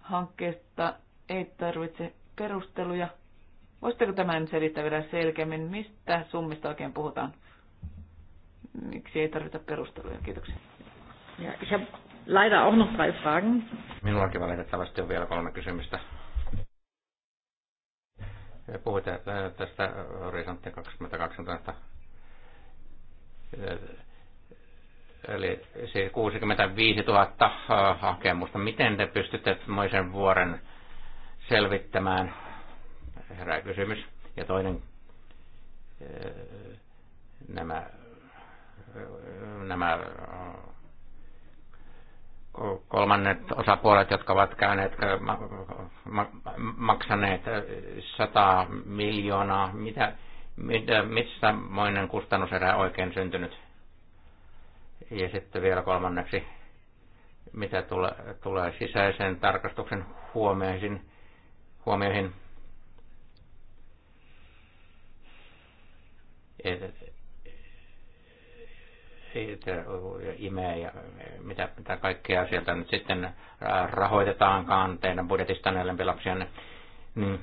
A: hankkeesta ei tarvitse perusteluja. Voisitteko tämän selittää vielä selkeämmin, mistä summista oikein puhutaan? miksi ei tarvita perusteluja. Kiitoksia. Ja, ich habe leider auch noch drei Fragen.
C: Minullakin valitettavasti on vielä kolme kysymystä. Puhuitte äh, tästä horisontti 2020 äh, eli siis 65 000 hakemusta. Miten te pystytte moisen vuoren selvittämään? Herää kysymys. Ja toinen, äh, nämä, nämä kolmannet osapuolet, jotka ovat käyneet, maksaneet 100 miljoonaa. Mitä, mitä, missä moinen kustannuserä oikein syntynyt? Ja sitten vielä kolmanneksi, mitä tule, tulee sisäisen tarkastuksen huomioihin, huomioihin siitä imee ja mitä, mitä kaikkea sieltä nyt sitten rahoitetaankaan teidän näille lempilapsianne, niin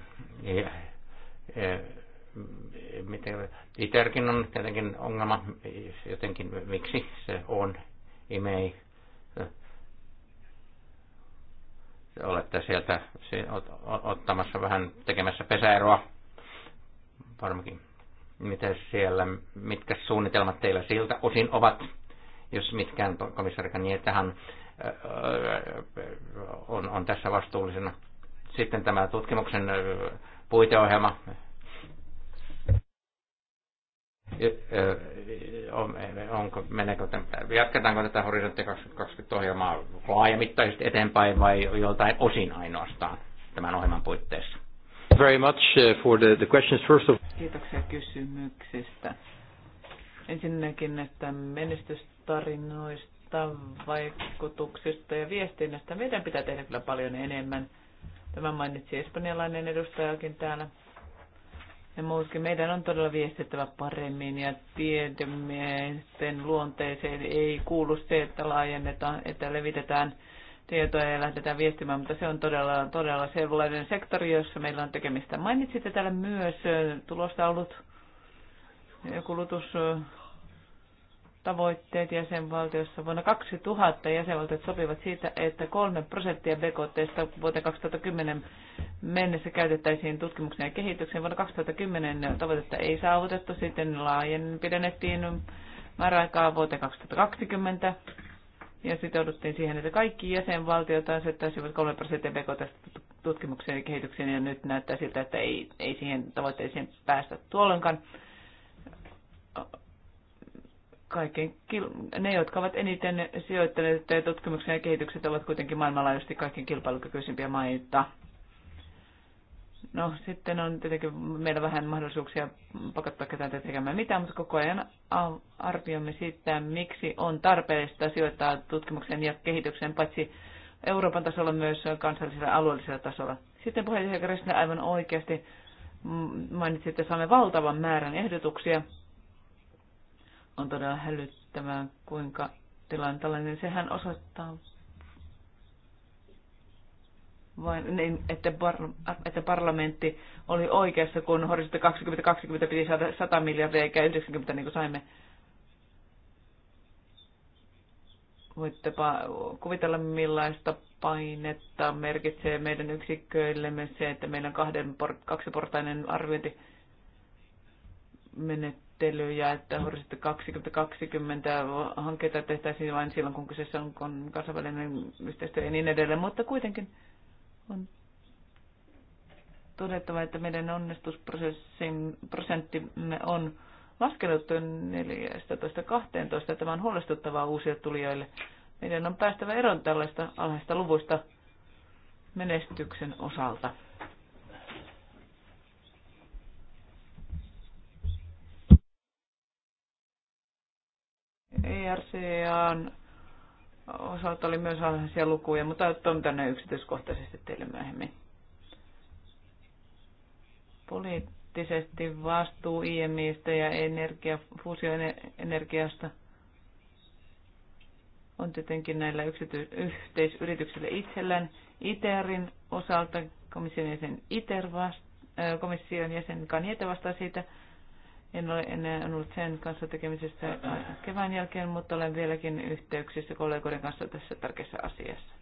C: Iterkin on tietenkin ongelma, jotenkin miksi se on imei. Olette sieltä ottamassa vähän tekemässä pesäeroa varmakin miten siellä, mitkä suunnitelmat teillä siltä osin ovat, jos mitkään komissarikan niin on, on tässä vastuullisena. Sitten tämä tutkimuksen puiteohjelma, onko, meneekö, jatketaanko tätä Horisontti 2020 ohjelmaa laajamittaisesti eteenpäin vai joltain osin ainoastaan tämän ohjelman puitteissa? Very much uh, for the, questions first of...
A: Kiitoksia kysymyksistä. Ensinnäkin näistä menestystarinoista, vaikutuksista ja viestinnästä. Meidän pitää tehdä kyllä paljon enemmän. Tämä mainitsi espanjalainen edustajakin täällä. Ja muutkin meidän on todella viestittävä paremmin ja tiedemiesten luonteeseen ei kuulu se, että laajennetaan, että levitetään tietoja ja lähdetään viestimään, mutta se on todella, todella sellainen sektori, jossa meillä on tekemistä. Mainitsitte täällä myös tulosta ja kulutustavoitteet jäsenvaltiossa. Vuonna 2000 jäsenvaltiot sopivat siitä, että 3 prosenttia BKTstä vuoteen 2010 mennessä käytettäisiin tutkimukseen ja kehitykseen. Vuonna 2010 tavoitetta ei saavutettu, sitten laajen pidennettiin määräaikaa vuoteen 2020 ja sitouduttiin siihen, että kaikki jäsenvaltiot asettaisivat 3 prosenttia BKT tutkimukseen ja kehitykseen, ja nyt näyttää siltä, että ei, ei siihen tavoitteeseen päästä tuolloinkaan. Kaikkein, ne, jotka ovat eniten sijoittaneet tutkimukseen ja kehitykset, ovat kuitenkin maailmanlaajuisesti kaikkein kilpailukykyisimpiä maita. No sitten on tietenkin meillä vähän mahdollisuuksia pakottaa ketään tekemään mitään, mutta koko ajan arvioimme sitä, miksi on tarpeellista sijoittaa tutkimuksen ja kehityksen paitsi Euroopan tasolla myös kansallisella ja alueellisella tasolla. Sitten puheenjohtaja Kristina aivan oikeasti mainitsi, että saamme valtavan määrän ehdotuksia. On todella hälyttävää, kuinka tilanne tällainen. Sehän osoittaa vain niin, että, par, että parlamentti oli oikeassa, kun horisontti 2020 piti saada 100 miljardia eikä 90 niin kuin saimme. Voittepa kuvitella, millaista painetta merkitsee meidän yksikköillemme se, että meillä on kahden, kaksiportainen arviointi ja että horisontti 2020 hankkeita tehtäisiin vain silloin, kun kyseessä on kansainvälinen yhteistyö ja niin edelleen, mutta kuitenkin on todettava, että meidän onnistusprosessin prosenttimme on laskenut 14-12. Tämä on huolestuttavaa uusia tulijoille. Meidän on päästävä eroon tällaista alhaista luvuista menestyksen osalta. E on osalta oli myös alhaisia lukuja, mutta toimitan ne yksityiskohtaisesti teille myöhemmin. Poliittisesti vastuu IMIstä ja energia, fuusioenergiasta on tietenkin näillä yksity- yhteisyrityksillä itsellään. ITERin osalta komission jäsen ITER vasta- äh, komission jäsen Kaniete vastaa siitä – en ole enää ollut sen kanssa tekemisissä kevään jälkeen, mutta olen vieläkin yhteyksissä kollegoiden kanssa tässä tärkeässä asiassa.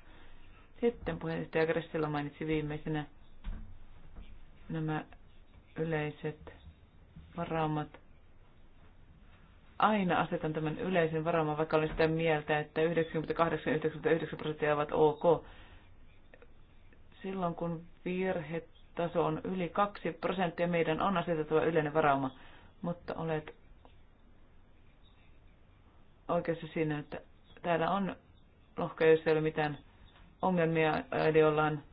A: Sitten puheenjohtaja Gressilla mainitsi viimeisenä nämä yleiset varaumat. Aina asetan tämän yleisen varauman, vaikka olen sitä mieltä, että 98-99 prosenttia ovat ok. Silloin kun virhetaso on yli 2 prosenttia, meidän on asetettava yleinen varauma mutta olet oikeassa siinä, että täällä on lohka, jos ei ole mitään ongelmia, eli ollaan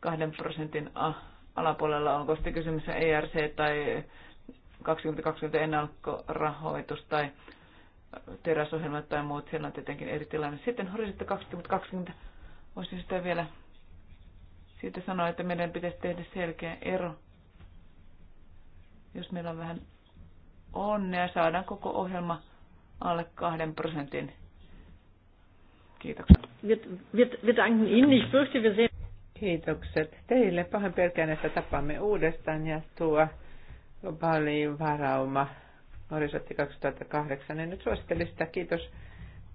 A: kahden prosentin alapuolella, onko sitten kysymys ERC tai 2020 ennakkorahoitus tai teräsohjelmat tai muut, siellä on tietenkin eri tilanne. Sitten horisontti 2020, voisin sitä vielä siitä sanoa, että meidän pitäisi tehdä selkeä ero. Jos meillä on vähän onnea. Saadaan koko ohjelma alle kahden prosentin.
B: Kiitoksia. Kiitokset teille. Pahan pelkään, että tapaamme uudestaan ja tuo globaali varauma Horisontti 2008. En nyt suosittelen sitä. Kiitos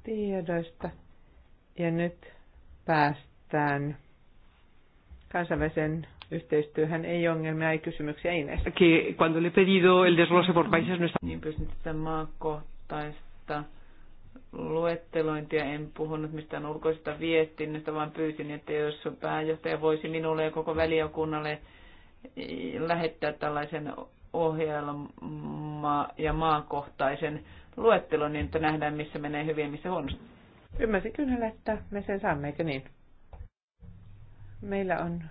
B: tiedoista. Ja nyt päästään kansainvälisen yhteistyöhön ei ongelmia, ei kysymyksiä, ei näistä. Que cuando le he pedido el desglose por países no está...
A: Niin maakohtaista luettelointia, en puhunut mistään ulkoisesta viestinnästä, vaan pyysin, että jos pääjohtaja voisi minulle ja koko väliokunnalle lähettää tällaisen ohjelma- ja maakohtaisen luettelon, niin että nähdään, missä menee hyvin ja missä huonosti.
B: Ymmärsin kyllä, että me sen saamme, eikö niin? Meillä on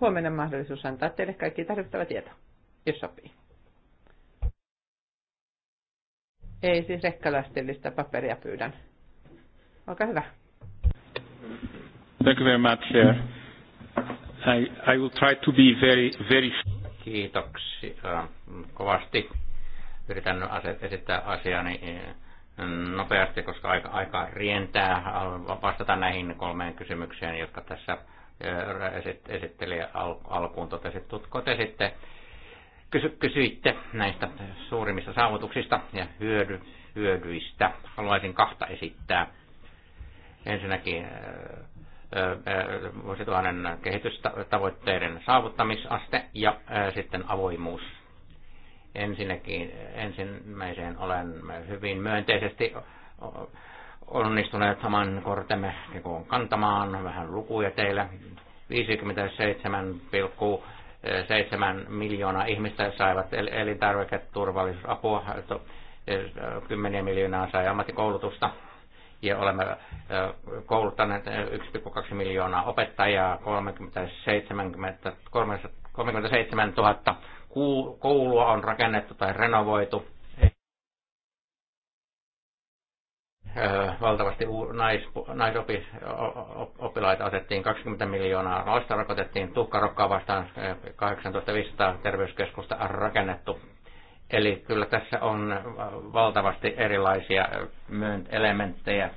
B: huomenna mahdollisuus antaa teille kaikki tarvittava tieto, jos sopii. Ei siis rekkalastillista paperia pyydän. Olkaa hyvä.
C: Thank you very much, sir. I, I will try to be very, very... Kiitoksia kovasti. Yritän esittää asiani eh, nopeasti, koska aika, aika rientää vastata näihin kolmeen kysymykseen, jotka tässä Öö, esittelijä alkuun totesi, totesitte, kysy, kysyitte näistä suurimmista saavutuksista ja hyödy, hyödyistä. Haluaisin kahta esittää. Ensinnäkin öö, öö, vuosituhannen kehitystavoitteiden saavuttamisaste ja sitten avoimuus. Ensinnäkin ensimmäiseen olen hyvin myönteisesti onnistuneet saman kortemme niin kantamaan vähän lukuja teille. 57,7 miljoonaa ihmistä saivat elintarviketurvallisuusapua, kymmeniä miljoonaa sai ammattikoulutusta ja olemme kouluttaneet 1,2 miljoonaa opettajaa, 37 000 koulua on rakennettu tai renovoitu valtavasti nais, naisoppilaita otettiin 20 miljoonaa, noista rokotettiin tuhkarokkaa vastaan 18500 terveyskeskusta rakennettu. Eli kyllä tässä on valtavasti erilaisia elementtejä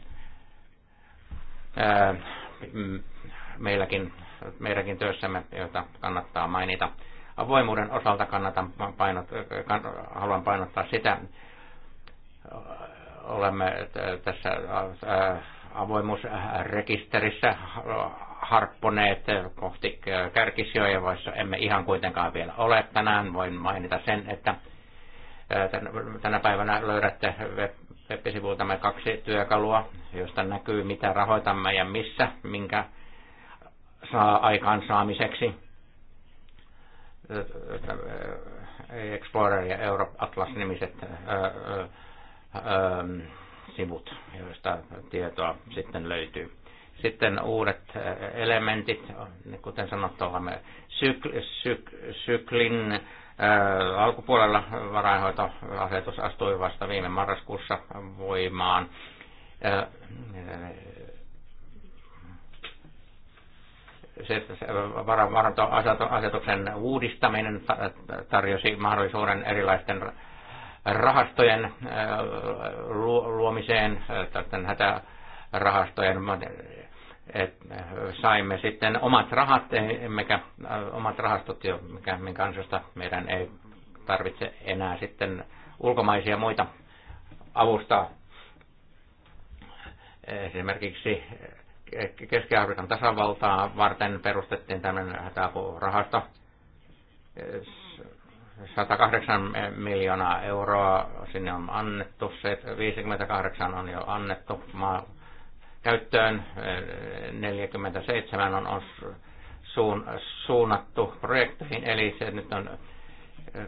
C: meilläkin, meidänkin työssämme, joita kannattaa mainita. Avoimuuden osalta kannatan painot, haluan painottaa sitä, olemme tässä avoimuusrekisterissä harpponeet kohti kärkisijoja, joissa emme ihan kuitenkaan vielä ole. Tänään voin mainita sen, että tänä päivänä löydätte web kaksi työkalua, josta näkyy mitä rahoitamme ja missä, minkä saa aikaan saamiseksi, Explorer ja Europe Atlas nimiset Ähm, sivut, joista tietoa sitten löytyy. Sitten uudet äh, elementit, kuten sanottu, olemme syk- syk- syklin Ää, äh, alkupuolella varainhoitoasetus astui vasta viime marraskuussa voimaan. Ää, äh, se, se varantoasetuksen uudistaminen tarjosi mahdollisuuden erilaisten rahastojen äh, luomiseen, äh, tällaisten hätärahastojen, että äh, saimme sitten omat rahat, mikä, omat rahastot, jo, mikä, minkä ansiosta meidän ei tarvitse enää sitten ulkomaisia muita avustaa. Esimerkiksi Keski-Afrikan tasavaltaa varten perustettiin tämmöinen hätäapurahasto. 108 miljoonaa euroa sinne on annettu, se 58 on jo annettu maa käyttöön, 47 on, on suun, suunnattu projekteihin, eli se nyt on 26,5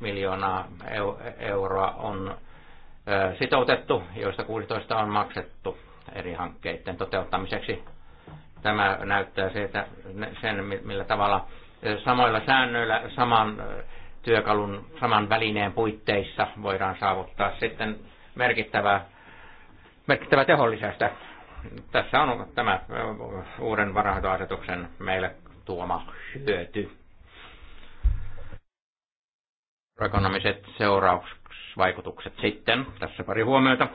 C: miljoonaa euroa on sitoutettu, joista 16 on maksettu eri hankkeiden toteuttamiseksi. Tämä näyttää siitä sen, millä tavalla samoilla säännöillä saman työkalun, saman välineen puitteissa voidaan saavuttaa sitten merkittävää, merkittävää tehollisesta. Tässä on tämä uuden varahoitoasetuksen meille tuoma hyöty. Ekonomiset seurausvaikutukset sitten. Tässä pari huomiota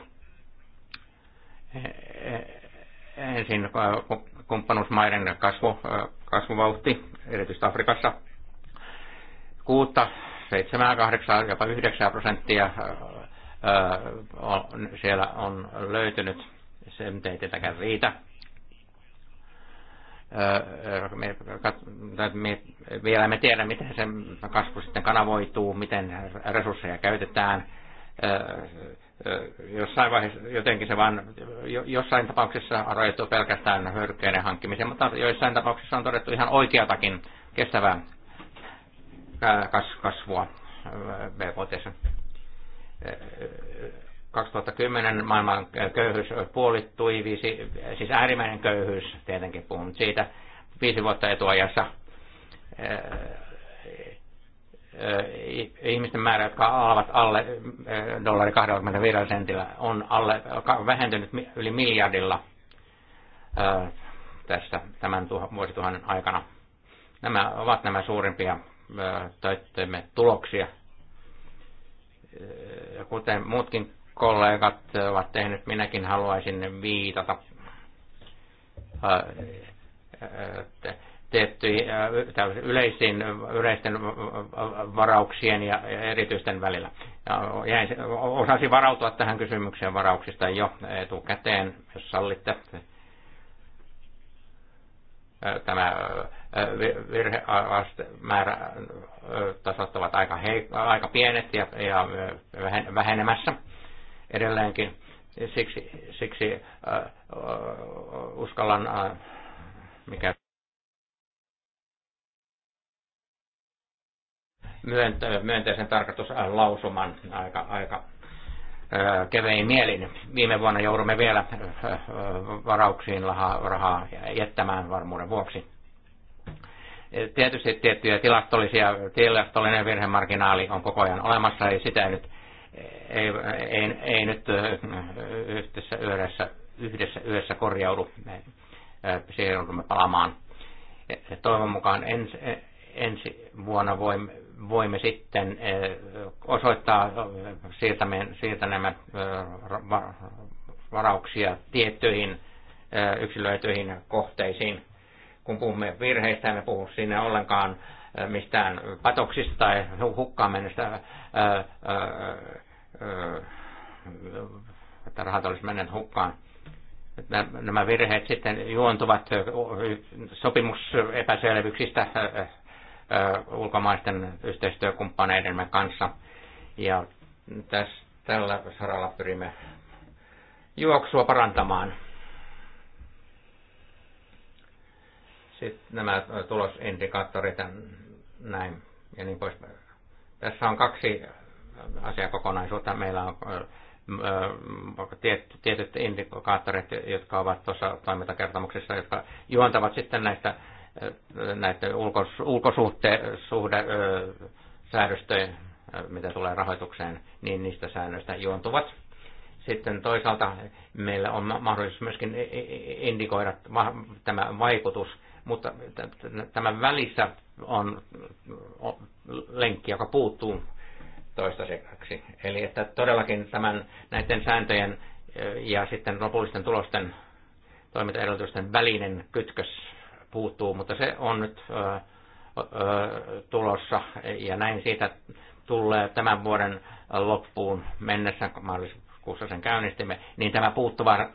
C: e, e, ensin kumppanuusmaiden kasvu, kasvuvauhti, erityisesti Afrikassa. Kuutta, seitsemää, kahdeksaa, jopa yhdeksää prosenttia on, siellä on löytynyt. Se ei tietenkään riitä. Me, me, vielä me tiedä, miten se kasvu sitten kanavoituu, miten resursseja käytetään jossain vaiheessa jotenkin se vaan jossain tapauksessa rajoittu pelkästään hörkkeiden hankkimiseen, mutta joissain tapauksissa on todettu ihan oikeatakin kestävää kasvua BKT. 2010 maailman köyhyys puolittui, viisi, siis äärimmäinen köyhyys tietenkin puhun siitä, viisi vuotta etuajassa ihmisten määrä, jotka alavat alle dollari 25 sentillä, on alle, vähentynyt yli miljardilla tässä tämän vuosituhannen aikana. Nämä ovat nämä suurimpia töittemme tuloksia. Kuten muutkin kollegat ovat tehneet, minäkin haluaisin viitata tiettyihin äh, yleisiin, yleisten varauksien ja erityisten välillä. Ja jäin, osasin varautua tähän kysymykseen varauksista jo etukäteen, jos sallitte. Tämä virhemäärä tasot ovat aika, heik- aika pienet ja, ja vähenemässä edelleenkin. Siksi, siksi äh, uskallan, äh, mikä myönteisen tarkastuslausuman aika, aika kevein mielin. Viime vuonna joudumme vielä varauksiin rahaa jättämään varmuuden vuoksi. E, tietysti tiettyjä tilastollisia, tilastollinen virhemarginaali on koko ajan olemassa, ei sitä nyt, ei, ei, ei nyt yhdessä, yhdessä, yhdessä yössä korjaudu. Siihen joudumme palaamaan. E, toivon mukaan ensi, e, ensi vuonna voimme, voimme sitten eh, osoittaa eh, nämä eh, varauksia tiettyihin yksilöityihin kohteisiin. Kun puhumme virheistä, emme puhu siinä ollenkaan mistään patoksista tai hukkaan mennessä, että rahat olisi menneet hukkaan. Nämä virheet sitten juontuvat sopimusepäselvyyksistä, ulkomaisten yhteistyökumppaneidemme kanssa. Ja tässä, tällä saralla pyrimme juoksua parantamaan. Sitten nämä tulosindikaattorit ja näin ja niin poispäin. Tässä on kaksi asiakokonaisuutta. Meillä on tietyt indikaattorit, jotka ovat tuossa toimintakertomuksessa, jotka juontavat sitten näistä näiden ulkos, ulkosuhdesäädöstöjen, mitä tulee rahoitukseen, niin niistä säännöistä juontuvat. Sitten toisaalta meillä on mahdollisuus myöskin indikoida tämä vaikutus, mutta tämän välissä on lenkki, joka puuttuu toistaiseksi. Eli että todellakin tämän, näiden sääntöjen ja sitten lopullisten tulosten toimintaedellytysten välinen kytkös puuttuu, mutta se on nyt ö, ö, tulossa ja näin siitä tulee tämän vuoden loppuun mennessä, kun maaliskuussa sen käynnistimme, niin tämä puuttuva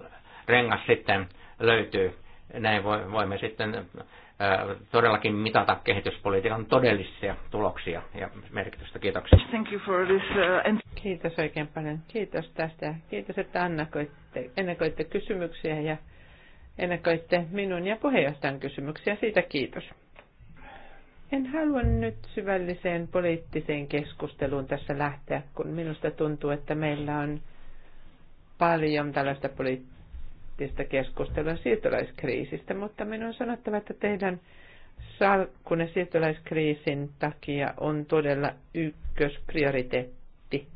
C: rengas sitten löytyy. Näin voimme sitten todellakin mitata kehityspolitiikan todellisia tuloksia ja merkitystä.
A: Kiitoksia.
B: Thank you for this, uh, Kiitos oikein paljon. Kiitos tästä. Kiitos, että annakoitte, ennakoitte kysymyksiä ja ennakoitte minun ja puheenjohtajan kysymyksiä. Siitä kiitos. En halua nyt syvälliseen poliittiseen keskusteluun tässä lähteä, kun minusta tuntuu, että meillä on paljon tällaista poliittista keskustelua siirtolaiskriisistä, mutta minun on sanottava, että teidän salkkunne siirtolaiskriisin takia on todella ykkösprioriteetti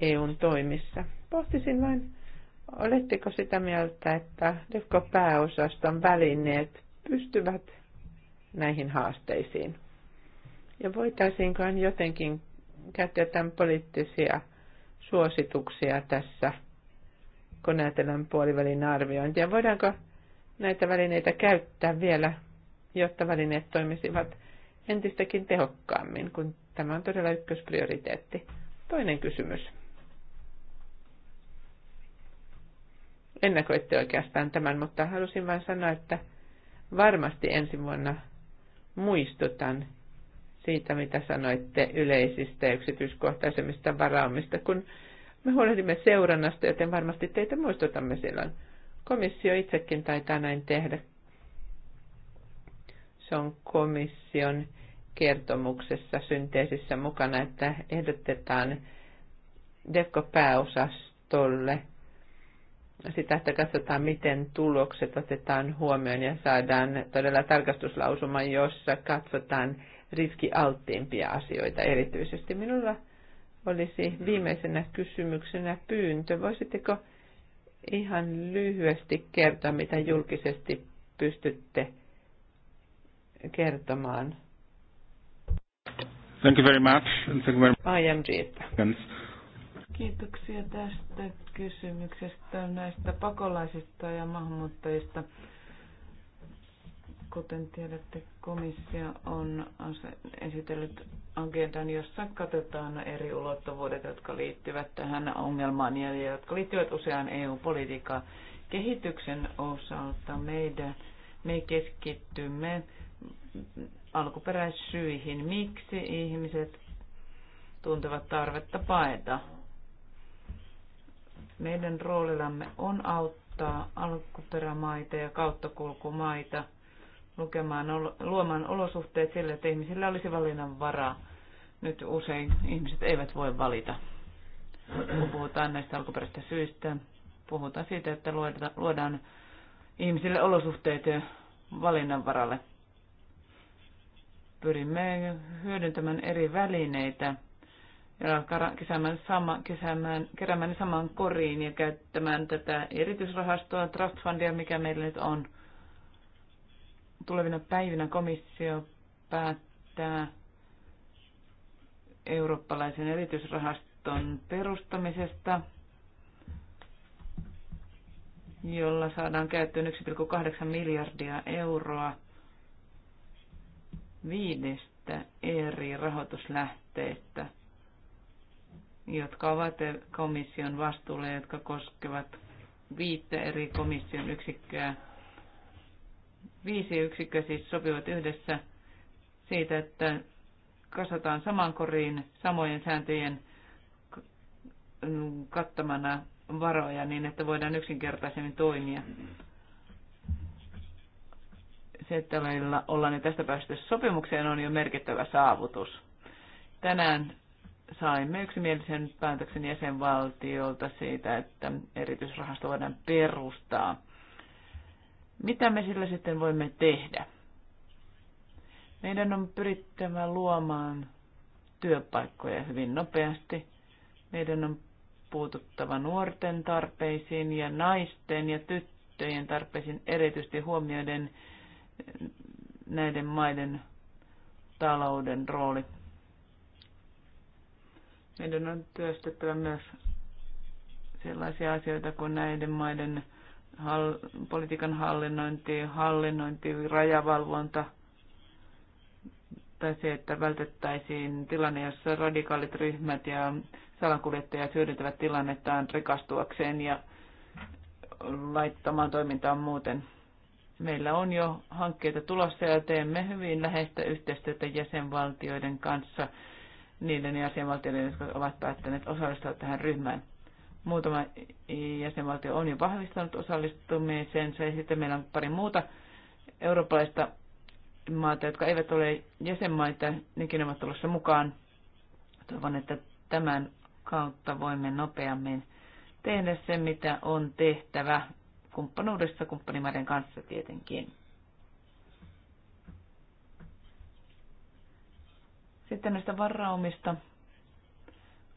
B: EUn toimissa. Pohtisin vain Oletteko sitä mieltä, että DEFCO-pääosaston välineet pystyvät näihin haasteisiin? Ja voitaisiinko jotenkin käyttää tämän poliittisia suosituksia tässä, kun ajatellaan puolivälin arviointia? Voidaanko näitä välineitä käyttää vielä, jotta välineet toimisivat entistäkin tehokkaammin, kun tämä on todella ykkösprioriteetti? Toinen kysymys. ennakoitte oikeastaan tämän, mutta halusin vain sanoa, että varmasti ensi vuonna muistutan siitä, mitä sanoitte yleisistä ja yksityiskohtaisemmista varaamista, kun me huolehdimme seurannasta, joten varmasti teitä muistutamme silloin. Komissio itsekin taitaa näin tehdä. Se on komission kertomuksessa synteesissä mukana, että ehdotetaan dekko – sitä, että katsotaan, miten tulokset otetaan huomioon ja saadaan todella tarkastuslausuma, jossa katsotaan riskialttiimpia asioita erityisesti. Minulla olisi viimeisenä kysymyksenä pyyntö. Voisitteko ihan lyhyesti kertoa, mitä julkisesti pystytte kertomaan?
A: Thank you very much.
B: Thank you very much. IMG. Kiitoksia tästä kysymyksestä
A: näistä pakolaisista ja maahanmuuttajista. Kuten tiedätte, komissio on esitellyt agendan, jossa katsotaan eri ulottuvuudet, jotka liittyvät tähän ongelmaan ja jotka liittyvät useaan EU-politiikkaan. Kehityksen osalta meidän, me keskittymme alkuperäissyihin, miksi ihmiset tuntevat tarvetta paeta meidän roolillamme on auttaa alkuperämaita ja kauttakulkumaita lukemaan, luomaan olosuhteet sille, että ihmisillä olisi valinnan varaa. Nyt usein ihmiset eivät voi valita. Kun puhutaan näistä alkuperäisistä syistä, puhutaan siitä, että luodaan ihmisille olosuhteet valinnan varalle. Pyrimme hyödyntämään eri välineitä – ja kesäämään, sama, kesäämään, keräämään saman samaan koriin ja käyttämään tätä erityisrahastoa, trust fundia, mikä meillä nyt on. Tulevina päivinä komissio päättää eurooppalaisen erityisrahaston perustamisesta, jolla saadaan käyttöön 1,8 miljardia euroa viidestä eri rahoituslähteestä jotka ovat komission vastuulla, jotka koskevat viittä eri komission yksikköä. Viisi yksikköä siis sopivat yhdessä siitä, että kasataan saman koriin samojen sääntöjen kattamana varoja niin, että voidaan yksinkertaisemmin toimia. Se, että meillä ollaan jo tästä päästä sopimukseen, on jo merkittävä saavutus. Tänään saimme yksimielisen päätöksen jäsenvaltiolta siitä, että erityisrahasto voidaan perustaa. Mitä me sillä sitten voimme tehdä? Meidän on pyrittävä luomaan työpaikkoja hyvin nopeasti. Meidän on puututtava nuorten tarpeisiin ja naisten ja tyttöjen tarpeisiin erityisesti huomioiden näiden maiden talouden rooli meidän on työstettävä myös sellaisia asioita kuin näiden maiden hall- politiikan hallinnointi, hallinnointi, rajavalvonta tai se, että vältettäisiin tilanne, jossa radikaalit ryhmät ja salakuljettajat hyödyntävät tilannettaan rikastuakseen ja laittamaan toimintaan muuten. Meillä on jo hankkeita tulossa ja teemme hyvin läheistä yhteistyötä jäsenvaltioiden kanssa niiden jäsenvaltioiden, jotka ovat päättäneet osallistua tähän ryhmään. Muutama jäsenvaltio on jo vahvistanut osallistumisensa ja sitten meillä on pari muuta eurooppalaista maata, jotka eivät ole jäsenmaita, nekin ovat tulossa mukaan. Toivon, että tämän kautta voimme nopeammin tehdä se, mitä on tehtävä kumppanuudessa kumppanimaiden kanssa tietenkin. Sitten näistä varaumista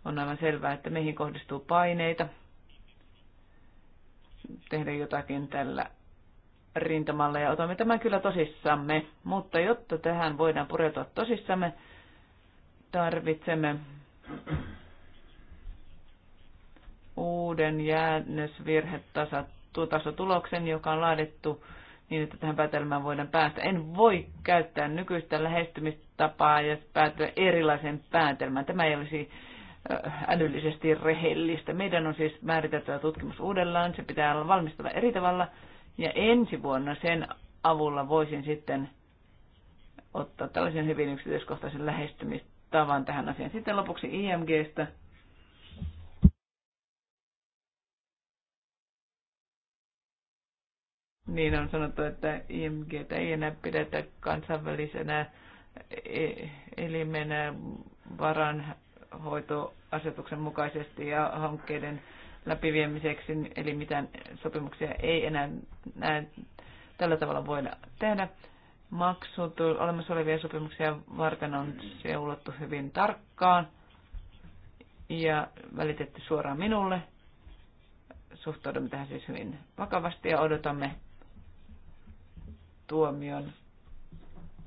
A: on aivan selvää, että meihin kohdistuu paineita tehdä jotakin tällä rintamalla ja otamme tämän kyllä tosissamme, mutta jotta tähän voidaan pureutua tosissamme, tarvitsemme uuden jäännösvirhetasotuloksen, joka on laadittu niin, että tähän päätelmään voidaan päästä. En voi käyttää nykyistä lähestymistapaa ja päätyä erilaisen päätelmään. Tämä ei olisi äh, älyllisesti rehellistä. Meidän on siis määriteltävä tutkimus uudellaan, se pitää olla valmistava eri tavalla, ja ensi vuonna sen avulla voisin sitten ottaa tällaisen hyvin yksityiskohtaisen lähestymistavan tähän asiaan. Sitten lopuksi IMGstä. niin on sanottu, että IMG ei enää pidetä kansainvälisenä e-, elimenä varanhoitoasetuksen mukaisesti ja hankkeiden läpiviemiseksi, eli mitään sopimuksia ei enää näin, tällä tavalla voida tehdä. Maksut olemassa olevia sopimuksia varten on seulottu hyvin tarkkaan ja välitetty suoraan minulle. Suhtaudumme tähän siis hyvin vakavasti ja odotamme tuomion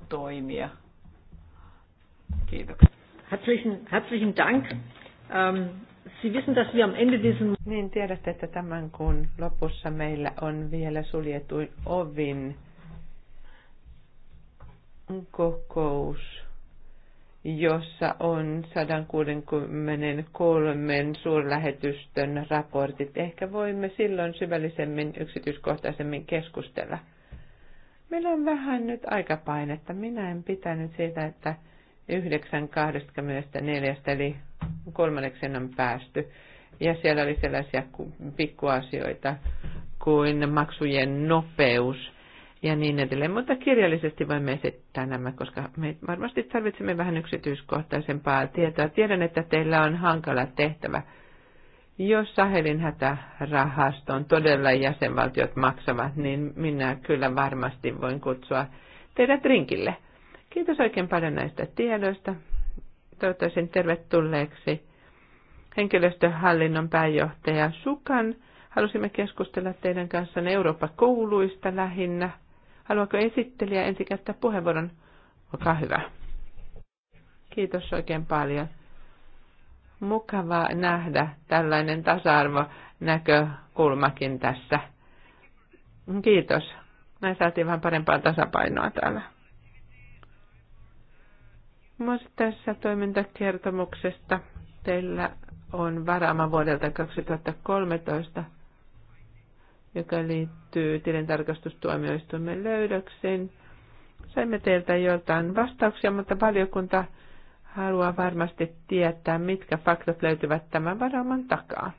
B: toimia. Kiitoksia. Herzlichen, herzlichen Dank. Ähm, Sie wissen, dass wir am Ende diesen... Niin tiedätte, että tämän kun lopussa meillä on vielä suljetuin ovin kokous, jossa on 163 suurlähetystön raportit. Ehkä voimme silloin syvällisemmin, yksityiskohtaisemmin keskustella. Meillä on vähän nyt aikapainetta. Minä en pitänyt siitä, että 9.24, eli kolmanneksen on päästy. Ja siellä oli sellaisia pikkuasioita kuin maksujen nopeus ja niin edelleen. Mutta kirjallisesti voimme esittää nämä, koska me varmasti tarvitsemme vähän yksityiskohtaisempaa tietoa. Tiedän, että teillä on hankala tehtävä jos Sahelin hätärahaston todella jäsenvaltiot maksavat, niin minä kyllä varmasti voin kutsua teidät rinkille. Kiitos oikein paljon näistä tiedoista. Toivottavasti tervetulleeksi henkilöstöhallinnon pääjohtaja Sukan. Halusimme keskustella teidän kanssa Eurooppa-kouluista lähinnä. Haluatko esittelijä ensin käyttää puheenvuoron? Olkaa hyvä. Kiitos oikein paljon. Mukava nähdä tällainen tasa-arvonäkökulmakin tässä. Kiitos. Näin saatiin vähän parempaa tasapainoa täällä. Myös tässä toimintakertomuksesta teillä on varaama vuodelta 2013, joka liittyy tilintarkastustuomioistuimen löydöksiin. Saimme teiltä joiltain vastauksia, mutta valiokunta haluaa varmasti tietää, mitkä faktat löytyvät tämän varauman takaa.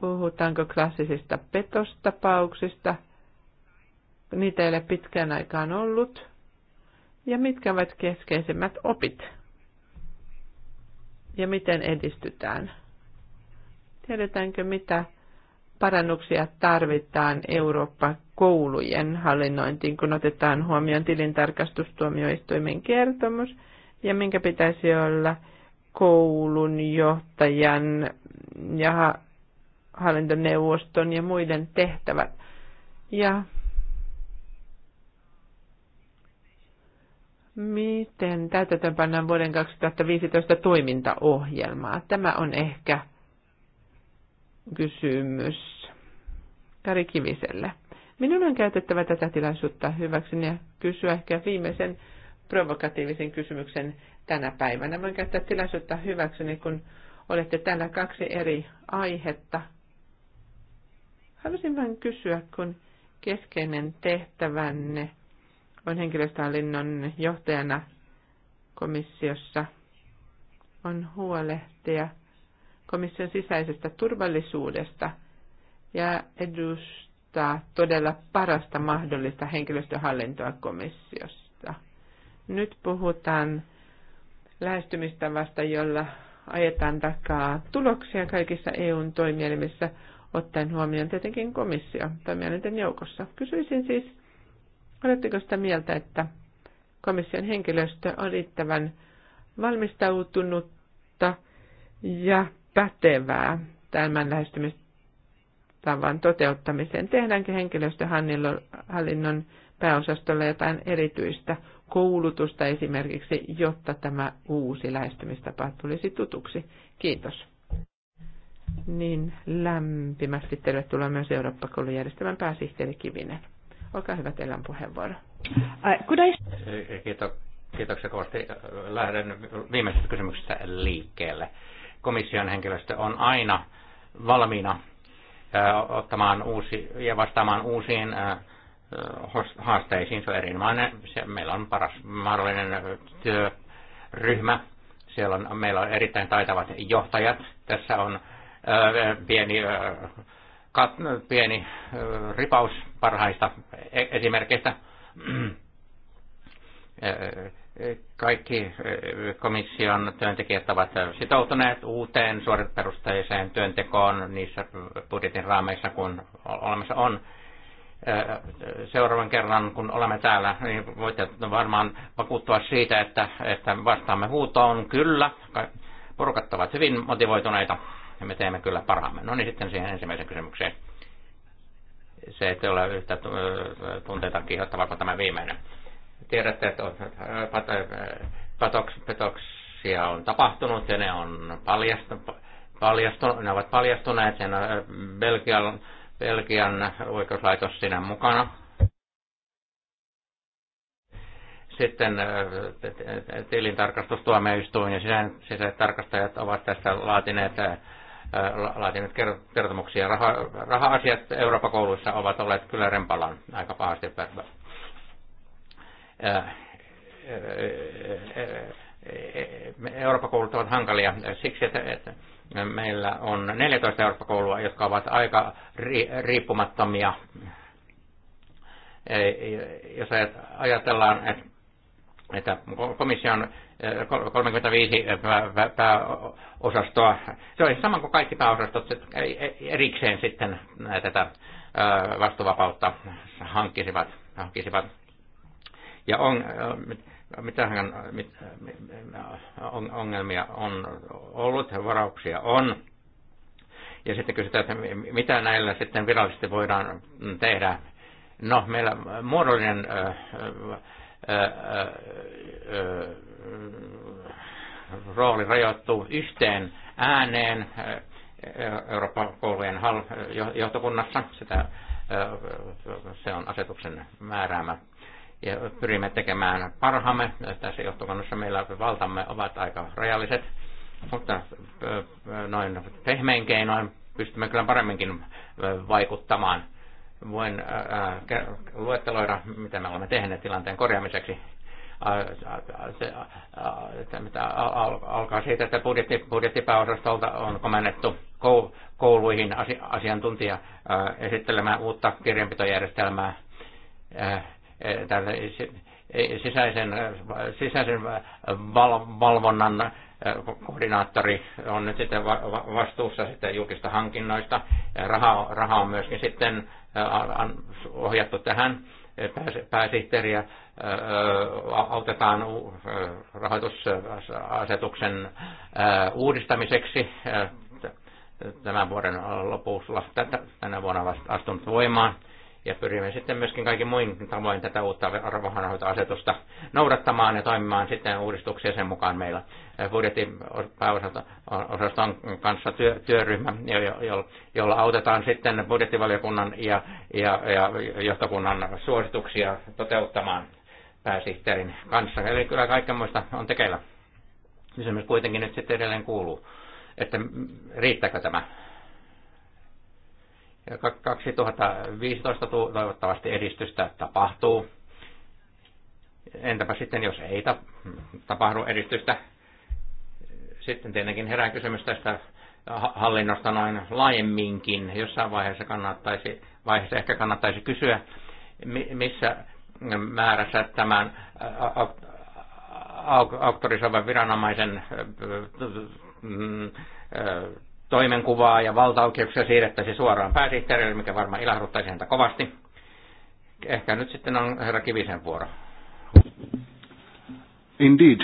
B: Puhutaanko klassisista petostapauksista? Niitä ei ole pitkään aikaan ollut. Ja mitkä ovat keskeisimmät opit? Ja miten edistytään? Tiedetäänkö, mitä parannuksia tarvitaan Eurooppa koulujen hallinnointiin, kun otetaan huomioon tilintarkastustuomioistuimen kertomus ja minkä pitäisi olla koulun johtajan ja hallintoneuvoston ja muiden tehtävät. Ja miten pannaan vuoden 2015 toimintaohjelmaa? Tämä on ehkä kysymys Kari Kiviselle. Minun on käytettävä tätä tilaisuutta hyväkseni ja kysyä ehkä viimeisen provokatiivisen kysymyksen tänä päivänä. Voin käyttää tilaisuutta hyväkseni, kun olette täällä kaksi eri aihetta. Haluaisin vain kysyä, kun keskeinen tehtävänne on henkilöstöhallinnon johtajana komissiossa, on huolehtia komission sisäisestä turvallisuudesta ja edustaa edustaa todella parasta mahdollista henkilöstöhallintoa komissiosta. Nyt puhutaan lähestymistavasta, jolla ajetaan takaa tuloksia kaikissa EUn toimielimissä, ottaen huomioon tietenkin komissio toimielinten joukossa. Kysyisin siis, oletteko sitä mieltä, että komission henkilöstö on riittävän valmistautunutta ja pätevää tämän lähestymistä tavan toteuttamiseen? Tehdäänkö henkilöstöhallinnon pääosastolla jotain erityistä koulutusta esimerkiksi, jotta tämä uusi lähestymistapa tulisi tutuksi? Kiitos. Niin lämpimästi tervetuloa myös Eurooppa-koulujärjestelmän pääsihteeri Kivinen. Olkaa hyvä, teillä on puheenvuoro. Äh,
C: Kiitos. Kiitoksia kovasti. Lähden viimeisestä kysymyksestä liikkeelle. Komission henkilöstö on aina valmiina ottamaan uusi, ja vastaamaan uusiin haasteisiin. Se on erinomainen. Se, meillä on paras mahdollinen työryhmä. Siellä on, meillä on erittäin taitavat johtajat. Tässä on ö, pieni, ö, kat, pieni ö, ripaus parhaista e-, esimerkkeistä. kaikki eh, komission työntekijät ovat sitoutuneet uuteen suoriteperusteiseen työntekoon niissä budjetin raameissa, kun olemassa on. Eh, seuraavan kerran, kun olemme täällä, niin voitte varmaan vakuuttua siitä, että, että vastaamme huutoon kyllä. Porukat ovat hyvin motivoituneita ja me teemme kyllä parhaamme. No niin, sitten siihen ensimmäiseen kysymykseen. Se ei ole yhtä eh, tunteita kiihottavaa kuin tämä viimeinen Tiedätte, että on, äh, äh, patoks, petoksia on tapahtunut ja ne on paljastu, paljastu, ne ovat paljastuneet. Sen äh, Belgian, Belgian oikeuslaitos siinä mukana. Sitten tilintarkastustuomioistuin ja tarkastajat ovat tästä laatineet laatineet kertomuksia. Raha, raha-asiat Euroopan kouluissa ovat olleet kyllä rempalan aika pahasti Äh, äh, äh, Euroopan koulut ovat hankalia siksi, että, että meillä on 14 Euroopan koulua, jotka ovat aika riippumattomia. Jos ajatellaan, että että komission 35 pääosastoa, se on sama kuin kaikki pääosastot erikseen sitten tätä vastuvapautta hankkisivat. hankkisivat. Ja on, äh, mitähän, äh, mit, äh, on, ongelmia on ollut, varauksia on. Ja sitten kysytään, että mitä näillä sitten virallisesti voidaan tehdä. No, meillä muodollinen ö, ö, ö, rooli rajoittuu yhteen ääneen Euroopan koulujen johtokunnassa. Sitä, se on asetuksen määräämä ja pyrimme tekemään parhaamme. Tässä johtokunnassa meillä valtamme ovat aika rajalliset, mutta noin pehmein keinoin pystymme kyllä paremminkin vaikuttamaan. Voin luetteloida, mitä me olemme tehneet tilanteen korjaamiseksi. Alkaa siitä, että budjetti, budjettipääosastolta on komennettu kouluihin asiantuntija esittelemään uutta kirjanpitojärjestelmää Eh, tälle eh, sisäisen, eh, sisäisen val, valvonnan koordinaattori on nyt sitten vastuussa sitten julkista hankinnoista. Raha, raha on myöskin sitten ohjattu tähän pääsihteeriä autetaan rahoitusasetuksen uudistamiseksi tämän vuoden lopussa, tänä vuonna astunut voimaan ja pyrimme sitten myöskin kaikin muin tavoin tätä uutta arvohanahoitoasetusta noudattamaan ja toimimaan sitten uudistuksia sen mukaan meillä. Budjetin pääosaston kanssa työ, työryhmä, jolla autetaan sitten budjettivaliokunnan ja, ja, ja johtokunnan suosituksia toteuttamaan pääsihteerin kanssa. Eli kyllä kaikenmoista on tekeillä. Kysymys kuitenkin nyt sitten edelleen kuuluu, että riittääkö tämä 2015 toivottavasti edistystä tapahtuu. Entäpä sitten, jos ei tapahdu edistystä? Sitten tietenkin herää kysymys tästä hallinnosta noin laajemminkin. Jossain vaiheessa, kannattaisi, vaiheessa ehkä kannattaisi kysyä, missä määrässä tämän auktorisoivan viranomaisen mm, toimenkuvaa ja valtaoikeuksia siirrettäisiin suoraan pääsihteerille, mikä varmaan ilahduttaisi häntä kovasti. Ehkä nyt sitten on herra Kivisen vuoro.
A: Indeed,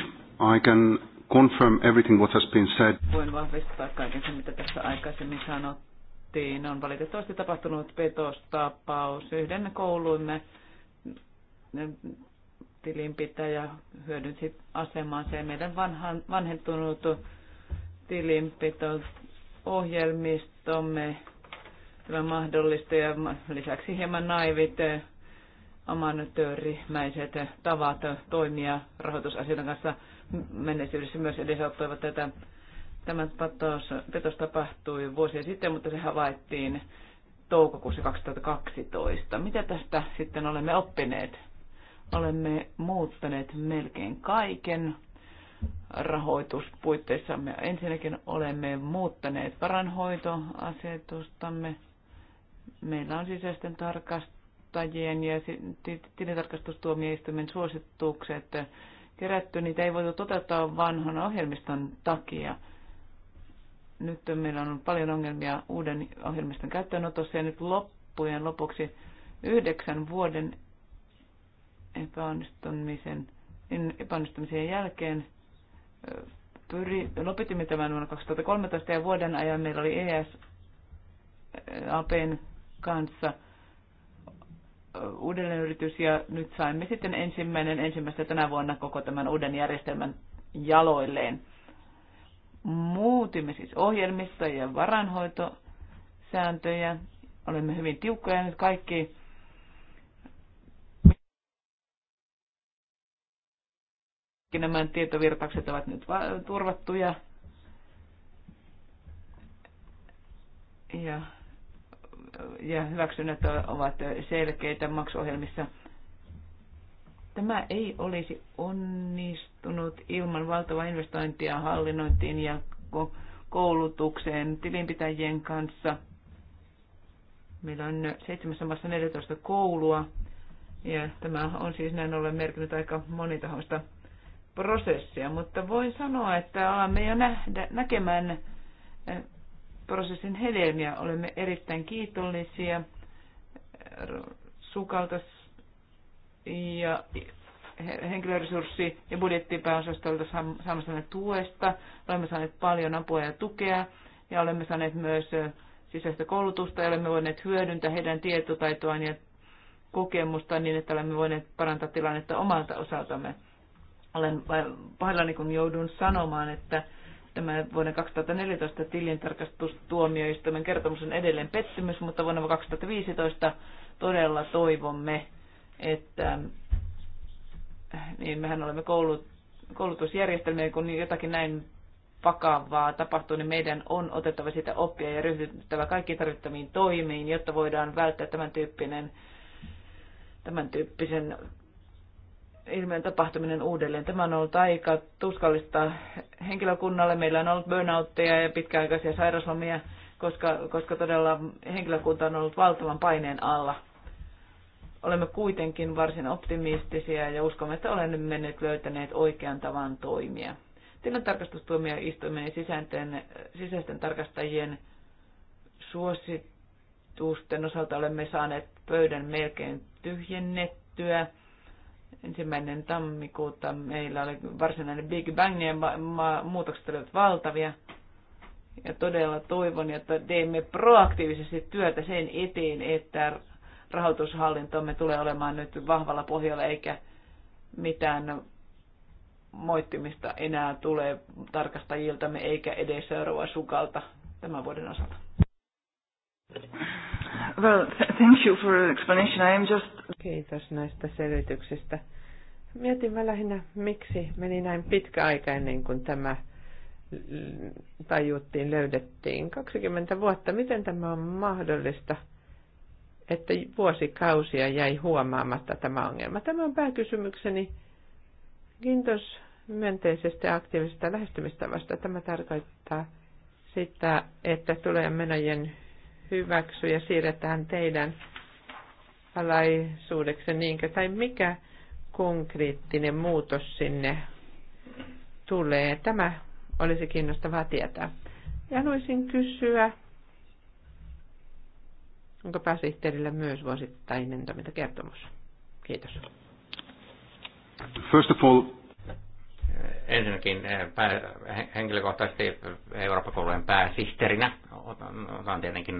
A: I can confirm
C: everything what has been said.
A: Voin vahvistaa kaiken sen, mitä tässä aikaisemmin sanottiin. On valitettavasti tapahtunut petostapaus. Yhden kouluimme tilinpitäjä hyödynsi asemaan se meidän vanhan, vanhentunut tilinpito ohjelmistomme tämä mahdollista ja lisäksi hieman naivit eh, amatöörimäiset tavat toimia rahoitusasioiden kanssa menneisyydessä myös edesauttoivat tätä. Tämä patos, petos tapahtui vuosia sitten, mutta se havaittiin toukokuussa 2012. Mitä tästä sitten olemme oppineet? Olemme muuttaneet melkein kaiken rahoituspuitteissamme. Ensinnäkin olemme muuttaneet varanhoitoasetustamme. Meillä on sisäisten tarkastajien ja tilintarkastustuomioistuimen suositukset kerätty. Niitä ei voitu toteuttaa vanhan ohjelmiston takia. Nyt meillä on paljon ongelmia uuden ohjelmiston käyttöönotossa ja nyt loppujen lopuksi yhdeksän vuoden epäonnistumisen, epäonnistumisen jälkeen – pyri, lopetimme tämän vuonna 2013 ja vuoden ajan meillä oli ES APn kanssa uudelleenyritys ja nyt saimme sitten ensimmäinen ensimmäistä tänä vuonna koko tämän uuden järjestelmän jaloilleen. Muutimme siis ohjelmista ja varanhoitosääntöjä. Olemme hyvin tiukkoja nyt kaikki kaikki nämä tietovirtaukset ovat nyt turvattuja. Ja, ja hyväksynnät ovat selkeitä maksuohjelmissa. Tämä ei olisi onnistunut ilman valtavaa investointia hallinnointiin ja koulutukseen tilinpitäjien kanssa. Meillä on seitsemässä maassa 14 koulua ja tämä on siis näin ollen merkinnyt aika monitahoista prosessia, mutta voin sanoa, että alamme jo nähdä, näkemään eh, prosessin hedelmiä. Olemme erittäin kiitollisia eh, sukalta ja henkilöresurssi- ja budjettipääosastolta saamassa tuesta. Olemme saaneet paljon apua ja tukea ja olemme saaneet myös eh, sisäistä koulutusta ja olemme voineet hyödyntää heidän tietotaitoaan ja kokemusta niin, että olemme voineet parantaa tilannetta omalta osaltamme. Olen pahoillani, kun joudun sanomaan, että tämä vuoden 2014 tilintarkastustuomioistuimen kertomus on edelleen pettymys, mutta vuonna 2015 todella toivomme, että niin mehän olemme koulut, koulutusjärjestelmiä, kun jotakin näin vakavaa tapahtuu, niin meidän on otettava sitä oppia ja ryhdyttävä kaikki tarvittaviin toimiin, jotta voidaan välttää tämän tyyppinen tämän tyyppisen ilmiön tapahtuminen uudelleen. Tämä on ollut aika tuskallista henkilökunnalle. Meillä on ollut burnoutteja ja pitkäaikaisia sairaslomia, koska, koska todella henkilökunta on ollut valtavan paineen alla. Olemme kuitenkin varsin optimistisia ja uskomme, että olemme nyt löytäneet oikean tavan toimia. tilan Tilintarkastustuomioistuimen istuimme sisäisten, sisäisten tarkastajien suositusten osalta olemme saaneet pöydän melkein tyhjennettyä ensimmäinen tammikuuta meillä oli varsinainen Big Bang, ja muutokset olivat valtavia. Ja todella toivon, että teemme proaktiivisesti työtä sen eteen, että rahoitushallintomme tulee olemaan nyt vahvalla pohjalla, eikä mitään moittimista enää tule tarkastajiltamme eikä edes seuraava sukalta tämän vuoden osalta.
B: Well, thank you for explanation. I am just... Kiitos näistä selityksistä. Mietin mä lähinnä, miksi meni näin pitkä aika ennen kuin tämä tajuttiin, löydettiin. 20 vuotta, miten tämä on mahdollista, että vuosikausia jäi huomaamatta tämä ongelma? Tämä on pääkysymykseni. Kiitos myönteisestä ja aktiivisesta lähestymistavasta. Tämä tarkoittaa sitä, että tulee menojen hyväksy ja siirretään teidän alaisuudeksi niinkö, tai mikä konkreettinen muutos sinne tulee. Tämä olisi kiinnostavaa tietää. Ja haluaisin kysyä, onko pääsihteerillä myös vuosittainen toimintakertomus? Kiitos.
C: First of all, ensinnäkin eh, pää, henkilökohtaisesti Eurooppa-koulujen pääsihteerinä otan, tietenkin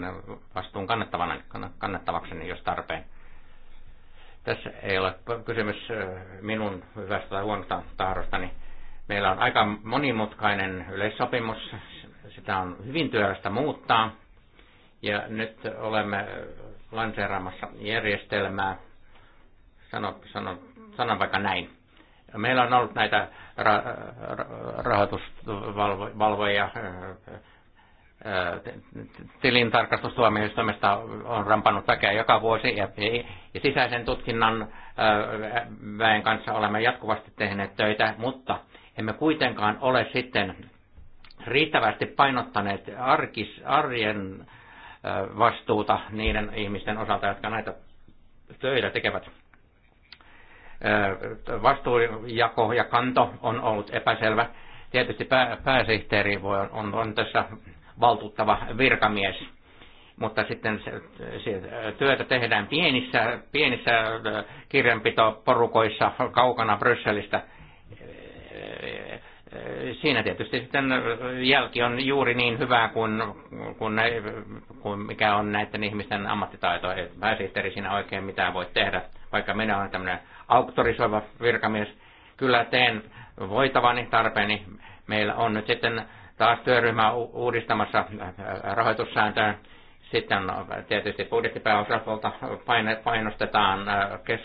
C: vastuun kannettavana, kannettavakseni, jos tarpeen. Tässä ei ole kysymys eh, minun hyvästä tai huonosta tahdostani. Niin meillä on aika monimutkainen yleissopimus. Sitä on hyvin työlästä muuttaa. Ja nyt olemme lanseeraamassa järjestelmää. Sano, sano, sanon vaikka näin Meillä on ollut näitä ra- ra- rahoitusvalvoja, tilintarkastustuomioistuimesta on rampannut väkeä joka vuosi ja, ja sisäisen tutkinnan väen kanssa olemme jatkuvasti tehneet töitä, mutta emme kuitenkaan ole sitten riittävästi painottaneet arkis, arjen vastuuta niiden ihmisten osalta, jotka näitä töitä tekevät vastuujako ja kanto on ollut epäselvä. Tietysti pää, pääsihteeri voi, on, on tässä valtuuttava virkamies, mutta sitten se, se, työtä tehdään pienissä, pienissä kirjanpitoporukoissa kaukana Brysselistä. Siinä tietysti sitten jälki on juuri niin hyvää kuin, kuin, kuin mikä on näiden ihmisten ammattitaito. Pääsihteeri siinä oikein mitään voi tehdä, vaikka minä olen tämmöinen auktorisoiva virkamies. Kyllä teen voitavani tarpeeni. Meillä on nyt sitten taas työryhmä uudistamassa äh, äh, rahoitussääntöä. Sitten äh, tietysti budjettipääosapuolta painostetaan kes,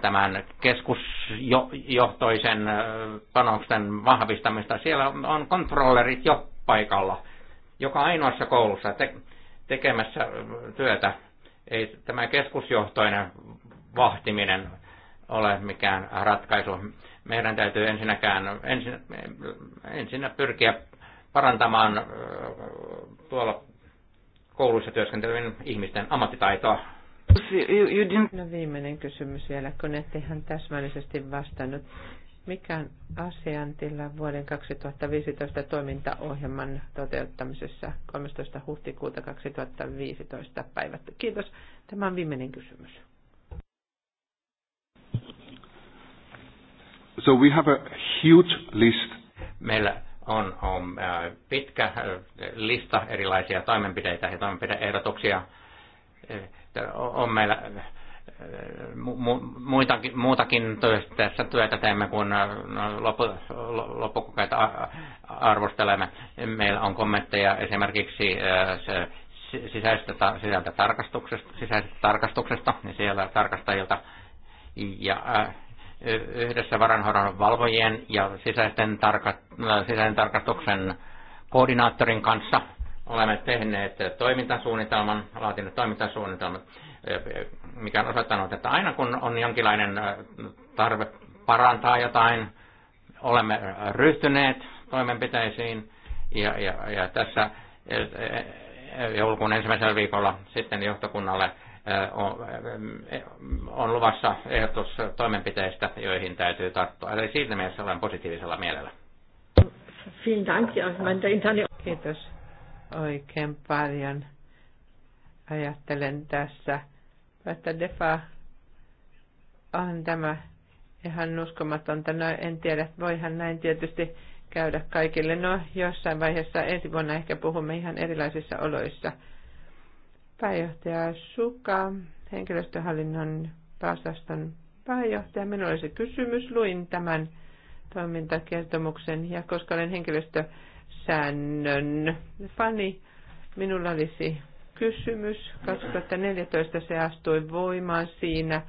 C: tämän keskusjohtoisen panoksen vahvistamista. Siellä on kontrollerit jo paikalla, joka ainoassa koulussa te, tekemässä työtä. Ei tämä keskusjohtoinen vahtiminen ole mikään ratkaisu. Meidän täytyy ensinnäkään ensin, ensinnä pyrkiä parantamaan tuolla kouluissa työskentelevien ihmisten ammattitaitoa.
B: No viimeinen kysymys vielä, kun ette ihan täsmällisesti vastannut. Mikä on asiantila vuoden 2015 toimintaohjelman toteuttamisessa 13. huhtikuuta 2015 päivät? Kiitos. Tämä on viimeinen kysymys.
A: So we have a huge list.
C: Meillä on, on äh, pitkä äh, lista erilaisia toimenpiteitä ja toimenpideehdotuksia. Äh, on meillä muitakin, muutakin tässä työtä teemme, kun loppukokeita arvostelemme. Meillä on kommentteja esimerkiksi sisäisestä, sisältä tarkastuksesta, sisäisestä tarkastuksesta siellä tarkastajilta. Ja yhdessä varanhoidon valvojien ja sisäisten tarka, äh, sisäisen tarkastuksen koordinaattorin kanssa olemme tehneet toimintasuunnitelman, laatineet toimintasuunnitelman, e- e- mikä on osoittanut, että aina kun on jonkinlainen äh, tarve parantaa jotain, olemme ryhtyneet toimenpiteisiin ja, ja, ja tässä e- joulukuun ensimmäisellä viikolla sitten johtokunnalle – on luvassa ehdotus toimenpiteistä, joihin täytyy tarttua. Eli siinä mielessä olen positiivisella mielellä.
B: Kiitos oikein paljon. Ajattelen tässä, että Defa on tämä ihan uskomatonta. No en tiedä, voihan näin tietysti käydä kaikille. No jossain vaiheessa ensi vuonna ehkä puhumme ihan erilaisissa oloissa – pääjohtaja Suka, henkilöstöhallinnon pääosaston pääjohtaja. Minulla oli se kysymys, luin tämän toimintakertomuksen ja koska olen henkilöstösäännön fani, minulla olisi kysymys. 2014 se astui voimaan siinä,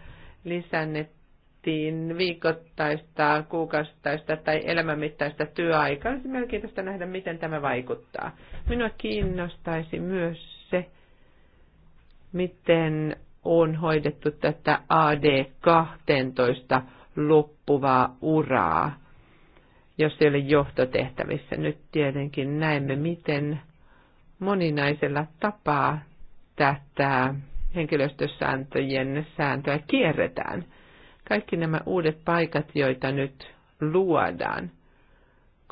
B: lisännettiin viikoittaista, kuukausittaista tai elämänmittaista työaikaa. Olisi mielenkiintoista nähdä, miten tämä vaikuttaa. Minua kiinnostaisi myös miten on hoidettu tätä AD12 loppuvaa uraa, jos ei ole johtotehtävissä. Nyt tietenkin näemme, miten moninaisella tapaa tätä henkilöstösääntöjen sääntöä kierretään. Kaikki nämä uudet paikat, joita nyt luodaan,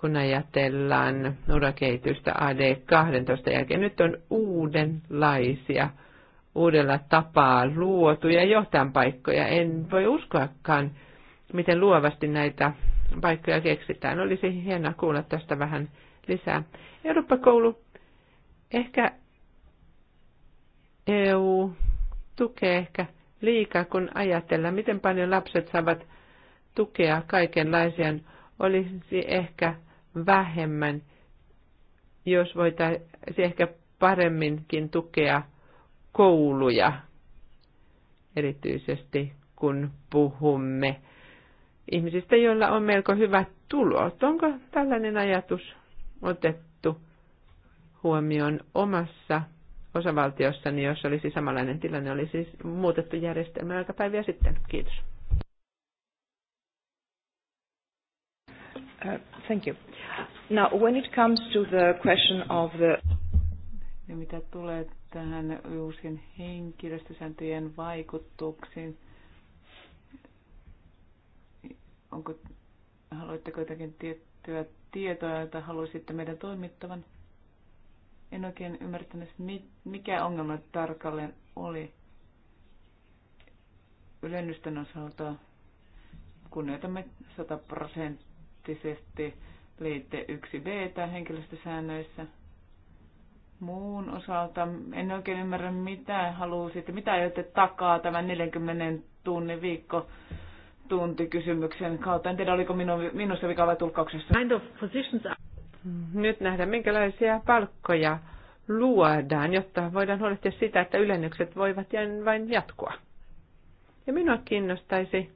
B: kun ajatellaan urakehitystä AD12 jälkeen, nyt on uudenlaisia – uudella tapaa luotuja johtanpaikkoja. En voi uskoakaan, miten luovasti näitä paikkoja keksitään. Olisi hienoa kuulla tästä vähän lisää. Eurooppa-koulu, ehkä EU tukee ehkä liikaa, kun ajatellaan, miten paljon lapset saavat tukea kaikenlaisia. Olisi ehkä vähemmän, jos voitaisiin ehkä paremminkin tukea – kouluja, erityisesti kun puhumme ihmisistä, joilla on melko hyvät tulot. Onko tällainen ajatus otettu huomioon omassa osavaltiossani, jos olisi samanlainen tilanne, olisi siis muutettu järjestelmä päiviä sitten. Kiitos. Uh, thank you. Now, when it comes to the question of the...
A: Ja mitä tulee tähän uusien henkilöstösääntöjen vaikutuksiin. Onko, haluatteko jotakin tiettyä tietoa, jota haluaisitte meidän toimittavan? En oikein ymmärtänyt, mikä ongelma tarkalleen oli ylennysten osalta. Kunnioitamme sataprosenttisesti liitte 1b henkilöstösäännöissä muun osalta en oikein ymmärrä, mitä haluaisitte, mitä ajatte takaa tämän 40 tunnin viikko
B: tuntikysymyksen kautta. En tiedä, oliko minun, minusta vika vai tulkauksessa. Kind of positions. Nyt nähdään, minkälaisia palkkoja luodaan, jotta voidaan huolehtia sitä, että ylennykset voivat vain jatkua. Ja minua kiinnostaisi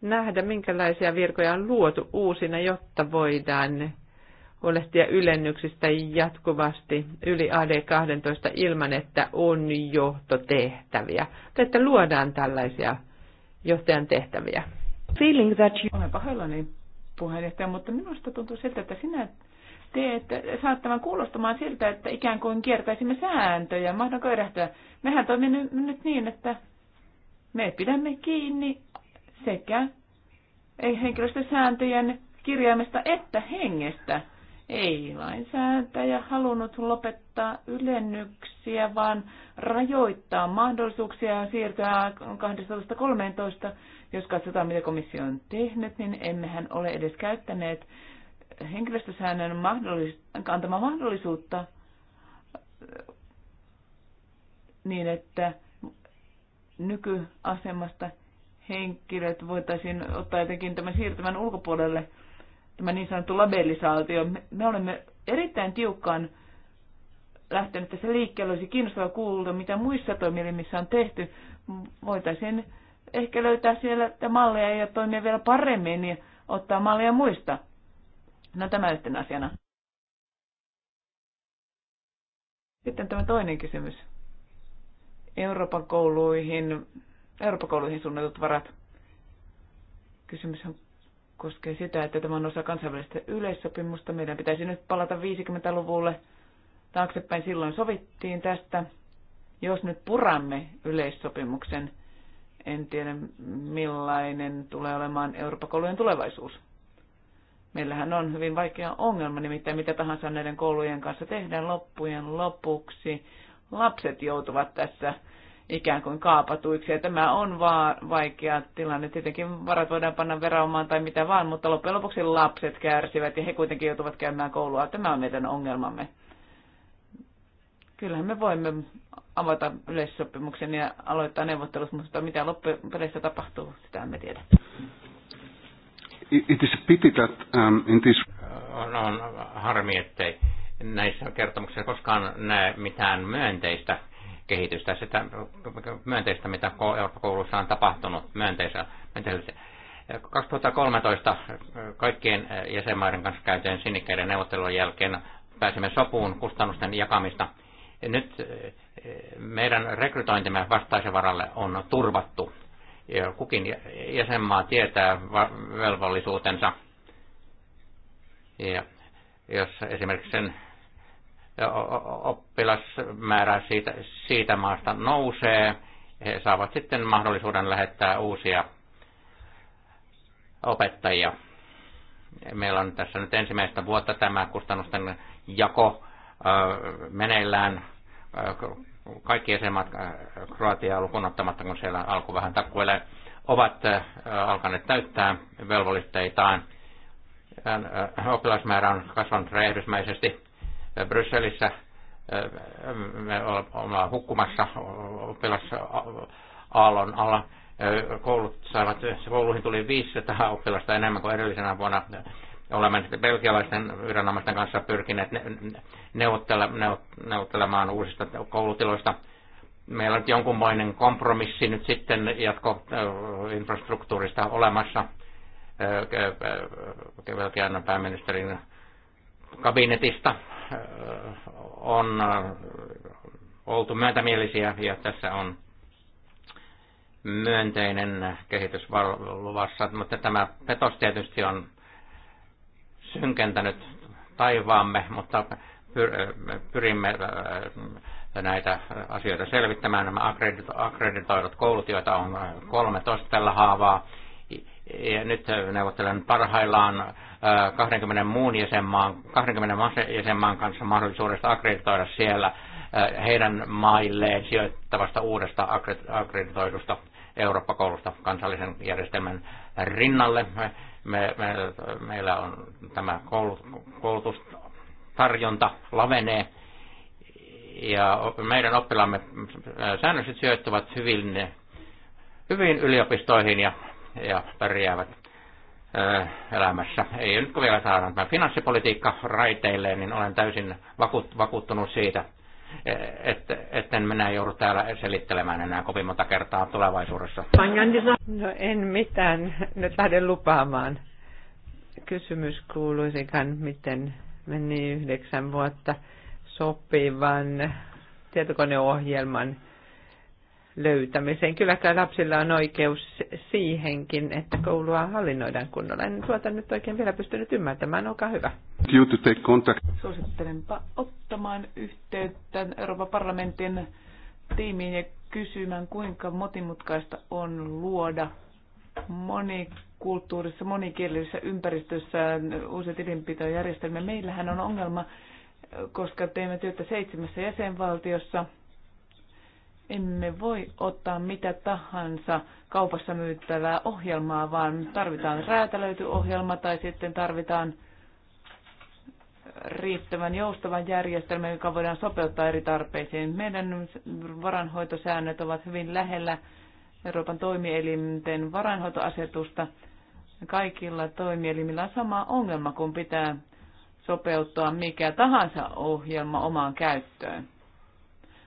B: nähdä, minkälaisia virkoja on luotu uusina, jotta voidaan huolehtia ylennyksistä jatkuvasti yli AD12 ilman, että on johtotehtäviä. Tai että luodaan tällaisia johtajan tehtäviä.
A: Feeling that you... Olen pahoillani puheenjohtaja, mutta minusta tuntuu siltä, että sinä teet saattavan kuulostamaan siltä, että ikään kuin kiertäisimme sääntöjä. Mahdanko erehtyä? Mehän toimimme nyt niin, että me pidämme kiinni sekä henkilöstösääntöjen kirjaimesta että hengestä. Ei lainsäätäjä halunnut lopettaa ylennyksiä, vaan rajoittaa mahdollisuuksia siirtyä 12.13. Jos katsotaan, mitä komissio on tehnyt, niin emmehän ole edes käyttäneet henkilöstösäännön mahdollis- antama mahdollisuutta äh, niin, että nykyasemasta henkilöt voitaisiin ottaa jotenkin tämän siirtymän ulkopuolelle – tämä niin sanottu labellisaatio. Me olemme erittäin tiukkaan lähtenyt tässä liikkeelle. Olisi kiinnostava kuulla, mitä muissa toimielimissä on tehty. Voitaisiin ehkä löytää siellä malleja ja toimia vielä paremmin ja ottaa malleja muista. No tämä yhtenä asiana. Sitten tämä toinen kysymys. Euroopan kouluihin, Euroopan kouluihin suunnatut varat. Kysymys on koskee sitä, että tämä on osa kansainvälistä yleissopimusta. Meidän pitäisi nyt palata 50-luvulle taaksepäin. Silloin sovittiin tästä. Jos nyt puramme yleissopimuksen, en tiedä millainen tulee olemaan Euroopan koulujen tulevaisuus. Meillähän on hyvin vaikea ongelma, nimittäin mitä tahansa näiden koulujen kanssa tehdään loppujen lopuksi. Lapset joutuvat tässä ikään kuin kaapatuiksi. Ja tämä on vaan vaikea tilanne. Tietenkin varat voidaan panna veraumaan tai mitä vaan, mutta loppujen lopuksi lapset kärsivät ja he kuitenkin joutuvat käymään koulua. Tämä on meidän ongelmamme. Kyllähän me voimme avata yleissopimuksen ja aloittaa neuvottelut, mutta mitä loppupeleissä tapahtuu, sitä emme tiedä.
C: It is pity that, um, in this... on, on harmi, ettei näissä kertomuksissa koskaan näe mitään myönteistä kehitystä, sitä myönteistä, mitä Euroopan koulussa on tapahtunut, myönteisellä. 2013 kaikkien jäsenmaiden kanssa käytyjen sinikkeiden neuvottelujen jälkeen pääsimme sopuun kustannusten jakamista. Nyt meidän rekrytointimme vastaisen varalle on turvattu. Kukin jäsenmaa tietää velvollisuutensa. Ja jos esimerkiksi sen oppilasmäärä siitä, siitä maasta nousee. He saavat sitten mahdollisuuden lähettää uusia opettajia. Meillä on tässä nyt ensimmäistä vuotta tämä kustannusten jako meneillään. Kaikki jäsenmaat Kroatiaa lukunottamatta, kun siellä alku vähän takkuilee, ovat alkaneet täyttää velvoitteitaan. Oppilasmäärä on kasvanut räjähdysmäisesti Brysselissä me ollaan hukkumassa oppilassa aallon alla. Koulut saivat, kouluihin tuli 500 oppilasta enemmän kuin edellisenä vuonna. Olemme sitten belgialaisten viranomaisten kanssa pyrkineet neuvottele, neuvottelemaan uusista koulutiloista. Meillä on jonkunmoinen kompromissi nyt sitten jatkoinfrastruktuurista olemassa. Belgian pääministerin kabinetista on oltu myöntämielisiä ja tässä on myönteinen kehitys luvassa, mutta tämä petos tietysti on synkentänyt taivaamme, mutta pyrimme näitä asioita selvittämään. Nämä akkreditoidut koulut, joita on 13 tällä haavaa, ja nyt neuvottelen parhaillaan 20 äh, muun jäsenmaan, 20 jäsenmaan kanssa mahdollisuudesta akkreditoida siellä äh, heidän mailleen sijoittavasta uudesta akkreditoidusta Eurooppa-koulusta kansallisen järjestelmän rinnalle. Me, me, meillä on tämä koulutustarjonta lavenee ja meidän oppilamme äh, säännölliset sijoittuvat hyvin, hyvin yliopistoihin ja ja pärjäävät elämässä. Ei nyt kun vielä saada tämä finanssipolitiikka raiteilleen, niin olen täysin vakuuttunut siitä, e, että etten minä joudu täällä selittelemään enää kovin monta kertaa tulevaisuudessa.
B: No en mitään nyt lähde lupaamaan. Kysymys kuuluisikaan, miten meni yhdeksän vuotta sopivan tietokoneohjelman löytämiseen. Kyllä lapsilla on oikeus siihenkin, että koulua hallinnoidaan kunnolla. En tuota nyt oikein vielä pystynyt ymmärtämään, olkaa hyvä. Suosittelenpa ottamaan yhteyttä Euroopan parlamentin
A: tiimiin ja kysymään, kuinka motimutkaista on luoda monikulttuurissa, monikielisessä ympäristössä uusia tilinpitojärjestelmiä. Meillähän on ongelma, koska teemme työtä seitsemässä jäsenvaltiossa – emme voi ottaa mitä tahansa kaupassa myyttävää ohjelmaa, vaan tarvitaan räätälöity ohjelma tai sitten tarvitaan riittävän joustavan järjestelmän, joka voidaan sopeuttaa eri tarpeisiin. Meidän varanhoitosäännöt ovat hyvin lähellä Euroopan toimielinten varanhoitoasetusta. Kaikilla toimielimillä on sama ongelma, kun pitää sopeuttaa mikä tahansa ohjelma omaan käyttöön.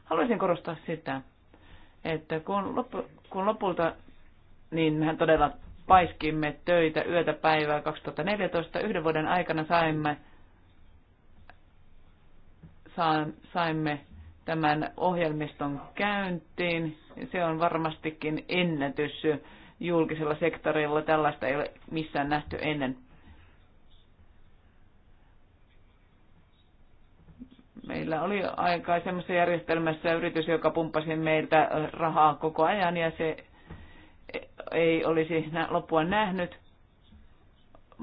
A: Haluaisin korostaa sitä, että kun, lop, kun lopulta, niin mehän todella paiskimme töitä yötä päivää 2014. Yhden vuoden aikana saimme, saan saimme tämän ohjelmiston käyntiin. Se on varmastikin ennätys julkisella sektorilla. Tällaista ei ole missään nähty ennen. Meillä oli aikaa semmoisessa järjestelmässä yritys, joka pumppasi meiltä rahaa koko ajan ja se ei olisi loppua nähnyt.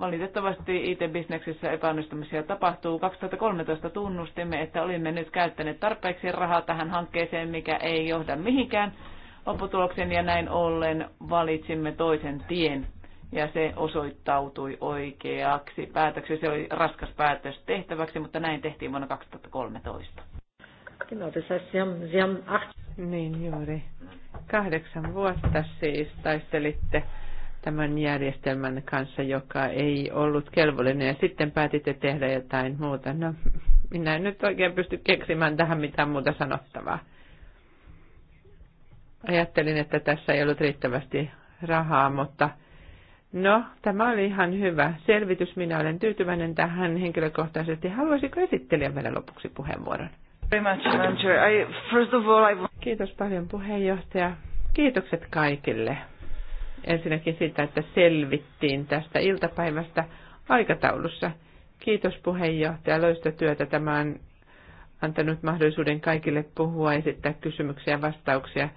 A: Valitettavasti IT-bisneksessä epäonnistumisia tapahtuu. 2013 tunnustimme, että olimme nyt käyttäneet tarpeeksi rahaa tähän hankkeeseen, mikä ei johda mihinkään lopputuloksen ja näin ollen valitsimme toisen tien ja se osoittautui oikeaksi päätöksi. Se oli raskas päätös tehtäväksi, mutta näin tehtiin vuonna 2013.
B: Genau, das heißt, Sie haben, Sie haben acht... Niin juuri. Kahdeksan vuotta siis taistelitte tämän järjestelmän kanssa, joka ei ollut kelvollinen, ja sitten päätitte tehdä jotain muuta. No, minä en nyt oikein pysty keksimään tähän mitään muuta sanottavaa. Ajattelin, että tässä ei ollut riittävästi rahaa, mutta No, tämä oli ihan hyvä selvitys. Minä olen tyytyväinen tähän henkilökohtaisesti. Haluaisiko esittelijä vielä lopuksi puheenvuoron? Kiitos paljon puheenjohtaja. Kiitokset kaikille. Ensinnäkin siitä, että selvittiin tästä iltapäivästä aikataulussa. Kiitos puheenjohtaja löystä työtä. Tämä on antanut mahdollisuuden kaikille puhua, esittää kysymyksiä ja vastauksia.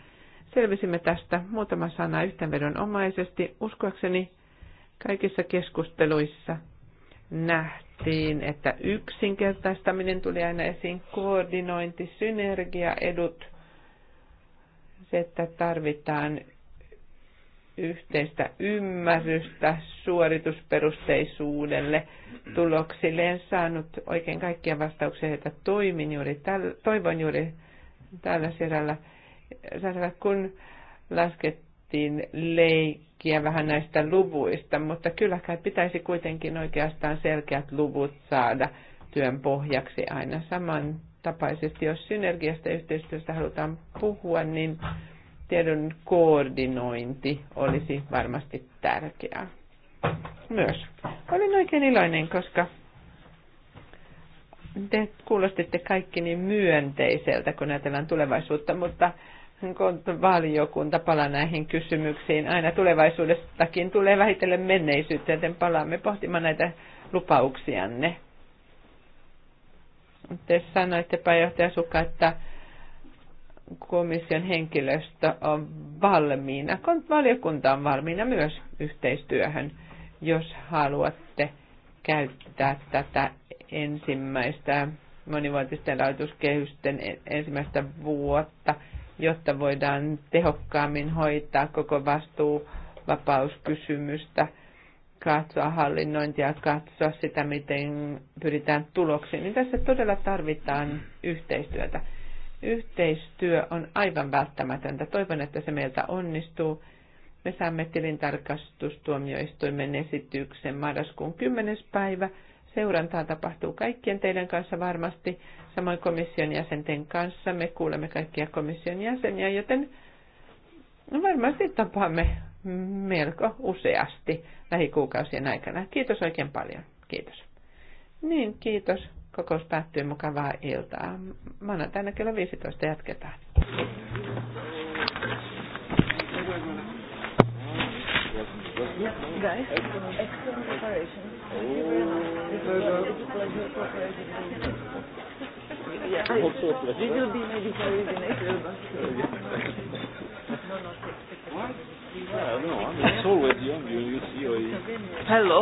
B: Selvisimme tästä muutama sana yhtenvedonomaisesti. Uskoakseni Kaikissa keskusteluissa nähtiin, että yksinkertaistaminen tuli aina esiin, koordinointi, synergia, edut, se, että tarvitaan yhteistä ymmärrystä suoritusperusteisuudelle tuloksille. En saanut oikein kaikkia vastauksia, että toimin juuri täl, toivon juuri tällä sisällä. Kun lasket haluttiin leikkiä vähän näistä luvuista, mutta kyllä kai pitäisi kuitenkin oikeastaan selkeät luvut saada työn pohjaksi aina saman tapaisesti. Jos synergiasta ja yhteistyöstä halutaan puhua, niin tiedon koordinointi olisi varmasti tärkeää myös. Olin oikein iloinen, koska te kuulostitte kaikki niin myönteiseltä, kun ajatellaan tulevaisuutta, mutta niin valiokunta palaa näihin kysymyksiin. Aina tulevaisuudestakin tulee vähitellen menneisyyttä, joten palaamme pohtimaan näitä lupauksianne. Te sanoitte pääjohtaja Suka, että komission henkilöstö on valmiina. Valiokunta on valmiina myös yhteistyöhön, jos haluatte käyttää tätä ensimmäistä monivuotisten rahoituskehysten e- ensimmäistä vuotta – jotta voidaan tehokkaammin hoitaa koko vastuuvapauskysymystä, katsoa hallinnointia, katsoa sitä, miten pyritään tuloksiin, niin tässä todella tarvitaan yhteistyötä. Yhteistyö on aivan välttämätöntä. Toivon, että se meiltä onnistuu. Me saamme tilintarkastustuomioistuimen esityksen marraskuun 10. päivä. Seurantaa tapahtuu kaikkien teidän kanssa varmasti samoin komission jäsenten kanssa. Me kuulemme kaikkia komission jäseniä, joten varmasti tapaamme melko useasti lähikuukausien aikana. Kiitos oikein paljon. Kiitos. Niin, kiitos. Kokous päättyy mukavaa iltaa. Maanantaina kello 15 jatketaan.
A: Yeah, guys, excellent operation. Thank you very much. It's a pleasure to operate. Hello.